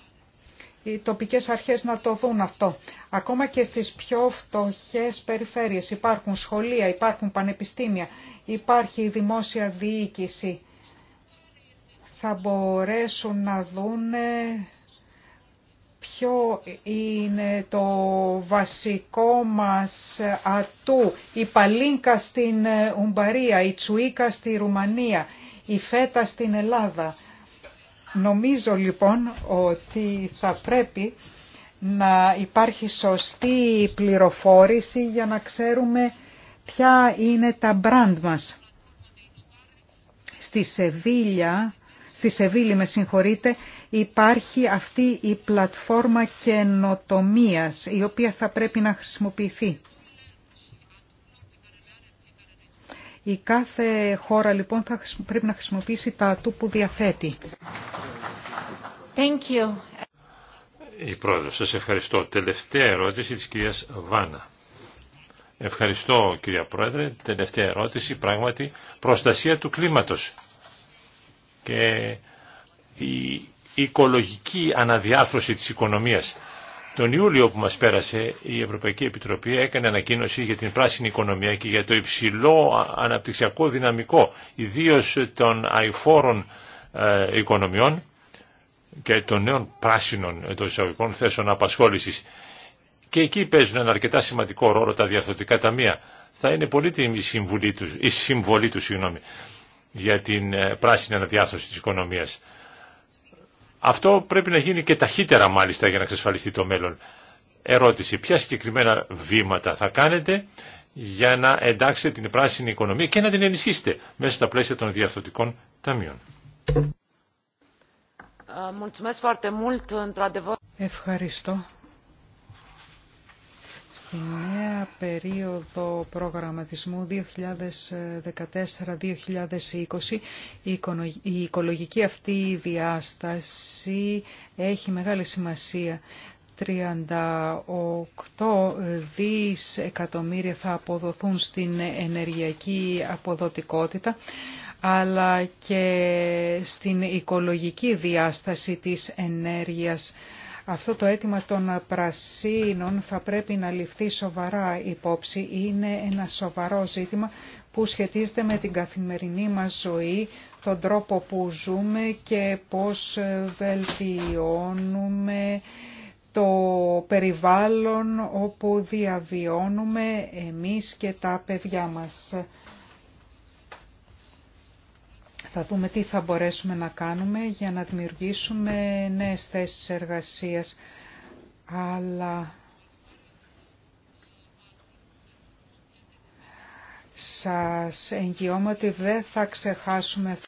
οι τοπικές αρχές να το δουν αυτό. Ακόμα και στις πιο φτωχές περιφέρειες υπάρχουν σχολεία, υπάρχουν πανεπιστήμια, υπάρχει δημόσια διοίκηση. Θα μπορέσουν να δούνε ποιο είναι το βασικό μας ατού. Η παλίνκα στην ε, Ουμπαρία, η τσουίκα στη Ρουμανία, η φέτα στην Ελλάδα. Νομίζω λοιπόν ότι θα πρέπει να υπάρχει σωστή πληροφόρηση για να ξέρουμε ποια είναι τα μπραντ μας. Στη Σεβίλια, στη Σεβίλη με συγχωρείτε, υπάρχει αυτή η πλατφόρμα καινοτομίας η οποία θα πρέπει να χρησιμοποιηθεί. Η κάθε χώρα λοιπόν θα πρέπει να χρησιμοποιήσει τα ατού που διαθέτει. Thank you. Η πρόεδρος, σας ευχαριστώ. Τελευταία ερώτηση της κυρίας Βάνα. Ευχαριστώ κυρία Πρόεδρε. Τελευταία ερώτηση, πράγματι, προστασία του κλίματος. Και η οικολογική αναδιάρθρωση της οικονομίας. Τον Ιούλιο που μας πέρασε η Ευρωπαϊκή Επιτροπή έκανε ανακοίνωση για την πράσινη οικονομία και για το υψηλό αναπτυξιακό δυναμικό, ιδίως των αηφόρων ε, οικονομιών και των νέων πράσινων των εισαγωγικών θέσεων απασχόλησης. Και εκεί παίζουν ένα αρκετά σημαντικό ρόλο τα διαρθρωτικά ταμεία. Θα είναι πολύτιμη η συμβολή του, η για την ε, πράσινη αναδιάρθρωση της οικονομίας. Αυτό πρέπει να γίνει και ταχύτερα μάλιστα για να εξασφαλιστεί το μέλλον. Ερώτηση, ποια συγκεκριμένα βήματα θα κάνετε για να εντάξετε την πράσινη οικονομία και να την ενισχύσετε μέσα στα πλαίσια των διαρθρωτικών ταμείων. Ε, Ευχαριστώ. Στη νέα περίοδο προγραμματισμού 2014-2020 η οικολογική αυτή διάσταση έχει μεγάλη σημασία. 38 δις εκατομμύρια θα αποδοθούν στην ενεργειακή αποδοτικότητα αλλά και στην οικολογική διάσταση της ενέργειας αυτό το αίτημα των πρασίνων θα πρέπει να ληφθεί σοβαρά υπόψη. Είναι ένα σοβαρό ζήτημα που σχετίζεται με την καθημερινή μας ζωή, τον τρόπο που ζούμε και πώς βελτιώνουμε το περιβάλλον όπου διαβιώνουμε εμείς και τα παιδιά μας. Θα δούμε τι θα μπορέσουμε να κάνουμε για να δημιουργήσουμε νέες θέσεις εργασίας. Αλλά σας εγγυώμαι ότι δεν θα ξεχάσουμε